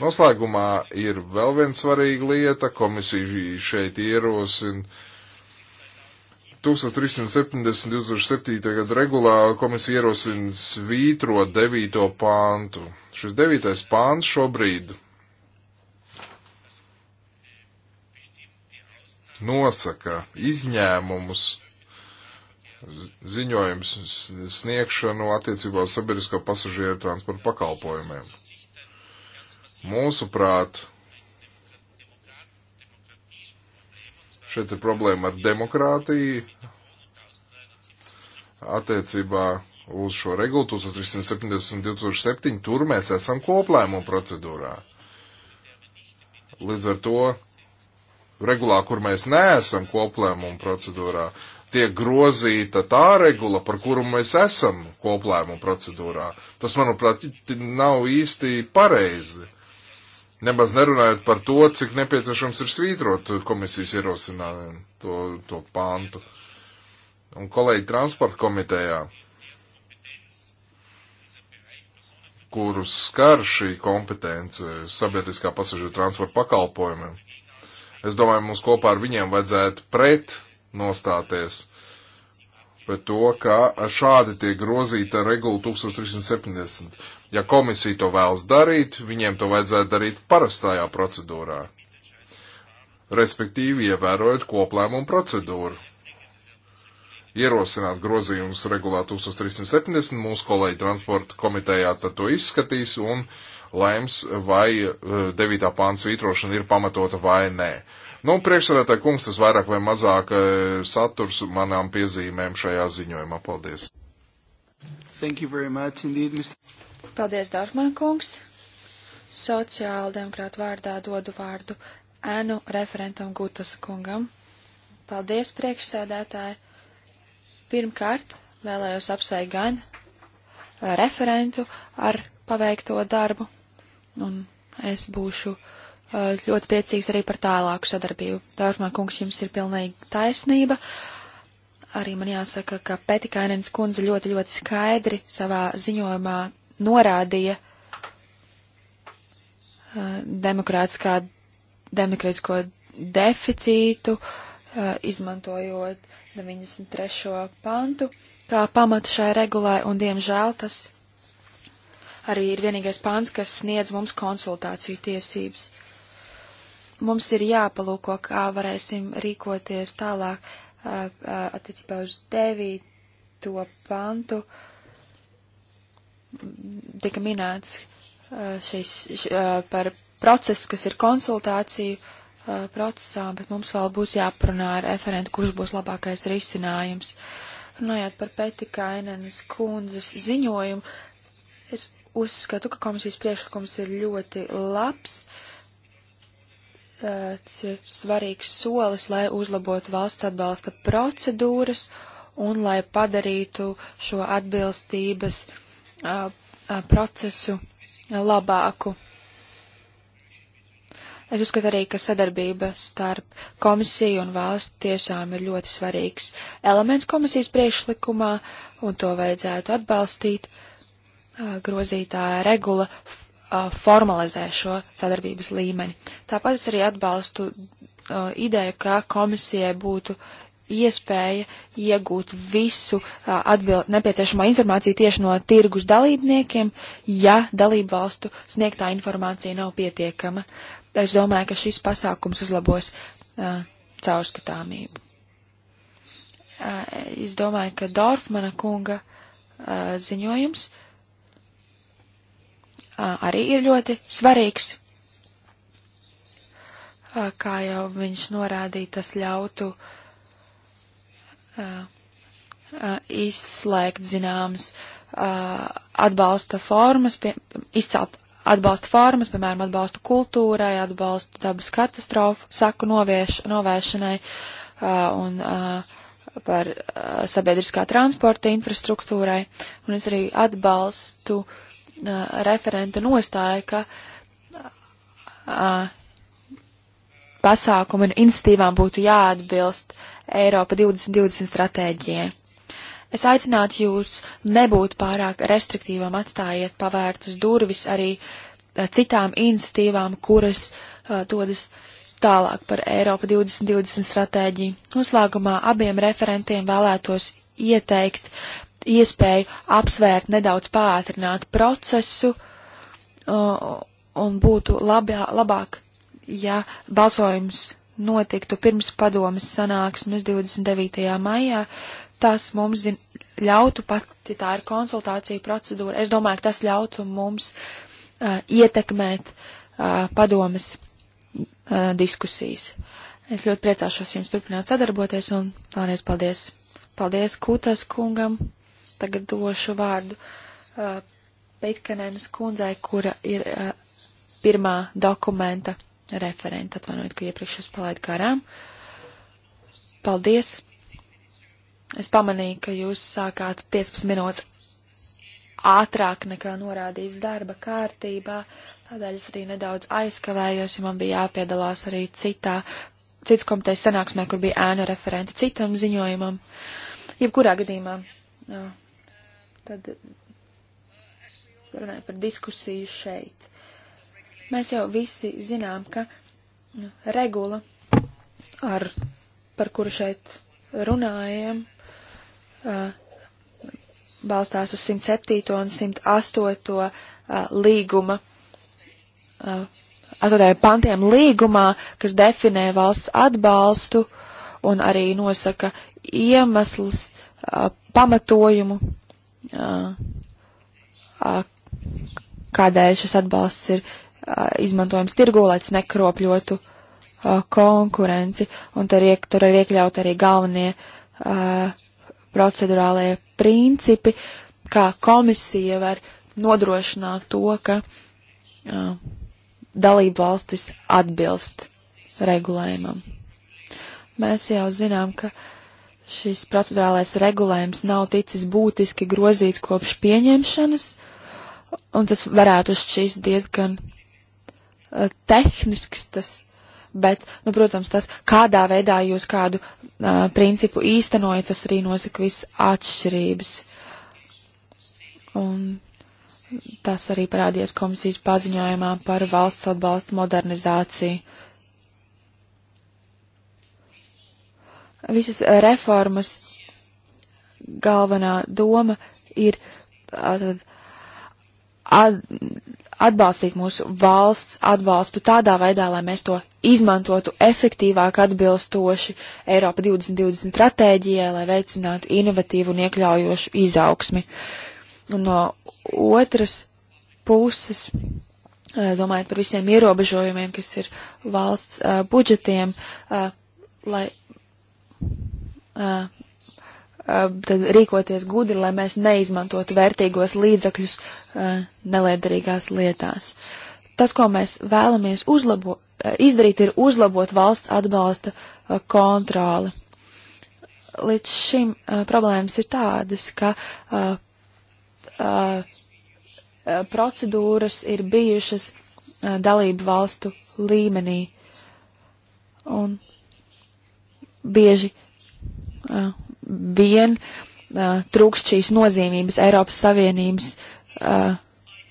Noslēgumā ir vēl viena svarīga lieta, komisija šeit ierosina 1370.2007. gada regulā komisija ierosina svītrot 9. pāntu. Šis 9. pāns šobrīd nosaka izņēmumus ziņojums sniegšanu attiecībā uz sabiedrisko pasažieru transporta pakalpojumiem. Mūsuprāt, Šeit ir problēma ar demokrātiju attiecībā uz šo regulu 1370-2007. Tur mēs esam koplēmumu procedūrā. Līdz ar to regulā, kur mēs neesam koplēmumu procedūrā, tiek grozīta tā regula, par kuru mēs esam koplēmumu procedūrā. Tas, manuprāt, nav īsti pareizi. Nemaz nerunājot par to, cik nepieciešams ir svītrot komisijas ierosinājumu to, to pāntu. Un kolēģi transporta komitejā, kurus skar šī kompetence sabiedriskā pasažieru transporta pakalpojumiem, es domāju, mums kopā ar viņiem vajadzētu pret nostāties pret to, ka šādi tiek grozīta regula 1370. Ja komisija to vēlas darīt, viņiem to vajadzētu darīt parastajā procedūrā, respektīvi ievērojot koplēmumu procedūru. Ierosināt grozījumus regulā 1370, mūsu kolēģi transporta komitejā tad to izskatīs un lems, vai 9. Eh, pāns vītrošana ir pamatota vai nē. Nu, priekšsēdētāji kungs, tas vairāk vai mazāk eh, saturs manām piezīmēm šajā ziņojumā. Paldies! Thank you very much indeed, Mr. Paldies, Dārfman kungs. Sociāldemokrātu vārdā dodu vārdu ēnu referentam Gutas kungam. Paldies, priekšsēdētāji. Pirmkārt, vēlējos apsveikt gan eh, referentu ar paveikto darbu, un es būšu eh, ļoti priecīgs arī par tālāku sadarbību. Dārfman kungs, jums ir pilnīgi taisnība. Arī man jāsaka, ka Petikainens kundze ļoti, ļoti skaidri savā ziņojumā norādīja uh, demokrātiskā, demokrātisko deficītu, uh, izmantojot 93. pantu kā pamatu šai regulai, un diemžēl tas arī ir vienīgais pants, kas sniedz mums konsultāciju tiesības. Mums ir jāpalūko, kā varēsim rīkoties tālāk uh, uh attiecībā uz 9. pantu. Uh, tika minēts uh, šis, š, uh, par procesu, kas ir konsultāciju uh, procesā, bet mums vēl būs jāprunā ar referentu, kurš būs labākais risinājums. Runājot par Petikainenes kundzes ziņojumu, es uzskatu, ka komisijas priekšlikums ir ļoti labs. Tas ir svarīgs solis, lai uzlabotu valsts atbalsta procedūras un lai padarītu šo atbilstības uh, procesu labāku. Es uzskatu arī, ka sadarbība starp komisiju un valsts tiešām ir ļoti svarīgs elements komisijas priekšlikumā, un to vajadzētu atbalstīt. Grozītāja regula formalizē šo sadarbības līmeni. Tāpat es arī atbalstu ideju, ka komisijai būtu iespēja iegūt visu atbild, nepieciešamo informāciju tieši no tirgus dalībniekiem, ja dalību valstu sniegtā informācija nav pietiekama. Es domāju, ka šis pasākums uzlabos uh, caurskatāmību. Uh, es domāju, ka Dorfmana kunga uh, ziņojums arī ir ļoti svarīgs. Kā jau viņš norādīja, tas ļautu uh, izslēgt zināmas atbalsta formas, pie, izcelt atbalsta formas, piemēram, atbalstu kultūrai, atbalstu dabas katastrofu saku novieš, novēršanai un par sabiedriskā transporta infrastruktūrai. Un es arī atbalstu referenta nostāju, ka pasākumu un institīvām būtu jāatbilst uh, Eiropa 2020 stratēģijai. Es aicinātu jūs nebūt pārāk restriktīvam, atstājiet pavērtas durvis arī eh, citām iniciatīvām, kuras uh, dodas tālāk par Eiropa 2020 stratēģiju. Uzlāgumā abiem referentiem vēlētos ieteikt iespēju apsvērt nedaudz pātrināt procesu uh, un būtu labā, labāk, ja balsojums notiktu pirms padomas sanāksmes 29. maijā, tas mums zin, ļautu pat, ja tā ir konsultācija procedūra, es domāju, ka tas ļautu mums uh, ietekmēt uh, padomas uh, diskusijas. Es ļoti priecāšos jums turpināt sadarboties un vēlreiz paldies. Paldies Kūtas kungam. Tagad došu vārdu uh, Peitkanēnas kundzei, kura ir uh, pirmā dokumenta referenta. Atvainojiet, ka iepriekš es palaidu garām. Paldies! Es pamanīju, ka jūs sākāt 15 minūtes ātrāk nekā norādīts darba kārtībā, tādēļ es arī nedaudz aizkavējos, jo man bija jāpiedalās arī citā, cits komitejas sanāksmē, kur bija ēnu referenti citam ziņojumam. Jebkurā gadījumā, jā, tad runāju par diskusiju šeit. Mēs jau visi zinām, ka nu, regula, ar, par kuru šeit runājam, uh, balstās uz 107. un 108. Uh, līguma, uh, 8. pantiem līgumā, kas definē valsts atbalstu un arī nosaka iemesls, pamatojumu, kādēļ šis atbalsts ir izmantojums tirgū, lai tas nekropļotu konkurenci, un tur, iek, tur ir iekļaut arī galvenie procedurālie principi, kā komisija var nodrošināt to, ka dalību valstis atbilst regulējumam. Mēs jau zinām, ka šis procedurālais regulējums nav ticis būtiski grozīts kopš pieņemšanas, un tas varētu šķist diezgan uh, tehnisks tas, bet, nu, protams, tas, kādā veidā jūs kādu uh, principu īstenojat, tas arī nosaka viss atšķirības. Un tas arī parādījās komisijas paziņojumā par valsts atbalstu modernizāciju. Visas reformas galvenā doma ir tātad, eh, at, atbalstīt mūsu valsts atbalstu tādā veidā, lai mēs to izmantotu efektīvāk atbilstoši Eiropa 2020 stratēģijai, lai veicinātu inovatīvu un iekļaujošu izaugsmi. Un no otras puses, eh, domājot par visiem ierobežojumiem, kas ir valsts uh, budžetiem, uh, lai uh, tad rīkoties gudri, lai mēs neizmantotu vērtīgos līdzakļus uh, neliederīgās lietās. Tas, ko mēs vēlamies uzlabo, izdarīt, ir uzlabot valsts atbalsta uh, kontroli. Līdz šim uh, problēmas ir tādas, ka procedūras ir bijušas dalību valstu līmenī. Un bieži vien uh, trūkst šīs nozīmības Eiropas Savienības uh,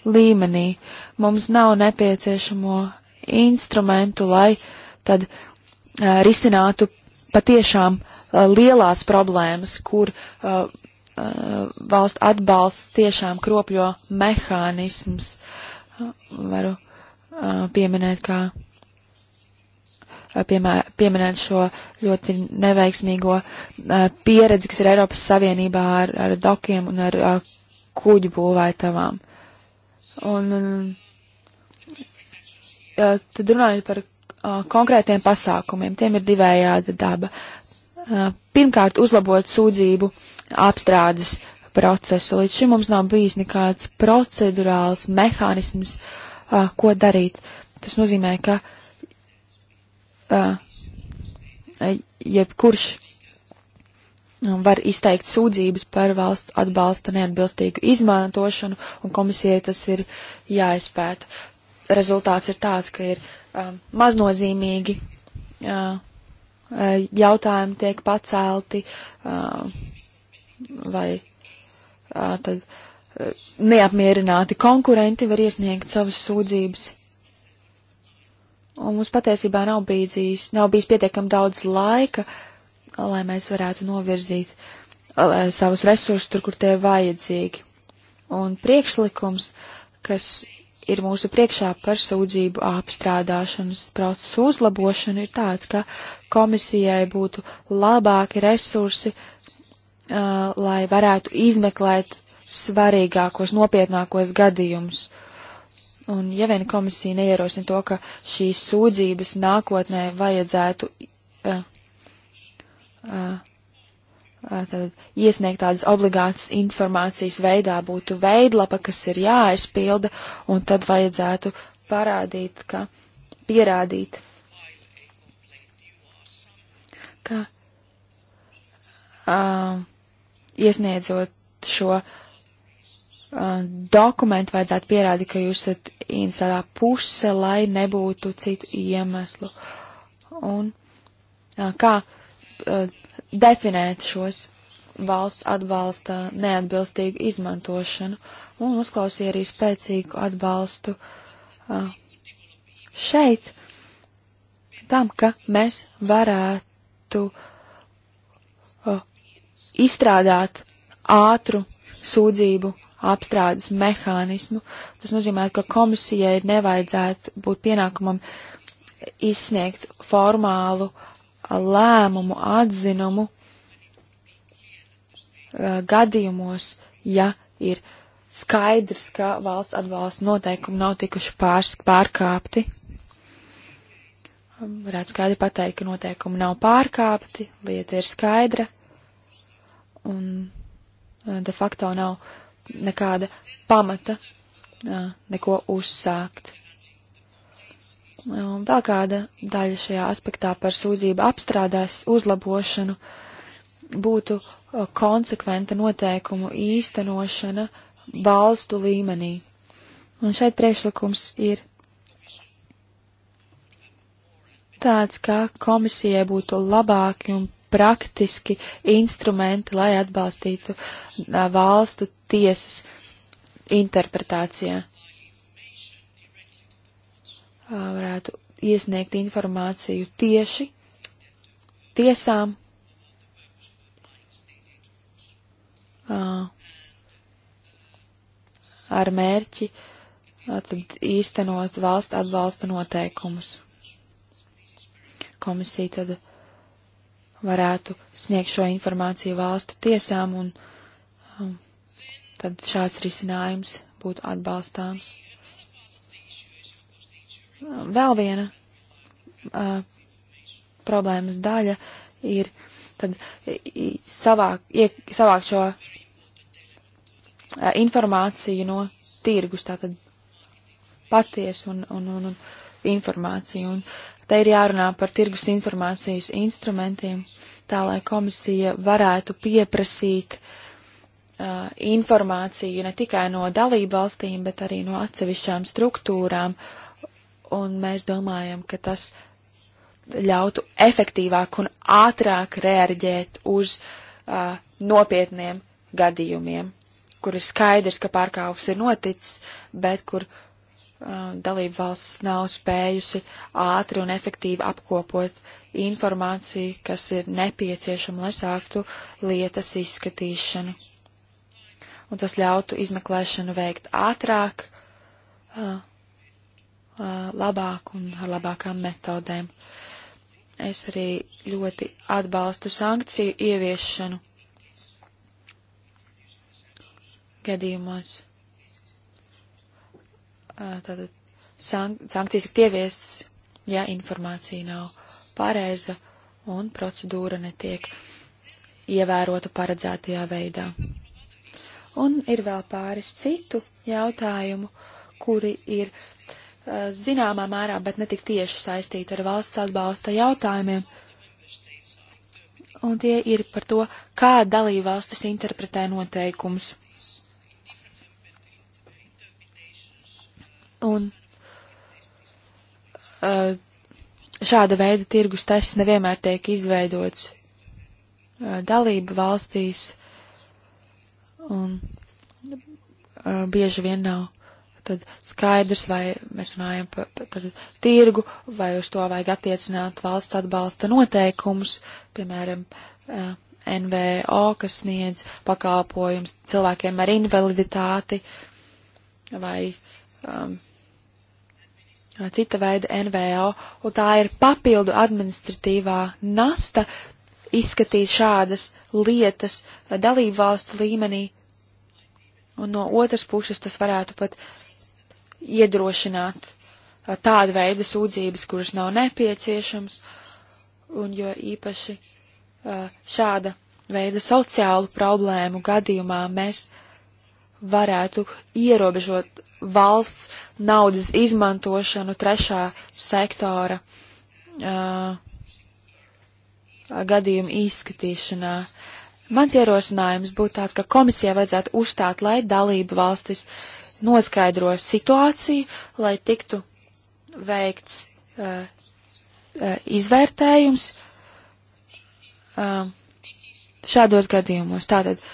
līmenī. Mums nav nepieciešamo instrumentu, lai tad uh, risinātu patiešām uh, lielās problēmas, kur uh, uh, valstu atbalsts tiešām kropļo mehānisms. Uh, varu uh, pieminēt kā piemē, pieminēt šo ļoti neveiksmīgo pieredzi, kas ir Eiropas Savienībā ar, ar dokiem un ar, ar kuģu būvētavām. Un, un tad runājot par konkrētiem pasākumiem, tiem ir divējāda daba. Pirmkārt, uzlabot sūdzību apstrādes procesu. Līdz šim mums nav bijis nekāds procedurāls mehānisms, ko darīt. Tas nozīmē, ka uh, E, jebkurš e, var izteikt sūdzības par valsts atbalsta neatbilstīgu izmantošanu, un komisijai tas ir jāizpēta. Rezultāts ir tāds, ka ir um, maznozīmīgi uh, jautājumi tiek pacelti uh, vai uh, tad, uh, neapmierināti konkurenti var iesniegt savas sūdzības un mums patiesībā nav bijis, nav bijis pietiekami daudz laika, lai mēs varētu novirzīt lai, savus resursus tur, kur tie ir vajadzīgi. Un priekšlikums, kas ir mūsu priekšā par sūdzību apstrādāšanas procesu uzlabošanu, ir tāds, ka komisijai būtu labāki resursi, uh, lai varētu izmeklēt svarīgākos, nopietnākos gadījumus. Un ja vien komisija neierosina to, ka šīs sūdzības nākotnē vajadzētu uh, uh, tad, iesniegt tādas obligātas informācijas veidā, būtu veidlapa, kas ir jāaizpilda, un tad vajadzētu parādīt, ka pierādīt, ka uh, iesniedzot šo uh, dokumentu vajadzētu pierādīt, ka jūs esat interesētā puse, lai nebūtu citu iemeslu. Un kā definēt šos valsts atbalsta neatbilstīgu izmantošanu un uzklausīja arī spēcīgu atbalstu šeit tam, ka mēs varētu izstrādāt ātru sūdzību apstrādes mehānismu. Tas nozīmē, ka komisijai nevajadzētu būt pienākumam izsniegt formālu lēmumu, atzinumu uh, gadījumos, ja ir skaidrs, ka valsts atbalsta noteikumi nav tikuši pārs, pārkāpti. Um, varētu skaidri pateikt, ka noteikumi nav pārkāpti, lieta ir skaidra un uh, de facto nav nekāda pamata neko uzsākt. Un vēl kāda daļa šajā aspektā par sūdzību apstrādās uzlabošanu būtu konsekventa noteikumu īstenošana valstu līmenī. Un šeit priekšlikums ir tāds, ka komisijai būtu labāki un praktiski instrumenti, lai atbalstītu valstu tiesas interpretācijā. Varētu iesniegt informāciju tieši tiesām. Ar mērķi tad īstenot valsts atbalsta noteikumus. Komisija tad varētu sniegt šo informāciju valstu tiesām un uh, tad šāds risinājums būtu atbalstāms. Vēl viena uh, problēmas daļa ir tad savākt savāk šo uh, informāciju no tirgus, tātad patiesu un, un, un, un informāciju. Un te ir jārunā par tirgus informācijas instrumentiem, tā lai komisija varētu pieprasīt uh, uh, informāciju ne tikai no dalību valstīm, bet arī no atsevišķām struktūrām, un mēs domājam, ka tas ļautu efektīvāk un ātrāk reaģēt uz uh, nopietniem gadījumiem, kur ir skaidrs, ka pārkāpums ir noticis, bet kur uh, dalību valsts nav spējusi ātri un efektīvi apkopot informāciju, kas ir nepieciešama, lai sāktu lietas izskatīšanu un tas ļautu izmeklēšanu veikt ātrāk, labāk un ar labākām metodēm. Es arī ļoti atbalstu sankciju ieviešanu gadījumos. Tātad sank sankcijas ir ieviestas, ja informācija nav pareiza un procedūra netiek ievērota paredzētajā veidā. Un ir vēl pāris citu jautājumu, kuri ir eh, zināmā mērā, bet ne tik tieši saistīti ar valsts atbalsta jautājumiem. Un tie ir par to, kā dalība valstis interpretē noteikumus. Un eh, šāda veida tirgus tests nevienmēr tiek izveidots eh, dalība valstīs Un bieži vien nav tad skaidrs, vai mēs runājam par pa, tad, tirgu, vai uz to vajag attiecināt valsts atbalsta noteikumus, piemēram, NVO, kas sniedz pakalpojums cilvēkiem ar invaliditāti, vai um, cita veida NVO, un tā ir papildu administratīvā nasta, izskatīt šādas lietas eh, dalību valstu līmenī, un no otras puses tas varētu pat iedrošināt eh, tādu veidu sūdzības, kuras nav nepieciešams, un jo īpaši eh, šāda veida sociālu problēmu gadījumā mēs varētu ierobežot valsts naudas izmantošanu trešā sektora uh, Uh, gadījumu izskatīšanā. Mans ierosinājums būtu tāds, ka komisijai vajadzētu uzstāt, lai dalība valstis noskaidro situāciju, lai tiktu veikts uh, uh, izvērtējums uh, šādos gadījumos. Tātad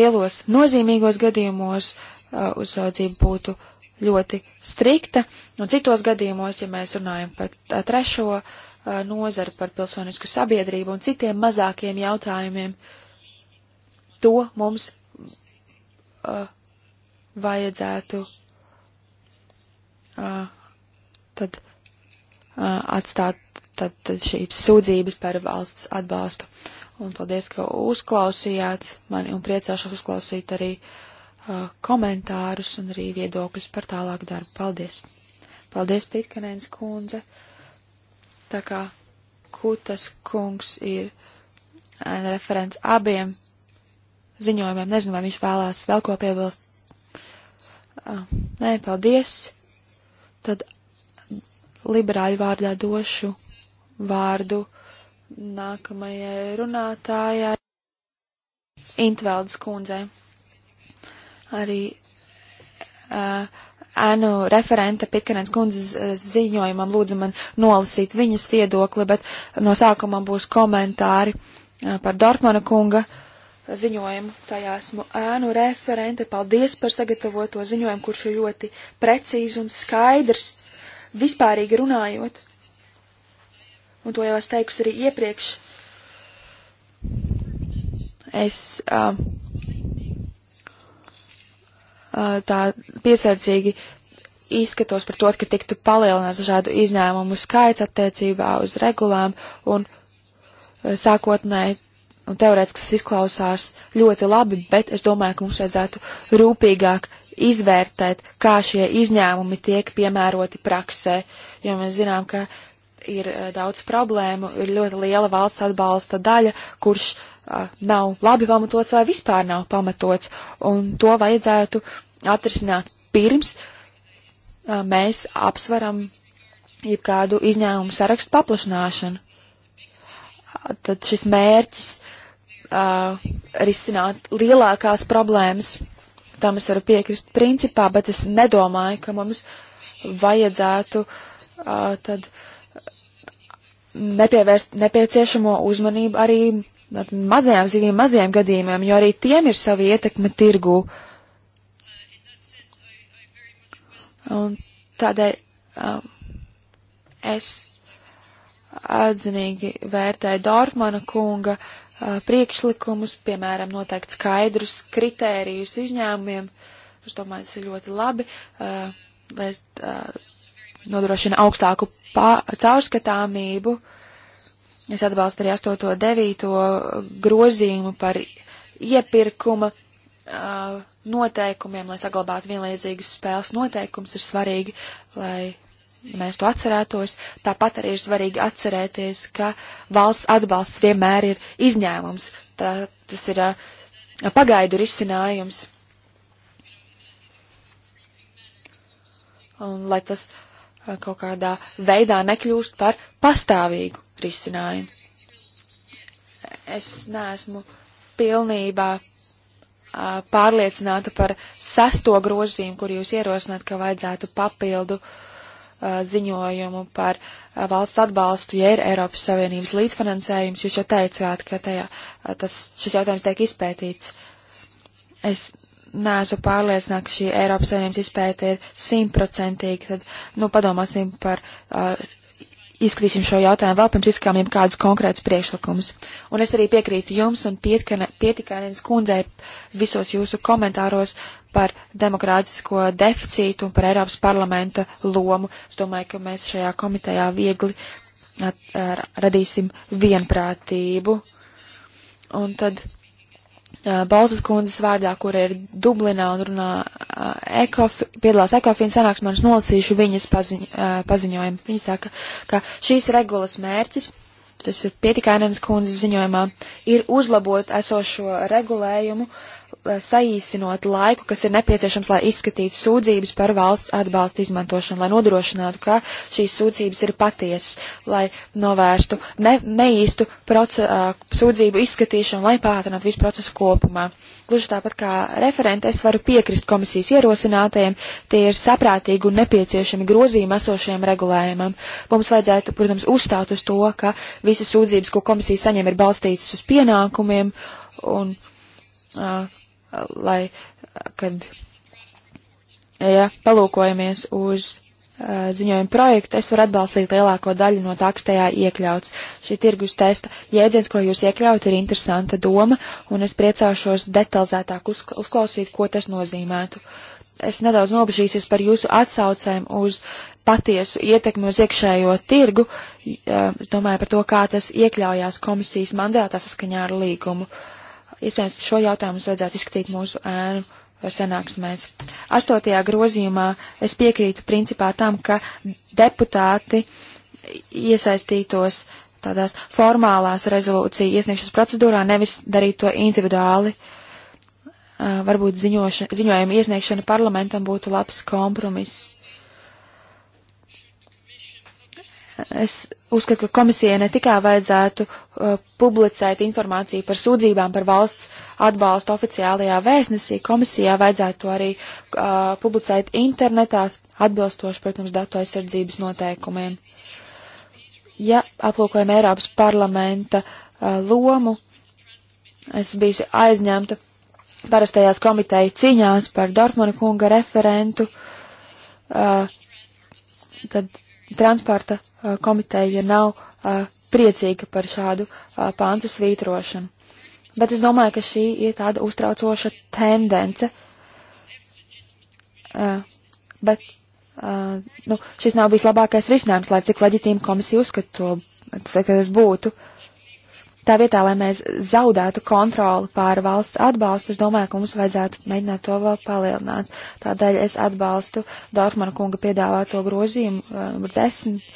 lielos nozīmīgos gadījumos uh, uzraudzība būtu ļoti strikta, un citos gadījumos, ja mēs runājam par uh, trešo uh, Uh, nozari, par pilsonisku sabiedrību un citiem mazākiem jautājumiem. To mums uh, vajadzētu uh, tad uh, atstāt tad, tad šīs sūdzības par valsts atbalstu. Un paldies, ka uzklausījāt mani un priecāšos uzklausīt arī uh, komentārus un arī viedokļus par tālāku darbu. Paldies! Paldies, Pitkanēns kundze! Tā kā Kutas kungs ir referents abiem ziņojumiem, nezinu, vai viņš vēlās vēl ko piebilst. Nē, paldies. Tad liberāļu vārdā došu vārdu nākamajai runātājai Intveldes kundzei. Arī uh, ēnu referenta Pikarens kundzes eh, ziņojumam lūdzu man nolasīt viņas viedokli, bet no sākuma būs komentāri eh, par Dortmana kunga ziņojumu. Tajā esmu ēnu referente. Paldies par sagatavoto ziņojumu, kurš ir ļoti precīzi un skaidrs, vispārīgi runājot. Un to jau es teikusi arī iepriekš. Es uh, tā piesardzīgi izskatos par to, ka tiktu palielināts dažādu izņēmumu skaits attiecībā uz regulām un sākotnēji un teorētiski tas izklausās ļoti labi, bet es domāju, ka mums vajadzētu rūpīgāk izvērtēt, kā šie izņēmumi tiek piemēroti praksē, jo mēs zinām, ka ir daudz problēmu, ir ļoti liela valsts atbalsta daļa, kurš uh, nav labi pamatots vai vispār nav pamatots, un to vajadzētu uh, atrisināt pirms uh, mēs apsveram jebkādu izņēmumu sarakstu paplašināšanu. Tad šis mērķis uh, risināt lielākās problēmas, tam es varu piekrist principā, bet es nedomāju, ka mums vajadzētu uh, tad nepievērst nepieciešamo uzmanību arī mazajām zivīm, mazajiem gadījumiem, jo arī tiem ir savi ietekme tirgū. Uh, Un tādēļ um, es atzinīgi vērtēju Dorfmana kunga uh, priekšlikumus, piemēram, noteikt skaidrus kritērijus izņēmumiem. Es domāju, tas ir ļoti labi, uh, lai uh, nodrošina augstāku caurskatāmību. Es atbalstu arī 8.9. grozījumu par iepirkuma uh, noteikumiem, lai saglabātu vienlīdzīgus spēles noteikumus, ir svarīgi, lai mēs to atcerētos. Tāpat arī ir svarīgi atcerēties, ka valsts atbalsts vienmēr ir izņēmums. Tā, tas ir uh, pagaidu risinājums. Un, lai tas uh, kaut kādā veidā nekļūst par pastāvīgu risinājumu. Es neesmu pilnībā pārliecināta par sesto grozījumu, kur jūs ierosināt, ka vajadzētu papildu ziņojumu par valsts atbalstu, ja ir Eiropas Savienības līdzfinansējums. Jūs jau teicāt, ka tajā, tas, šis jautājums tiek izpētīts. Es neesmu pārliecināta, ka šī Eiropas Savienības izpēta ir simtprocentīga, tad, nu, padomāsim par uh, izskatīsim šo jautājumu vēl pirms izskām jau kādus konkrētus priekšlikumus. Un es arī piekrītu jums un pietikānēnas kundzei visos jūsu komentāros par demokrātisko deficītu un par Eiropas parlamenta lomu. Es domāju, ka mēs šajā komitejā viegli at, ar, radīsim vienprātību. Un tad Baltas kundzes vārdā, kur ir Dublinā un runā ekof, piedalās ekofīna sanāksmē, un es nolasīšu viņas paziņ, paziņojumu. Viņa saka, ka šīs regulas mērķis, tas ir pietikainens kundzes ziņojumā, ir uzlabot esošo regulējumu uh, Eh, saīsinot laiku, kas ir nepieciešams, lai izskatītu sūdzības par valsts atbalsta izmantošanu, lai nodrošinātu, ka šīs sūdzības ir patiesas, lai novērstu ne, neīstu proce, eh, sūdzību izskatīšanu, lai pātrinātu visu procesu kopumā. Gluži tāpat kā referente, es varu piekrist komisijas ierosinātajiem, tie ir saprātīgi un nepieciešami grozījumi esošajam regulējumam. Mums vajadzētu, protams, uzstāt uz to, ka visas sūdzības, ko komisija saņem, ir balstītas uz pienākumiem un uh, lai, kad, ja palūkojamies uz ziņojumu projektu, es varu atbalstīt lielāko daļu no tā, kas tajā iekļauts. Šī tirgus testa jēdziens, ko jūs iekļaut, ir interesanta doma, un es priecāšos detalizētāk uz, uzklausīt, ko tas nozīmētu. Es nedaudz nobežīsies par jūsu atsaucēm uz patiesu ietekmi uz iekšējo tirgu. Es domāju par to, kā tas iekļaujās komisijas mandātā saskaņā ar līgumu. Uh, iespējams, šo jautājumu mums vajadzētu izskatīt mūsu ēnu sanāksmēs. Astotajā grozījumā es piekrītu principā tam, ka deputāti iesaistītos tādās formālās rezolūciju iesniegšanas procedūrā, nevis darīt to individuāli. Uh, varbūt ziņoša, ziņojuma iesniegšana parlamentam būtu labs kompromiss. Es uzskatu, ka komisijai ne tikai vajadzētu uh, publicēt informāciju par sūdzībām par valsts atbalstu oficiālajā vēstnesī, komisijā vajadzētu to arī uh, publicēt internetās, atbilstoši, protams, datu aizsardzības noteikumiem. Ja aplūkojam Eiropas parlamenta uh, lomu, es biju aizņemta parastajās komiteju cīņās par Dortmana kunga referentu, uh, tad transporta uh, komiteja nav uh, priecīga par šādu uh, pāntu svītrošanu. Bet es domāju, ka šī ir tāda uztraucoša tendence. Bet nu, šis nav bijis labākais risinājums, lai cik leģitīma komisija uzskata to, kas būtu. Uh, Tā vietā, lai mēs zaudētu kontroli pār valsts atbalstu, es domāju, ka mums vajadzētu mēģināt to vēl palielināt. Tādēļ es atbalstu Dorfmana kunga piedāvāto grozījumu eh, numur desmit.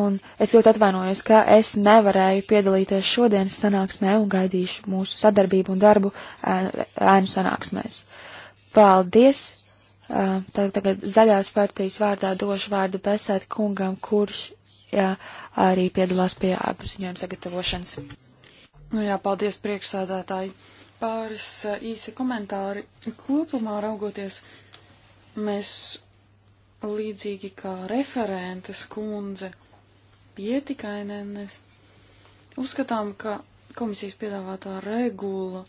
Un es ļoti atvainojos, ka es nevarēju piedalīties šodienas sanāksmē un gaidīšu mūsu sadarbību un darbu eh, ēnu sanāksmēs. Paldies! Eh, tagad zaļās partijas vārdā došu vārdu Besēt kungam, kurš jā, arī piedalās pie apziņojuma sagatavošanas. Nu jā, paldies priekšsādātāji. Pāris uh, īsi komentāri. Kopumā raugoties, mēs līdzīgi kā referentes kundze pietikainēnes uzskatām, ka komisijas piedāvātā regula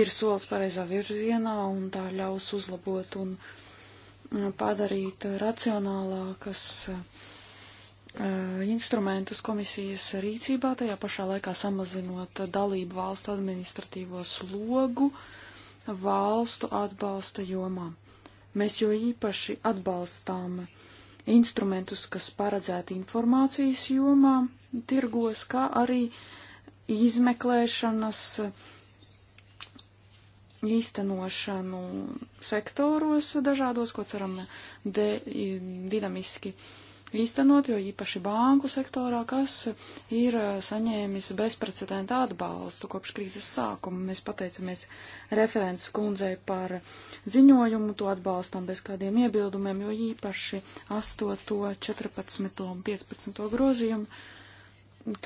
ir solis pareizā virzienā un tā ļaus uzlabot un mm, padarīt racionālākas uh, Uh, instrumentus komisijas rīcībā, tajā pašā laikā samazinot dalību valstu administratīvo slogu valstu atbalsta jomā. Mēs jo īpaši atbalstām instrumentus, kas paredzēti informācijas jomā, tirgos, kā arī izmeklēšanas īstenošanu sektoros dažādos, ko ceram de, dinamiski uh, īstenot, jo īpaši banku sektorā, kas ir eh, saņēmis bezprecedenta atbalstu kopš krīzes sākuma. Mēs pateicamies referents kundzei par ziņojumu, to atbalstam bez kādiem iebildumiem, jo īpaši 8, 14 un 15 grozījumu,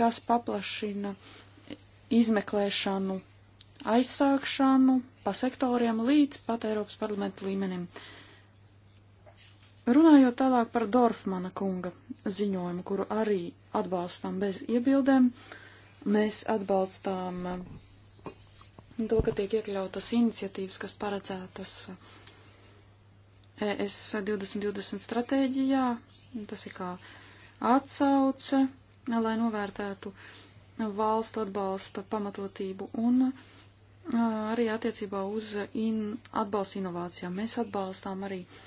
kas paplašina izmeklēšanu aizsākšanu pa sektoriem līdz pat Eiropas parlamenta līmenim. Uh, Runājot tālāk par Dorfmana kunga ziņojumu, kuru arī atbalstām bez iebildēm, mēs atbalstām eh, to, ka tiek iekļautas iniciatīvas, kas paredzētas eh, e ES 2020 stratēģijā. Tas ir kā atsauce, lai novērtētu valstu atbalsta pamatotību un eh, arī attiecībā uz in, atbalstu inovācijām. Mēs atbalstām arī uh,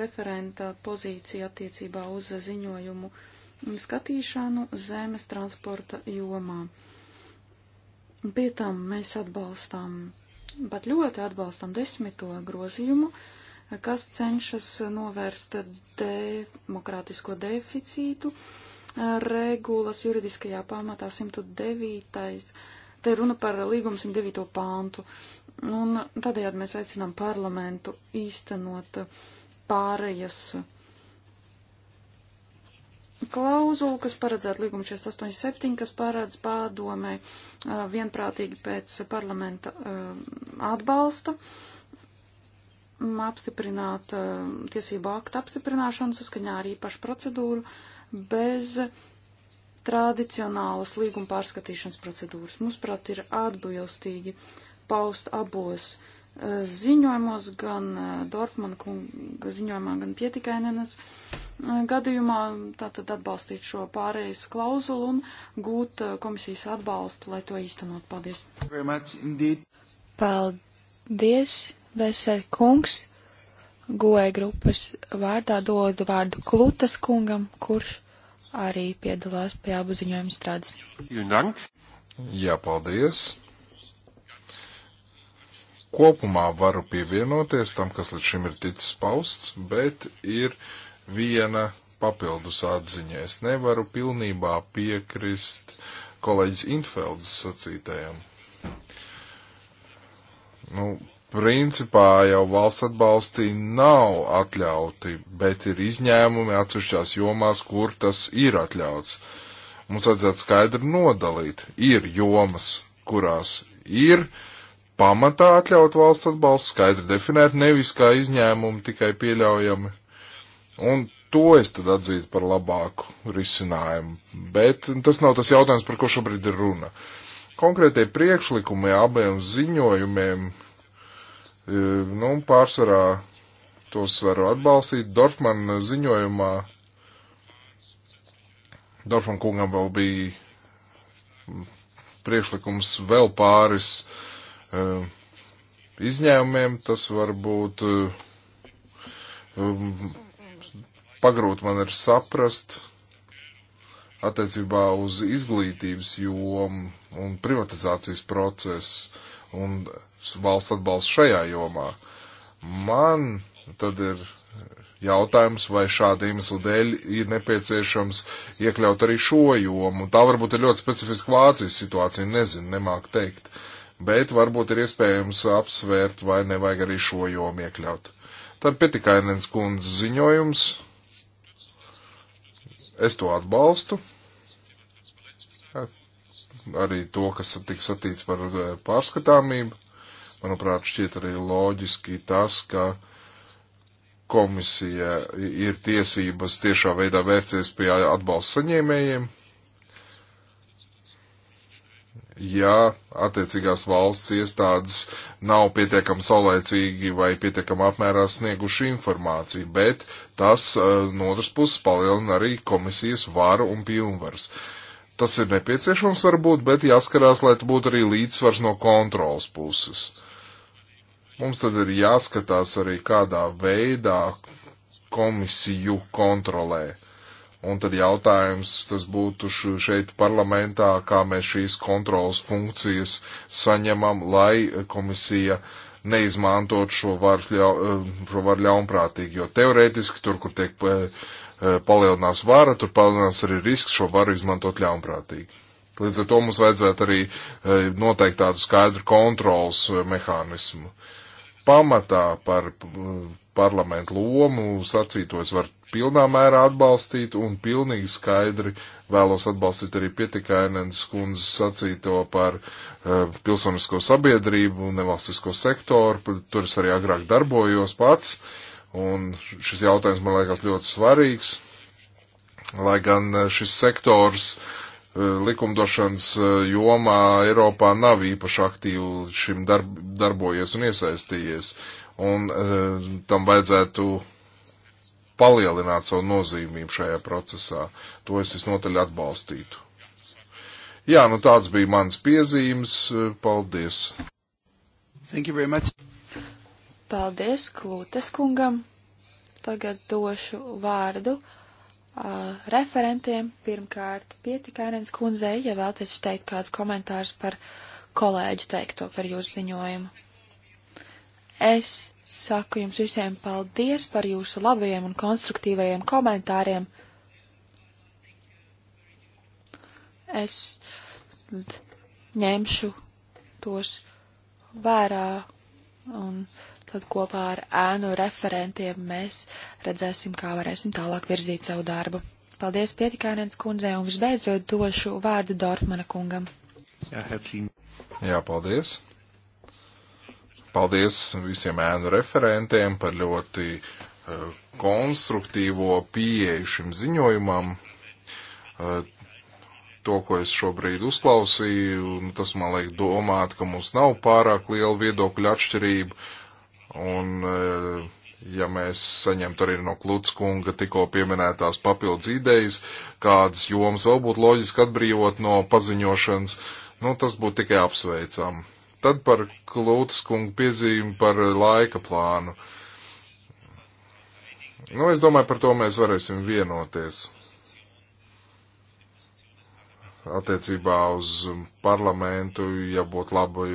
referenta pozīcija attiecībā uz ziņojumu skatīšanu zemes transporta jomā. Pie tam mēs atbalstām, pat ļoti atbalstām desmito grozījumu, kas cenšas novērst demokrātisko deficītu regulas juridiskajā pamatā 109. Te runa par līgumu 109. pāntu. Un tādējādi mēs aicinām parlamentu īstenot uh, pārējas klauzulu, kas paredzēta līguma 487, kas paredz pārdomē vienprātīgi pēc parlamenta atbalsta apstiprināt tiesību aktu apstiprināšanu saskaņā ar īpašu procedūru bez tradicionālas līguma pārskatīšanas procedūras. Mums, prāt, ir atbilstīgi paust abos uh, ziņojumos, gan e, Dorfmana kunga ziņojumā, gan Pietikainenes e, gadījumā tātad atbalstīt šo pārējais klauzulu un gūt e, komisijas atbalstu, lai to īstenot. Paldies! Paldies, Besēr kungs! Goe grupas vārdā dodu vārdu Klutas kungam, kurš arī piedalās pie abu ziņojumu strādes. Jā, paldies! kopumā varu pievienoties tam, kas līdz šim ir ticis pausts, bet ir viena papildus atziņa. Es nevaru pilnībā piekrist kolēģis Infeldes sacītajam. Nu, principā jau valsts atbalstī nav atļauti, bet ir izņēmumi atsevišķās jomās, kur tas ir atļauts. Mums vajadzētu skaidri nodalīt. Ir jomas, kurās ir uh, pamatā atļaut valsts atbalstu skaidri definēt, nevis kā izņēmumu tikai pieļaujami. Un to es tad atzītu par labāku risinājumu. Bet tas nav tas jautājums, par ko šobrīd ir runa. Konkrētie priekšlikumi abiem ziņojumiem, e, nu, pārsvarā tos varu atbalstīt. Dorfman ziņojumā, Dorfman kungam vēl bija priekšlikums vēl pāris uh, Eh, izņēmumiem, tas varbūt eh, um, pagrūt man ir saprast attiecībā uz izglītības jomu un privatizācijas procesu un valsts atbalstu šajā jomā. Man tad ir jautājums, vai šāda iemesla dēļ ir nepieciešams iekļaut arī šo jomu. Tā varbūt ir ļoti specifiska Vācijas situācija, nezinu, nemāk teikt. Uh, bet varbūt ir iespējams apsvērt, vai nevajag arī šo jomu iekļaut. Tad Petikainens kundzes ziņojums. Es to atbalstu. Arī to, kas tika satīts par eh, pārskatāmību. Manuprāt, šķiet arī loģiski tas, ka komisija ir tiesības tiešā veidā vērsties pie atbalsta saņēmējiem ja attiecīgās valsts iestādes nav pietiekami saulēcīgi vai pietiekami apmērā snieguši informāciju, bet tas eh, no otras puses palielina arī komisijas varu un pilnvaras. Tas ir nepieciešams varbūt, bet jāskarās, lai būtu arī līdzsvars no kontrolas puses. Mums tad ir jāskatās arī, kādā veidā komisiju kontrolē Un tad jautājums tas būtu šeit parlamentā, kā mēs šīs kontrolas funkcijas saņemam, lai komisija neizmantot šo varu ļau, eh, ļaunprātīgi. Jo teorētiski tur, kur tiek eh, eh, palielinās vara, tur palielinās arī risks šo varu izmantot ļaunprātīgi. Līdz ar to mums vajadzētu arī noteikt tādu skaidru kontrolas mehānismu. Pamatā par parlamentu lomu sacītos var pilnā mērā atbalstīt un pilnīgi skaidri vēlos atbalstīt arī pietikainens kundzes sacīto par uh, pilsonisko sabiedrību un nevalstisko sektoru. Tur es arī agrāk darbojos pats un šis jautājums man liekas ļoti svarīgs, lai gan eh, šis sektors uh, likumdošanas uh, jomā Eiropā nav īpaši aktīvi šim darb, darbojies un iesaistījies. Un e, tam vajadzētu palielināt savu nozīmību šajā procesā. To es visnotaļ atbalstītu. Jā, nu tāds bija mans piezīmes. Paldies! Thank you very much. Paldies Klūtes kungam. Tagad došu vārdu uh, referentiem. Pirmkārt, pietikainens kundzei, ja vēlaties izteikt kāds komentārs par kolēģu teikto par jūsu ziņojumu. Es Saku jums visiem paldies par jūsu labajiem un konstruktīvajiem komentāriem. Es ņemšu tos vērā un tad kopā ar ēnu referentiem mēs redzēsim, kā varēsim tālāk virzīt savu darbu. Paldies pietikānēns kundzei un visbeidzot došu vārdu Dorfmana kungam. Jā, Jā paldies. Paldies visiem ēnu referentiem par ļoti uh, konstruktīvo pieeju šim ziņojumam. Uh, to, ko es šobrīd uzklausīju, nu, tas man liek domāt, ka mums nav pārāk liela viedokļa atšķirība. Un, eh, ja mēs saņemtu arī no Klutskunga tikko pieminētās papildus idejas, kādas jomas vēl būtu loģiski atbrīvot no paziņošanas, nu, tas būtu tikai apsveicami. Tad par Klūtas kungu piezīmi par laika plānu. Nu, es domāju, par to mēs varēsim vienoties attiecībā uz parlamentu, ja būtu labi,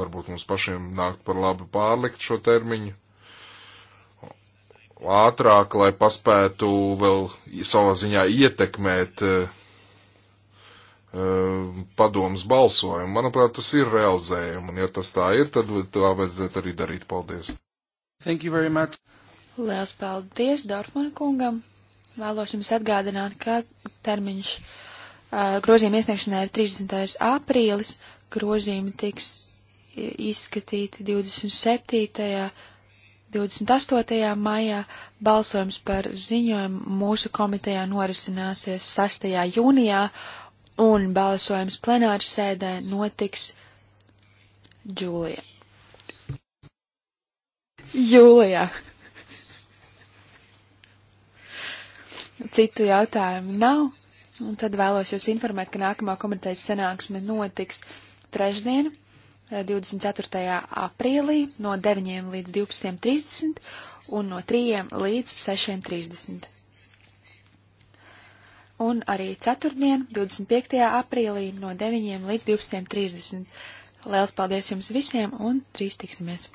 varbūt mums pašiem nākt par labu pārlikt šo termiņu ātrāk, lai paspētu vēl savā ziņā ietekmēt uh, Ehm, padomas balsojumu. Manuprāt, tas ir realizējami, un ja tas tā ir, tad tā vajadzētu arī darīt. Paldies! Thank you very much! Lielas paldies Dorfmanu kungam! Vēlos jums atgādināt, ka termiņš uh, grozījuma iesniegšanai ir 30. aprīlis, grozījumi tiks izskatīti 27. 28. maijā balsojums par ziņojumu mūsu komitejā norisināsies 6. jūnijā. Uh, un balsojums plenāru sēdē notiks Džūlijā. Jūlijā. Citu jautājumu nav, un tad vēlos jūs informēt, ka nākamā komitejas sanāksme notiks trešdien, 24. Eh, aprīlī, no 9 līdz 12.30 un no 3 līdz 6.30 un arī ceturtdien, 25. aprīlī no 9 līdz 12.30. Liels paldies jums visiem un drīz tiksimies!